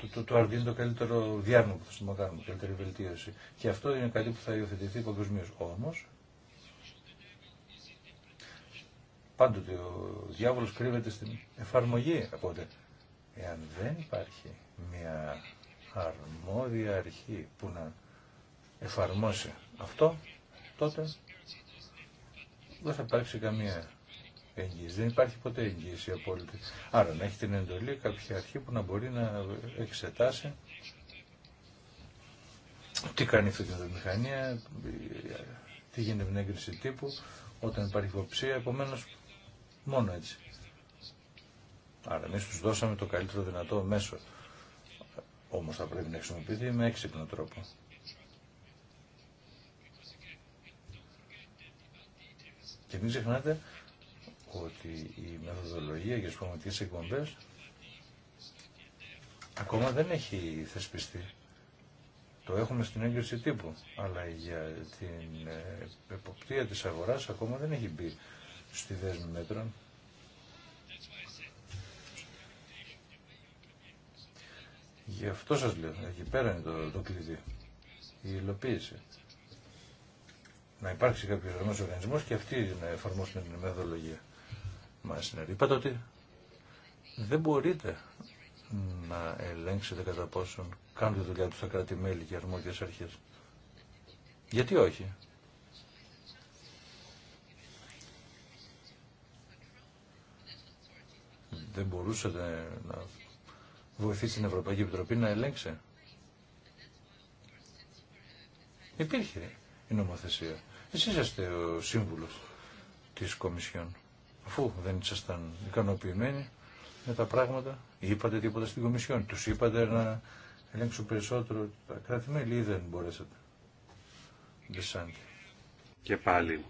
Το, το, το είναι το καλύτερο διάρμο που θα χρησιμοποιήσουμε καλύτερη βελτίωση. Και αυτό είναι κάτι που θα υιοθετηθεί παγκοσμίω. Όμω, πάντοτε ο διάβολο κρύβεται στην εφαρμογή. Οπότε, εάν δεν υπάρχει μια αρμόδια αρχή που να εφαρμόσει αυτό, τότε δεν θα υπάρξει καμία εγγύηση. Δεν υπάρχει ποτέ εγγύηση απόλυτη. Άρα να έχει την εντολή κάποια αρχή που να μπορεί να εξετάσει τι κάνει αυτή την μηχανία, τι γίνεται με την έγκριση τύπου, όταν υπάρχει υποψία, επομένω μόνο έτσι. Άρα εμεί του δώσαμε το καλύτερο δυνατό μέσο. Όμω θα πρέπει να χρησιμοποιηθεί με έξυπνο τρόπο. Και μην ξεχνάτε ότι η μεθοδολογία για τις πραγματικές ακόμα δεν έχει θεσπιστεί. Το έχουμε στην έγκριση τύπου, αλλά για την ε, εποπτεία της αγοράς ακόμα δεν έχει μπει στη δέσμη μέτρων. Γι' αυτό σας λέω, εκεί πέρα είναι το, το κλειδί, η υλοποίηση να υπάρξει κάποιο οργανισμό οργανισμός και αυτοί να εφαρμόσουν την μεθοδολογία μας. Ναι. Είπατε ότι δεν μπορείτε να ελέγξετε κατά πόσον κάνουν τη δουλειά του τα κράτη-μέλη και αρμόδιε αρχές. Γιατί όχι. Δεν μπορούσατε να βοηθήσει την Ευρωπαϊκή Επιτροπή να ελέγξει. Υπήρχε η νομοθεσία. Εσείς είσαστε ο σύμβουλος της Κομισιόν. Αφού δεν ήσασταν ικανοποιημένοι με τα πράγματα, είπατε τίποτα στην Κομισιόν. Τους είπατε να ελέγξουν περισσότερο τα κράτη-μέλη ή δεν μπορέσατε.
Και πάλι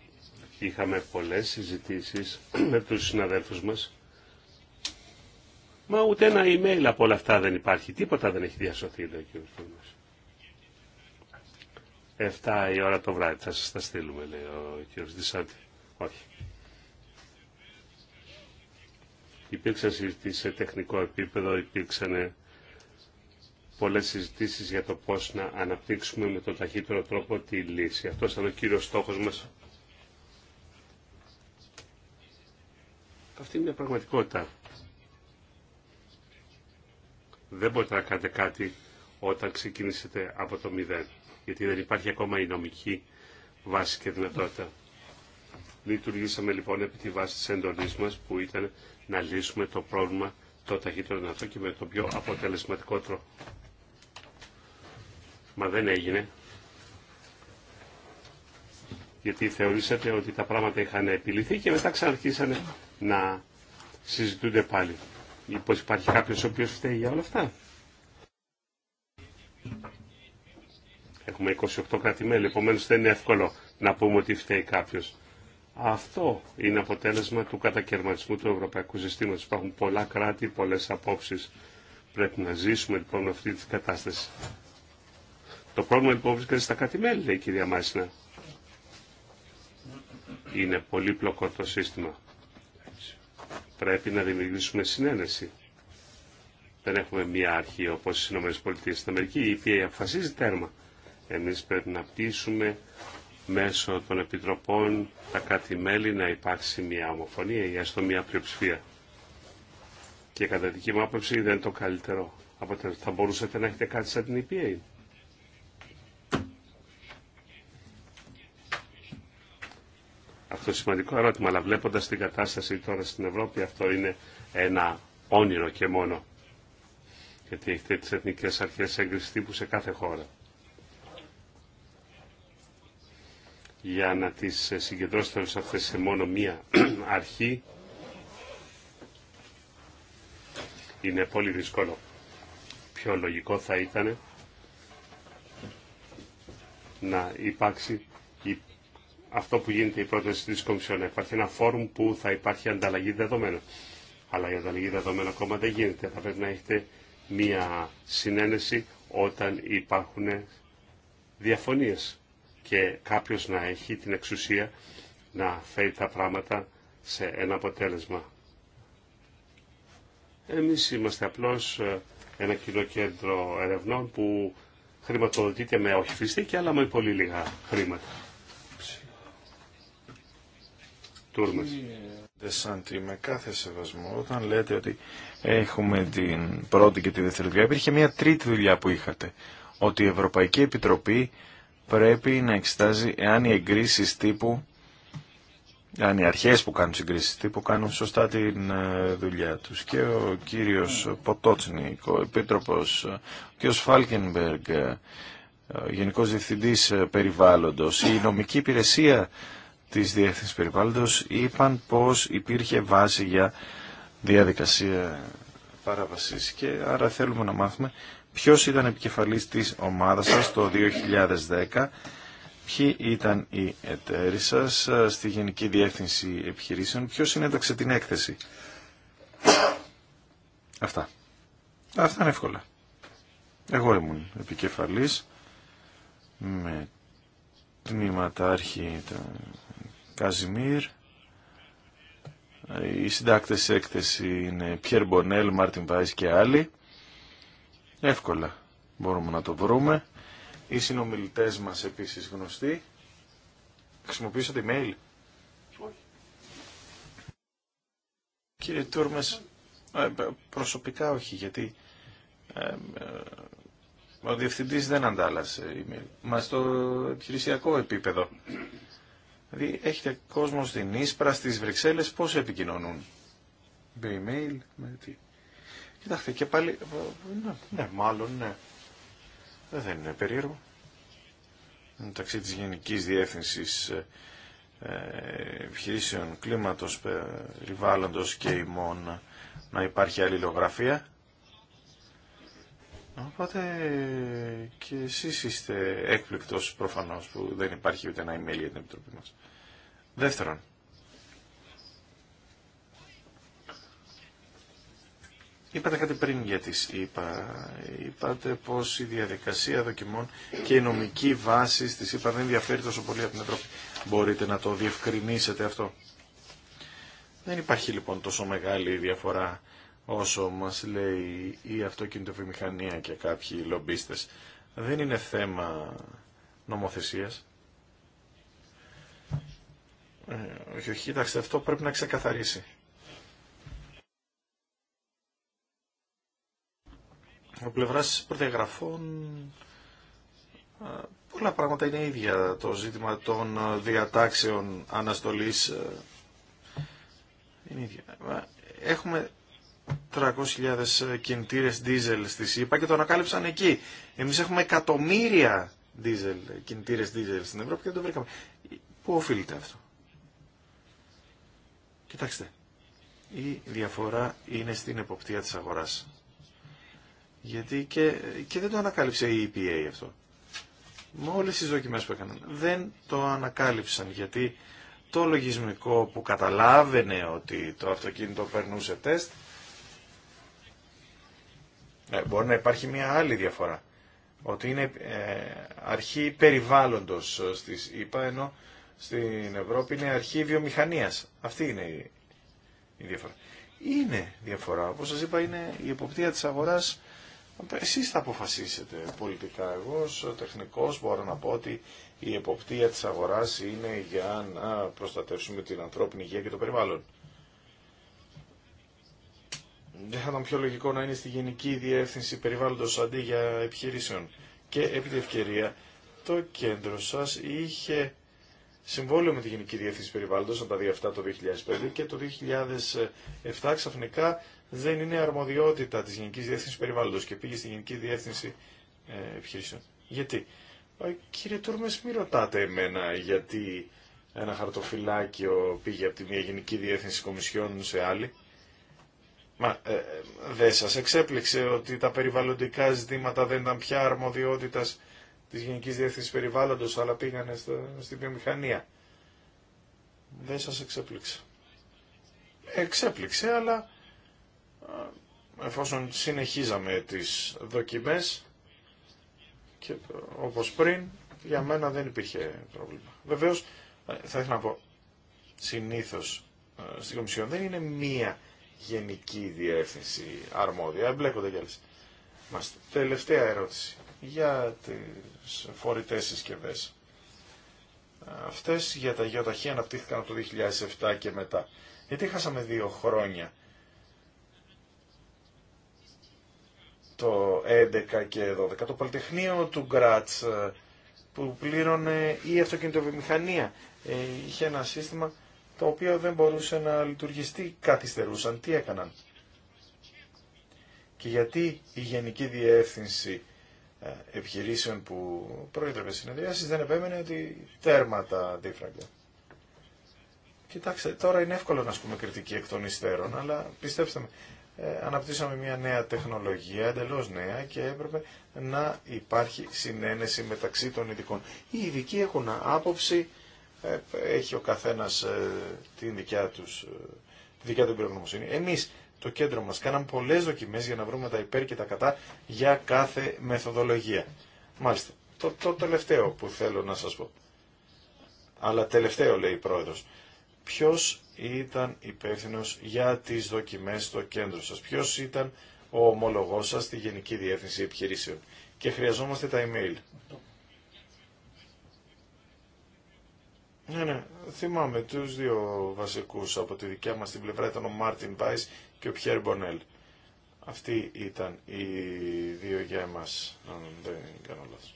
είχαμε πολλές συζητήσεις [clears throat] με τους συναδέλφους μας. Μα ούτε ένα email από όλα αυτά δεν υπάρχει. Τίποτα δεν έχει διασωθεί, λέει ο 7 η ώρα το βράδυ. Θα σας τα στείλουμε, λέει ο κύριος Δησάντη. Όχι. Υπήρξαν συζητήσεις σε τεχνικό επίπεδο, υπήρξαν πολλές συζητήσεις για το πώς να αναπτύξουμε με τον ταχύτερο τρόπο τη λύση. Αυτό ήταν ο κύριος στόχος μας. Αυτή είναι μια πραγματικότητα. Δεν μπορείτε να κάνετε κάτι όταν ξεκινήσετε από το μηδέν γιατί δεν υπάρχει ακόμα η νομική βάση και δυνατότητα. Λειτουργήσαμε λοιπόν επί τη βάση της εντολής μας που ήταν να λύσουμε το πρόβλημα το ταχύτερο δυνατό και με το πιο αποτελεσματικό τρόπο. Μα δεν έγινε. Γιατί θεωρήσατε ότι τα πράγματα είχαν επιληθεί και μετά ξαναρχίσανε να συζητούνται πάλι. Λοιπόν, υπάρχει κάποιος ο οποίος φταίει για όλα αυτά. Έχουμε 28 κράτη-μέλη, επομένως δεν είναι εύκολο να πούμε ότι φταίει κάποιος. Αυτό είναι αποτέλεσμα του κατακαιρματισμού του ευρωπαϊκού συστήματος. Υπάρχουν πολλά κράτη, πολλές απόψεις. Πρέπει να ζήσουμε λοιπόν με αυτή την κατάσταση. Το πρόβλημα λοιπόν βρίσκεται στα κρατη λέει η κυρία Μάσινα. Είναι πολύπλοκο το σύστημα. Πρέπει να δημιουργήσουμε συνένεση. Δεν έχουμε μία αρχή όπως οι ΗΠΑ στην Αμερική, η οποία αποφασίζει τέρμα. Εμείς πρέπει να πείσουμε μέσω των επιτροπών τα κάτι μέλη να υπάρξει μια ομοφωνία ή έστω μια πλειοψηφία. Και κατά δική μου άποψη δεν είναι το καλύτερο. Από θα μπορούσατε να έχετε κάτι σαν την EPA. Αυτό σημαντικό ερώτημα, αλλά βλέποντας την κατάσταση τώρα στην Ευρώπη, αυτό είναι ένα όνειρο και μόνο. Γιατί έχετε τις εθνικές αρχές έγκριση τύπου σε κάθε χώρα. για να τις συγκεντρώσετε όλες αυτές σε μόνο μία [clears throat] αρχή είναι πολύ δύσκολο. Πιο λογικό θα ήταν να υπάρξει αυτό που γίνεται η πρόταση της Κομισιόν, να υπάρχει ένα φόρουμ που θα υπάρχει ανταλλαγή δεδομένων. Αλλά η ανταλλαγή δεδομένων ακόμα δεν γίνεται. Θα πρέπει να έχετε μία συνένεση όταν υπάρχουν διαφωνίες και κάποιος να έχει την εξουσία να φέρει τα πράγματα σε ένα αποτέλεσμα. Εμείς είμαστε απλώς ε, ένα κοινό κέντρο ερευνών που χρηματοδοτείται με όχι φυσική αλλά με πολύ λίγα χρήματα. Τούρμες. Σάντι,
με κάθε σεβασμό, όταν λέτε ότι έχουμε την πρώτη και τη δεύτερη δουλειά, υπήρχε μια τρίτη δουλειά που είχατε. Ότι η Ευρωπαϊκή Επιτροπή πρέπει να εξετάζει εάν οι εγκρίσει τύπου, αν οι αρχές που κάνουν τις τύπου κάνουν σωστά τη ε, δουλειά τους. Και ο κύριος Ποτότσνικ, ο επίτροπο, ο κύριο Φάλκενμπεργκ, ε, ο Γενικός Διευθυντής ε, Περιβάλλοντος, η νομική υπηρεσία της Διεύθυνσης περιβάλλοντο είπαν πως υπήρχε βάση για διαδικασία παράβασης και άρα θέλουμε να μάθουμε ποιος ήταν επικεφαλής της ομάδας σας το 2010, ποιοι ήταν οι εταίροι σας ε, στη Γενική Διεύθυνση Επιχειρήσεων, ποιος συνέταξε την έκθεση. Αυτά. Αυτά είναι εύκολα. Εγώ ήμουν επικεφαλής με τμήματάρχη τον Καζιμίρ. Η συντάκτες έκθεση είναι Πιέρ Μπονέλ, Μάρτιν Βάις και άλλοι. Εύκολα μπορούμε να το βρούμε. Οι συνομιλητέ μας επίσης γνωστοί. Χρησιμοποιήσατε email. Όχι. Κύριε Τούρμες, ε, προσωπικά όχι, γιατί ε, ε, ο διευθυντής δεν αντάλλασε email. Μα στο επιχειρησιακό επίπεδο. Δηλαδή έχετε κόσμο στην Ίσπρα, στις Βρυξέλλες, πώς επικοινωνούν. Με email, με τι. Κοιτάξτε και πάλι... Ναι, ναι μάλλον ναι. Ε, δεν είναι περίεργο. Μεταξύ τη γενική διεύθυνση ε, ε, Επιχειρήσεων Κλίματος, ριβάλλοντο και ημών να υπάρχει αλληλογραφία. Οπότε και εσείς είστε έκπληκτό προφανώς που δεν υπάρχει ούτε ένα email για την Επιτροπή μα. Δεύτερον, Είπατε κάτι πριν για τις ΕΠΑ. Είπατε πως η διαδικασία δοκιμών και η νομική βάση στις ΕΠΑ δεν διαφέρει τόσο πολύ από την Ευρώπη. Μπορείτε να το διευκρινίσετε αυτό. Δεν υπάρχει λοιπόν τόσο μεγάλη διαφορά όσο μας λέει η αυτοκινητοβιομηχανία και κάποιοι λομπίστες. Δεν είναι θέμα νομοθεσίας. Ε, όχι, όχι, κοιτάξτε, αυτό πρέπει να ξεκαθαρίσει. Ο πλευρά προδιαγραφών πολλά πράγματα είναι ίδια. Το ζήτημα των διατάξεων αναστολής είναι ίδια. Έχουμε 300.000 κινητήρες δίζελ στη ΣΥΠΑ και το ανακάλυψαν εκεί. Εμείς έχουμε εκατομμύρια δίζελ, κινητήρες δίζελ στην Ευρώπη και δεν το βρήκαμε. Πού οφείλεται αυτό. Κοιτάξτε, η διαφορά είναι στην εποπτεία της αγοράς. Γιατί και, δεν το ανακάλυψε η EPA αυτό. Με όλες τις δοκιμές που έκαναν. Δεν το ανακάλυψαν γιατί το λογισμικό που καταλάβαινε ότι το αυτοκίνητο περνούσε τεστ ε, μπορεί να υπάρχει μια άλλη διαφορά. Ότι είναι ε, αρχή περιβάλλοντος στις ΗΠΑ ενώ στην Ευρώπη είναι αρχή βιομηχανίας. Αυτή είναι η, διαφορά. Είναι διαφορά. Όπως σας είπα είναι η εποπτεία της αγοράς Εσεί θα αποφασίσετε πολιτικά. Εγώ ως τεχνικό μπορώ να πω ότι η εποπτεία τη αγορά είναι για να προστατεύσουμε την ανθρώπινη υγεία και το περιβάλλον. Δεν θα ήταν πιο λογικό να είναι στη Γενική Διεύθυνση Περιβάλλοντος αντί για επιχειρήσεων. Και επί την ευκαιρία το κέντρο σας είχε συμβόλαιο με τη Γενική Διεύθυνση Περιβάλλοντος από τα 2007 το 2005 και το 2007 ξαφνικά δεν είναι αρμοδιότητα της γενική Διεύθυνση Περιβάλλοντος και πήγε στη Γενική Διεύθυνση ε, Επιχειρήσεων. Γιατί. Κύριε Τούρμε, μη ρωτάτε εμένα γιατί ένα χαρτοφυλάκιο πήγε από τη μια Γενική Διεύθυνση Κομισιών σε άλλη. Μα ε, δεν σα εξέπληξε ότι τα περιβαλλοντικά ζητήματα δεν ήταν πια αρμοδιότητα της γενική διεύθυνση περιβάλλοντο, αλλά πήγανε στην βιομηχανία. Δεν σα εξέπληξε. Εξέπληξε, αλλά εφόσον συνεχίζαμε τις δοκιμές και όπως πριν για μένα δεν υπήρχε πρόβλημα. Βεβαίως ε, θα ήθελα να πω συνήθως ε, στην Κομισιόν δεν είναι μία γενική διεύθυνση αρμόδια, εμπλέκονται κι άλλες. τελευταία ερώτηση για τις φορητές συσκευέ. Αυτές για τα γεωταχή αναπτύχθηκαν από το 2007 και μετά. Γιατί χάσαμε δύο χρόνια το 11 και 12. Το Πολυτεχνείο του Γκράτς ε, που πλήρωνε η αυτοκινητοβιομηχανία ε, είχε ένα σύστημα το οποίο δεν μπορούσε να λειτουργιστεί, καθυστερούσαν, τι έκαναν. Και γιατί η Γενική Διεύθυνση ε, Επιχειρήσεων που προέτρεπε συνεδριάσει δεν επέμενε ότι τέρμα τα αντίφραγκα. Κοιτάξτε, τώρα είναι εύκολο να ασκούμε κριτική εκ των υστέρων, αλλά πιστέψτε με, ε, αναπτύσσαμε μια νέα τεχνολογία, εντελώ νέα και έπρεπε να υπάρχει συνένεση μεταξύ των ειδικών. Οι ειδικοί έχουν άποψη, ε, έχει ο καθένας ε, την δικιά τους, τη δικιά του εμπειρογνωμοσύνη. Εμείς το κέντρο μας κάναμε πολλές δοκιμές για να βρούμε τα υπέρ και τα κατά για κάθε μεθοδολογία. Μάλιστα, το, το τελευταίο που θέλω να σας πω. Αλλά τελευταίο λέει η πρόεδρος ποιος ήταν υπεύθυνο για τις δοκιμές στο κέντρο σας, ποιος ήταν ο ομολογός σας στη Γενική Διεύθυνση Επιχειρήσεων και χρειαζόμαστε τα email. Ναι, ναι, θυμάμαι τους δύο βασικούς από τη δικιά μας την πλευρά ήταν ο Μάρτιν Βάις και ο Πιέρ Μπονέλ. Αυτοί ήταν οι δύο για εμάς, δεν κάνω λάθος.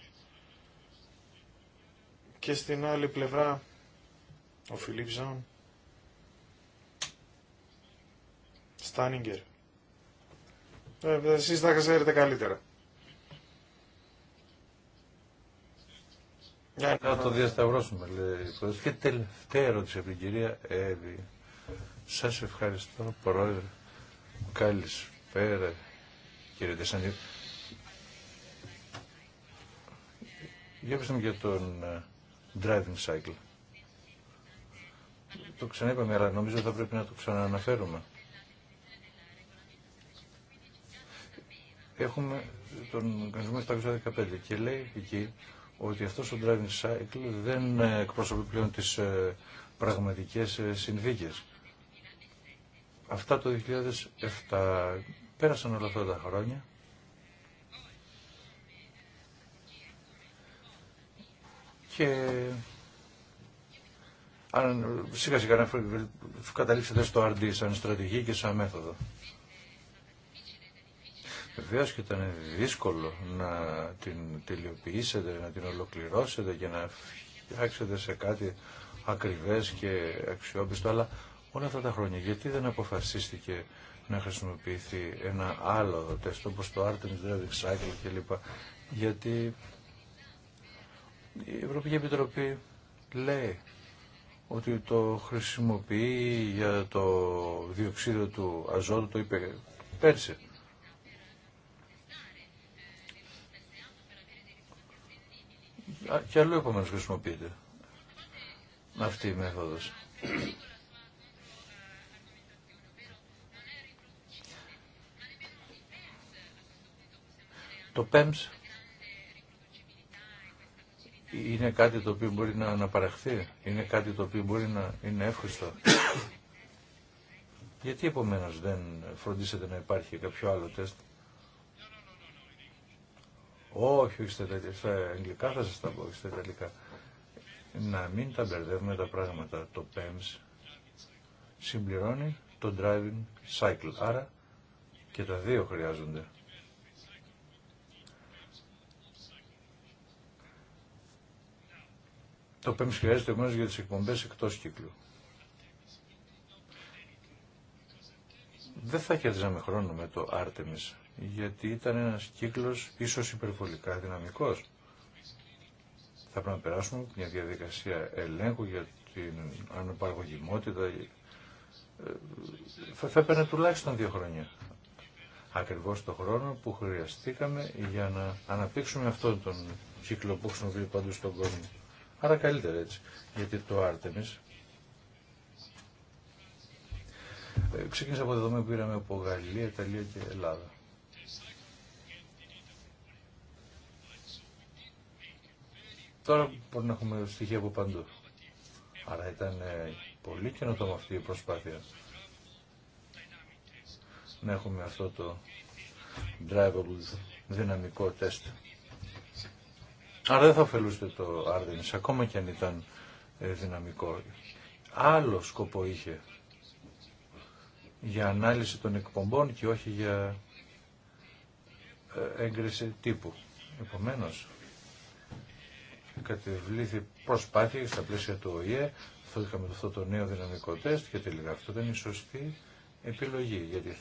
Και στην άλλη πλευρά, ο Φιλίπ Ζαν Στάνιγκερ. Ε, εσείς θα ξέρετε καλύτερα.
Να το διασταυρώσουμε, λέει Και τελευταία ερώτηση από την κυρία Εύη. Σας ευχαριστώ, Πρόεδρε. Καλησπέρα, κύριε Τεσσανή. Για πέστε για τον ε, driving cycle. Το ξαναείπαμε, αλλά νομίζω θα πρέπει να το ξανααναφέρουμε. έχουμε τον κανονισμό 715 και λέει εκεί ότι αυτός ο driving cycle δεν ε, εκπροσωπεί πλέον τις ε, πραγματικές ε, συνθήκες. Αυτά το 2007 πέρασαν όλα αυτά τα χρόνια. Και αν σιγά σιγά να καταλήξετε στο RD σαν στρατηγική και σαν μέθοδο. Βεβαίω και ήταν δύσκολο να την τελειοποιήσετε, να την ολοκληρώσετε και να φτιάξετε σε κάτι ακριβές και αξιόπιστο, αλλά όλα αυτά τα χρόνια γιατί δεν αποφασίστηκε να χρησιμοποιηθεί ένα άλλο τεστ όπως το Artemis δηλαδή Cycle κλπ. Γιατί η Ευρωπαϊκή Επιτροπή λέει ότι το χρησιμοποιεί για το διοξείδιο του αζότου, το είπε πέρσι. και αλλού επομένως χρησιμοποιείται αυτή η μέθοδος. Το PEMS είναι κάτι το οποίο μπορεί να αναπαραχθεί, είναι κάτι το οποίο μπορεί να είναι εύχριστο. [coughs] Γιατί επομένως δεν φροντίσετε να υπάρχει κάποιο άλλο τεστ. Όχι, όχι στα, στα αγγλικά θα σα τα πω, όχι στα ιταλικά. Να μην τα μπερδεύουμε τα πράγματα. Το PEMS συμπληρώνει το driving cycle. Άρα και τα δύο χρειάζονται. Το PEMS χρειάζεται μόνο για τις εκπομπές εκτός κύκλου. Δεν θα χαιρετίζαμε χρόνο με το Artemis γιατί ήταν ένας κύκλος ίσως υπερβολικά δυναμικός. Θα πρέπει να περάσουμε μια διαδικασία ελέγχου για την ανεπαραγωγημότητα. Ε, θα, θα έπαιρνε τουλάχιστον δύο χρόνια. Ακριβώς το χρόνο που χρειαστήκαμε για να αναπτύξουμε αυτόν τον κύκλο που χρησιμοποιεί παντού στον κόσμο. Άρα καλύτερα έτσι. Γιατί το Άρτεμις ξεκίνησε από το δεδομένο που πήραμε από Γαλλία, Ιταλία και Ελλάδα. Τώρα μπορεί να έχουμε στοιχεία από παντού. Άρα ήταν ε, πολύ καινοτόμα αυτή η προσπάθεια. Να έχουμε αυτό το drivable δυναμικό τεστ. Άρα δεν θα ωφελούσε το Άρδενης, ακόμα και αν ήταν ε, δυναμικό. Άλλο σκοπό είχε για ανάλυση των εκπομπών και όχι για ε, έγκριση τύπου. Επομένως, κατεβλήθη προσπάθεια στα πλαίσια του ΟΗΕ, είχαμε αυτό το νέο δυναμικό τεστ και τελικά αυτό ήταν η σωστή επιλογή, γιατί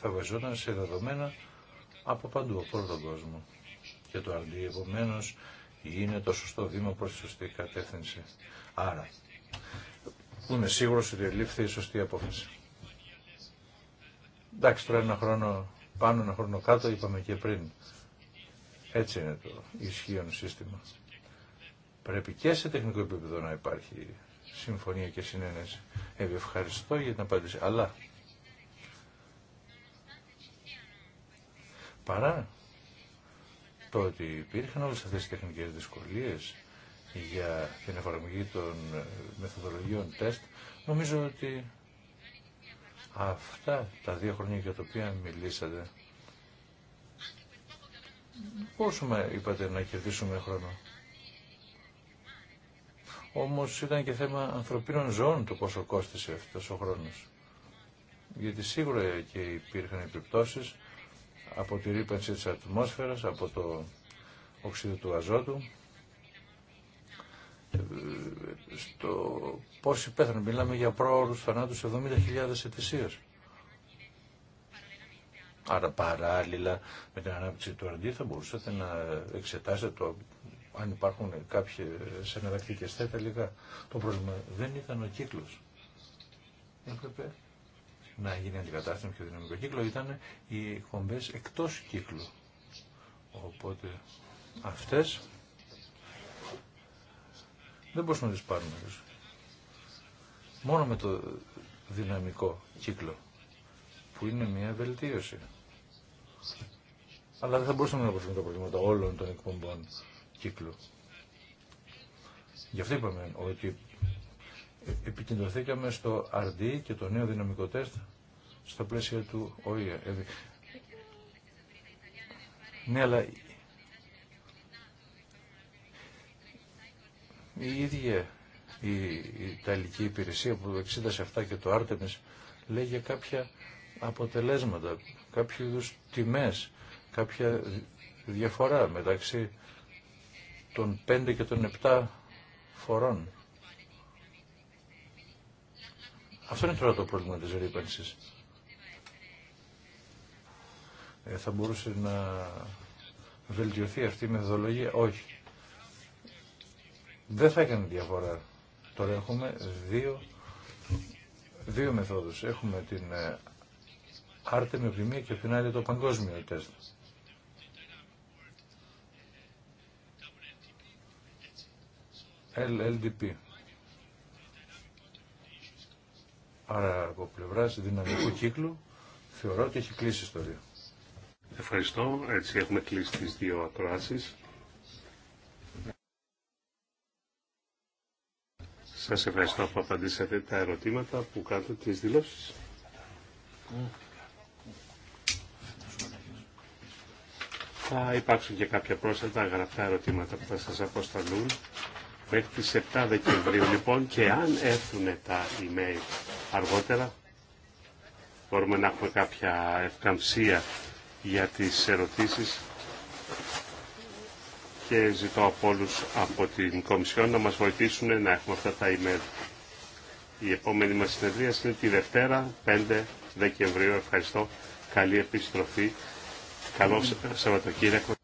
θα βαζόταν σε δεδομένα από παντού, από όλο τον κόσμο. Και το RD επομένω είναι το σωστό βήμα προς τη σωστή κατεύθυνση. Άρα, που είμαι σίγουρος ότι ελήφθη η σωστή απόφαση. Εντάξει, τώρα ένα χρόνο πάνω, ένα χρόνο κάτω, είπαμε και πριν. Έτσι είναι το ισχύον σύστημα. Πρέπει και σε τεχνικό επίπεδο να υπάρχει συμφωνία και συνένεση. ευχαριστώ για την απάντηση. Αλλά παρά το ότι υπήρχαν όλες αυτές οι τεχνικές δυσκολίες για την εφαρμογή των μεθοδολογιών τεστ, νομίζω ότι αυτά τα δύο χρόνια για τα οποία μιλήσατε, πόσο είπατε να κερδίσουμε χρόνο όμως ήταν και θέμα ανθρωπίνων ζώων το πόσο κόστησε αυτός ο χρόνος. Γιατί σίγουρα και υπήρχαν επιπτώσεις από τη ρήπανση της ατμόσφαιρας, από το οξύδιο του αζότου, ε, στο πόσοι πέθανε. Μιλάμε για πρόωρους θανάτους 70.000 ετησίω. Άρα παράλληλα με την ανάπτυξη του αντί θα μπορούσατε να εξετάσετε το αν υπάρχουν κάποιες εναλλακτικέ θα λίγα, το πρόβλημα δεν ήταν ο κύκλος. Έπρεπε να γίνει αντικατάσταση με πιο δυναμικό κύκλο, ήταν οι εκπομπέ εκτός κύκλου. Οπότε αυτές δεν μπορούσαμε να τις πάρουμε. Μόνο με το δυναμικό κύκλο που είναι μια βελτίωση. Αλλά δεν θα μπορούσαμε να αποφύγουμε τα προβλήματα όλων των εκπομπών κύκλου. Γι' αυτό είπαμε ότι επικεντρωθήκαμε στο RD και το νέο δυναμικό τεστ στα πλαίσια του ΟΗΕ. Ε, ναι, αλλά η ίδια η Ιταλική υπηρεσία που το αυτά και το Άρτεμις λέει για κάποια αποτελέσματα, κάποιου είδου τιμές, κάποια διαφορά μεταξύ των 5 και των 7 φορών. Αυτό είναι τώρα το πρόβλημα της ρήπανσης. Ε, θα μπορούσε να βελτιωθεί αυτή η μεθοδολογία. Όχι. Δεν θα έκανε διαφορά. Τώρα έχουμε δύο, δύο μεθόδους. Έχουμε την ε, άρτεμη με από και την άλλη το παγκόσμιο τεστ. LLDP. Άρα από πλευρά δυναμικού κύκλου θεωρώ ότι έχει κλείσει η ιστορία.
Ευχαριστώ. Έτσι έχουμε κλείσει τις δύο ακροάσεις. Σας ευχαριστώ που απαντήσατε τα ερωτήματα που κάνετε τις δηλώσεις. Θα υπάρξουν και κάποια πρόσθετα γραπτά ερωτήματα που θα σας αποσταλούν μέχρι τις 7 Δεκεμβρίου λοιπόν και αν έρθουν τα email αργότερα μπορούμε να έχουμε κάποια ευκαμψία για τις ερωτήσεις και ζητώ από όλους από την Κομισιόν να μας βοηθήσουν να έχουμε αυτά τα email. Η επόμενη μας συνεδρία είναι τη Δευτέρα 5 Δεκεμβρίου. Ευχαριστώ. Καλή επιστροφή. Καλό Σαββατοκύριακο.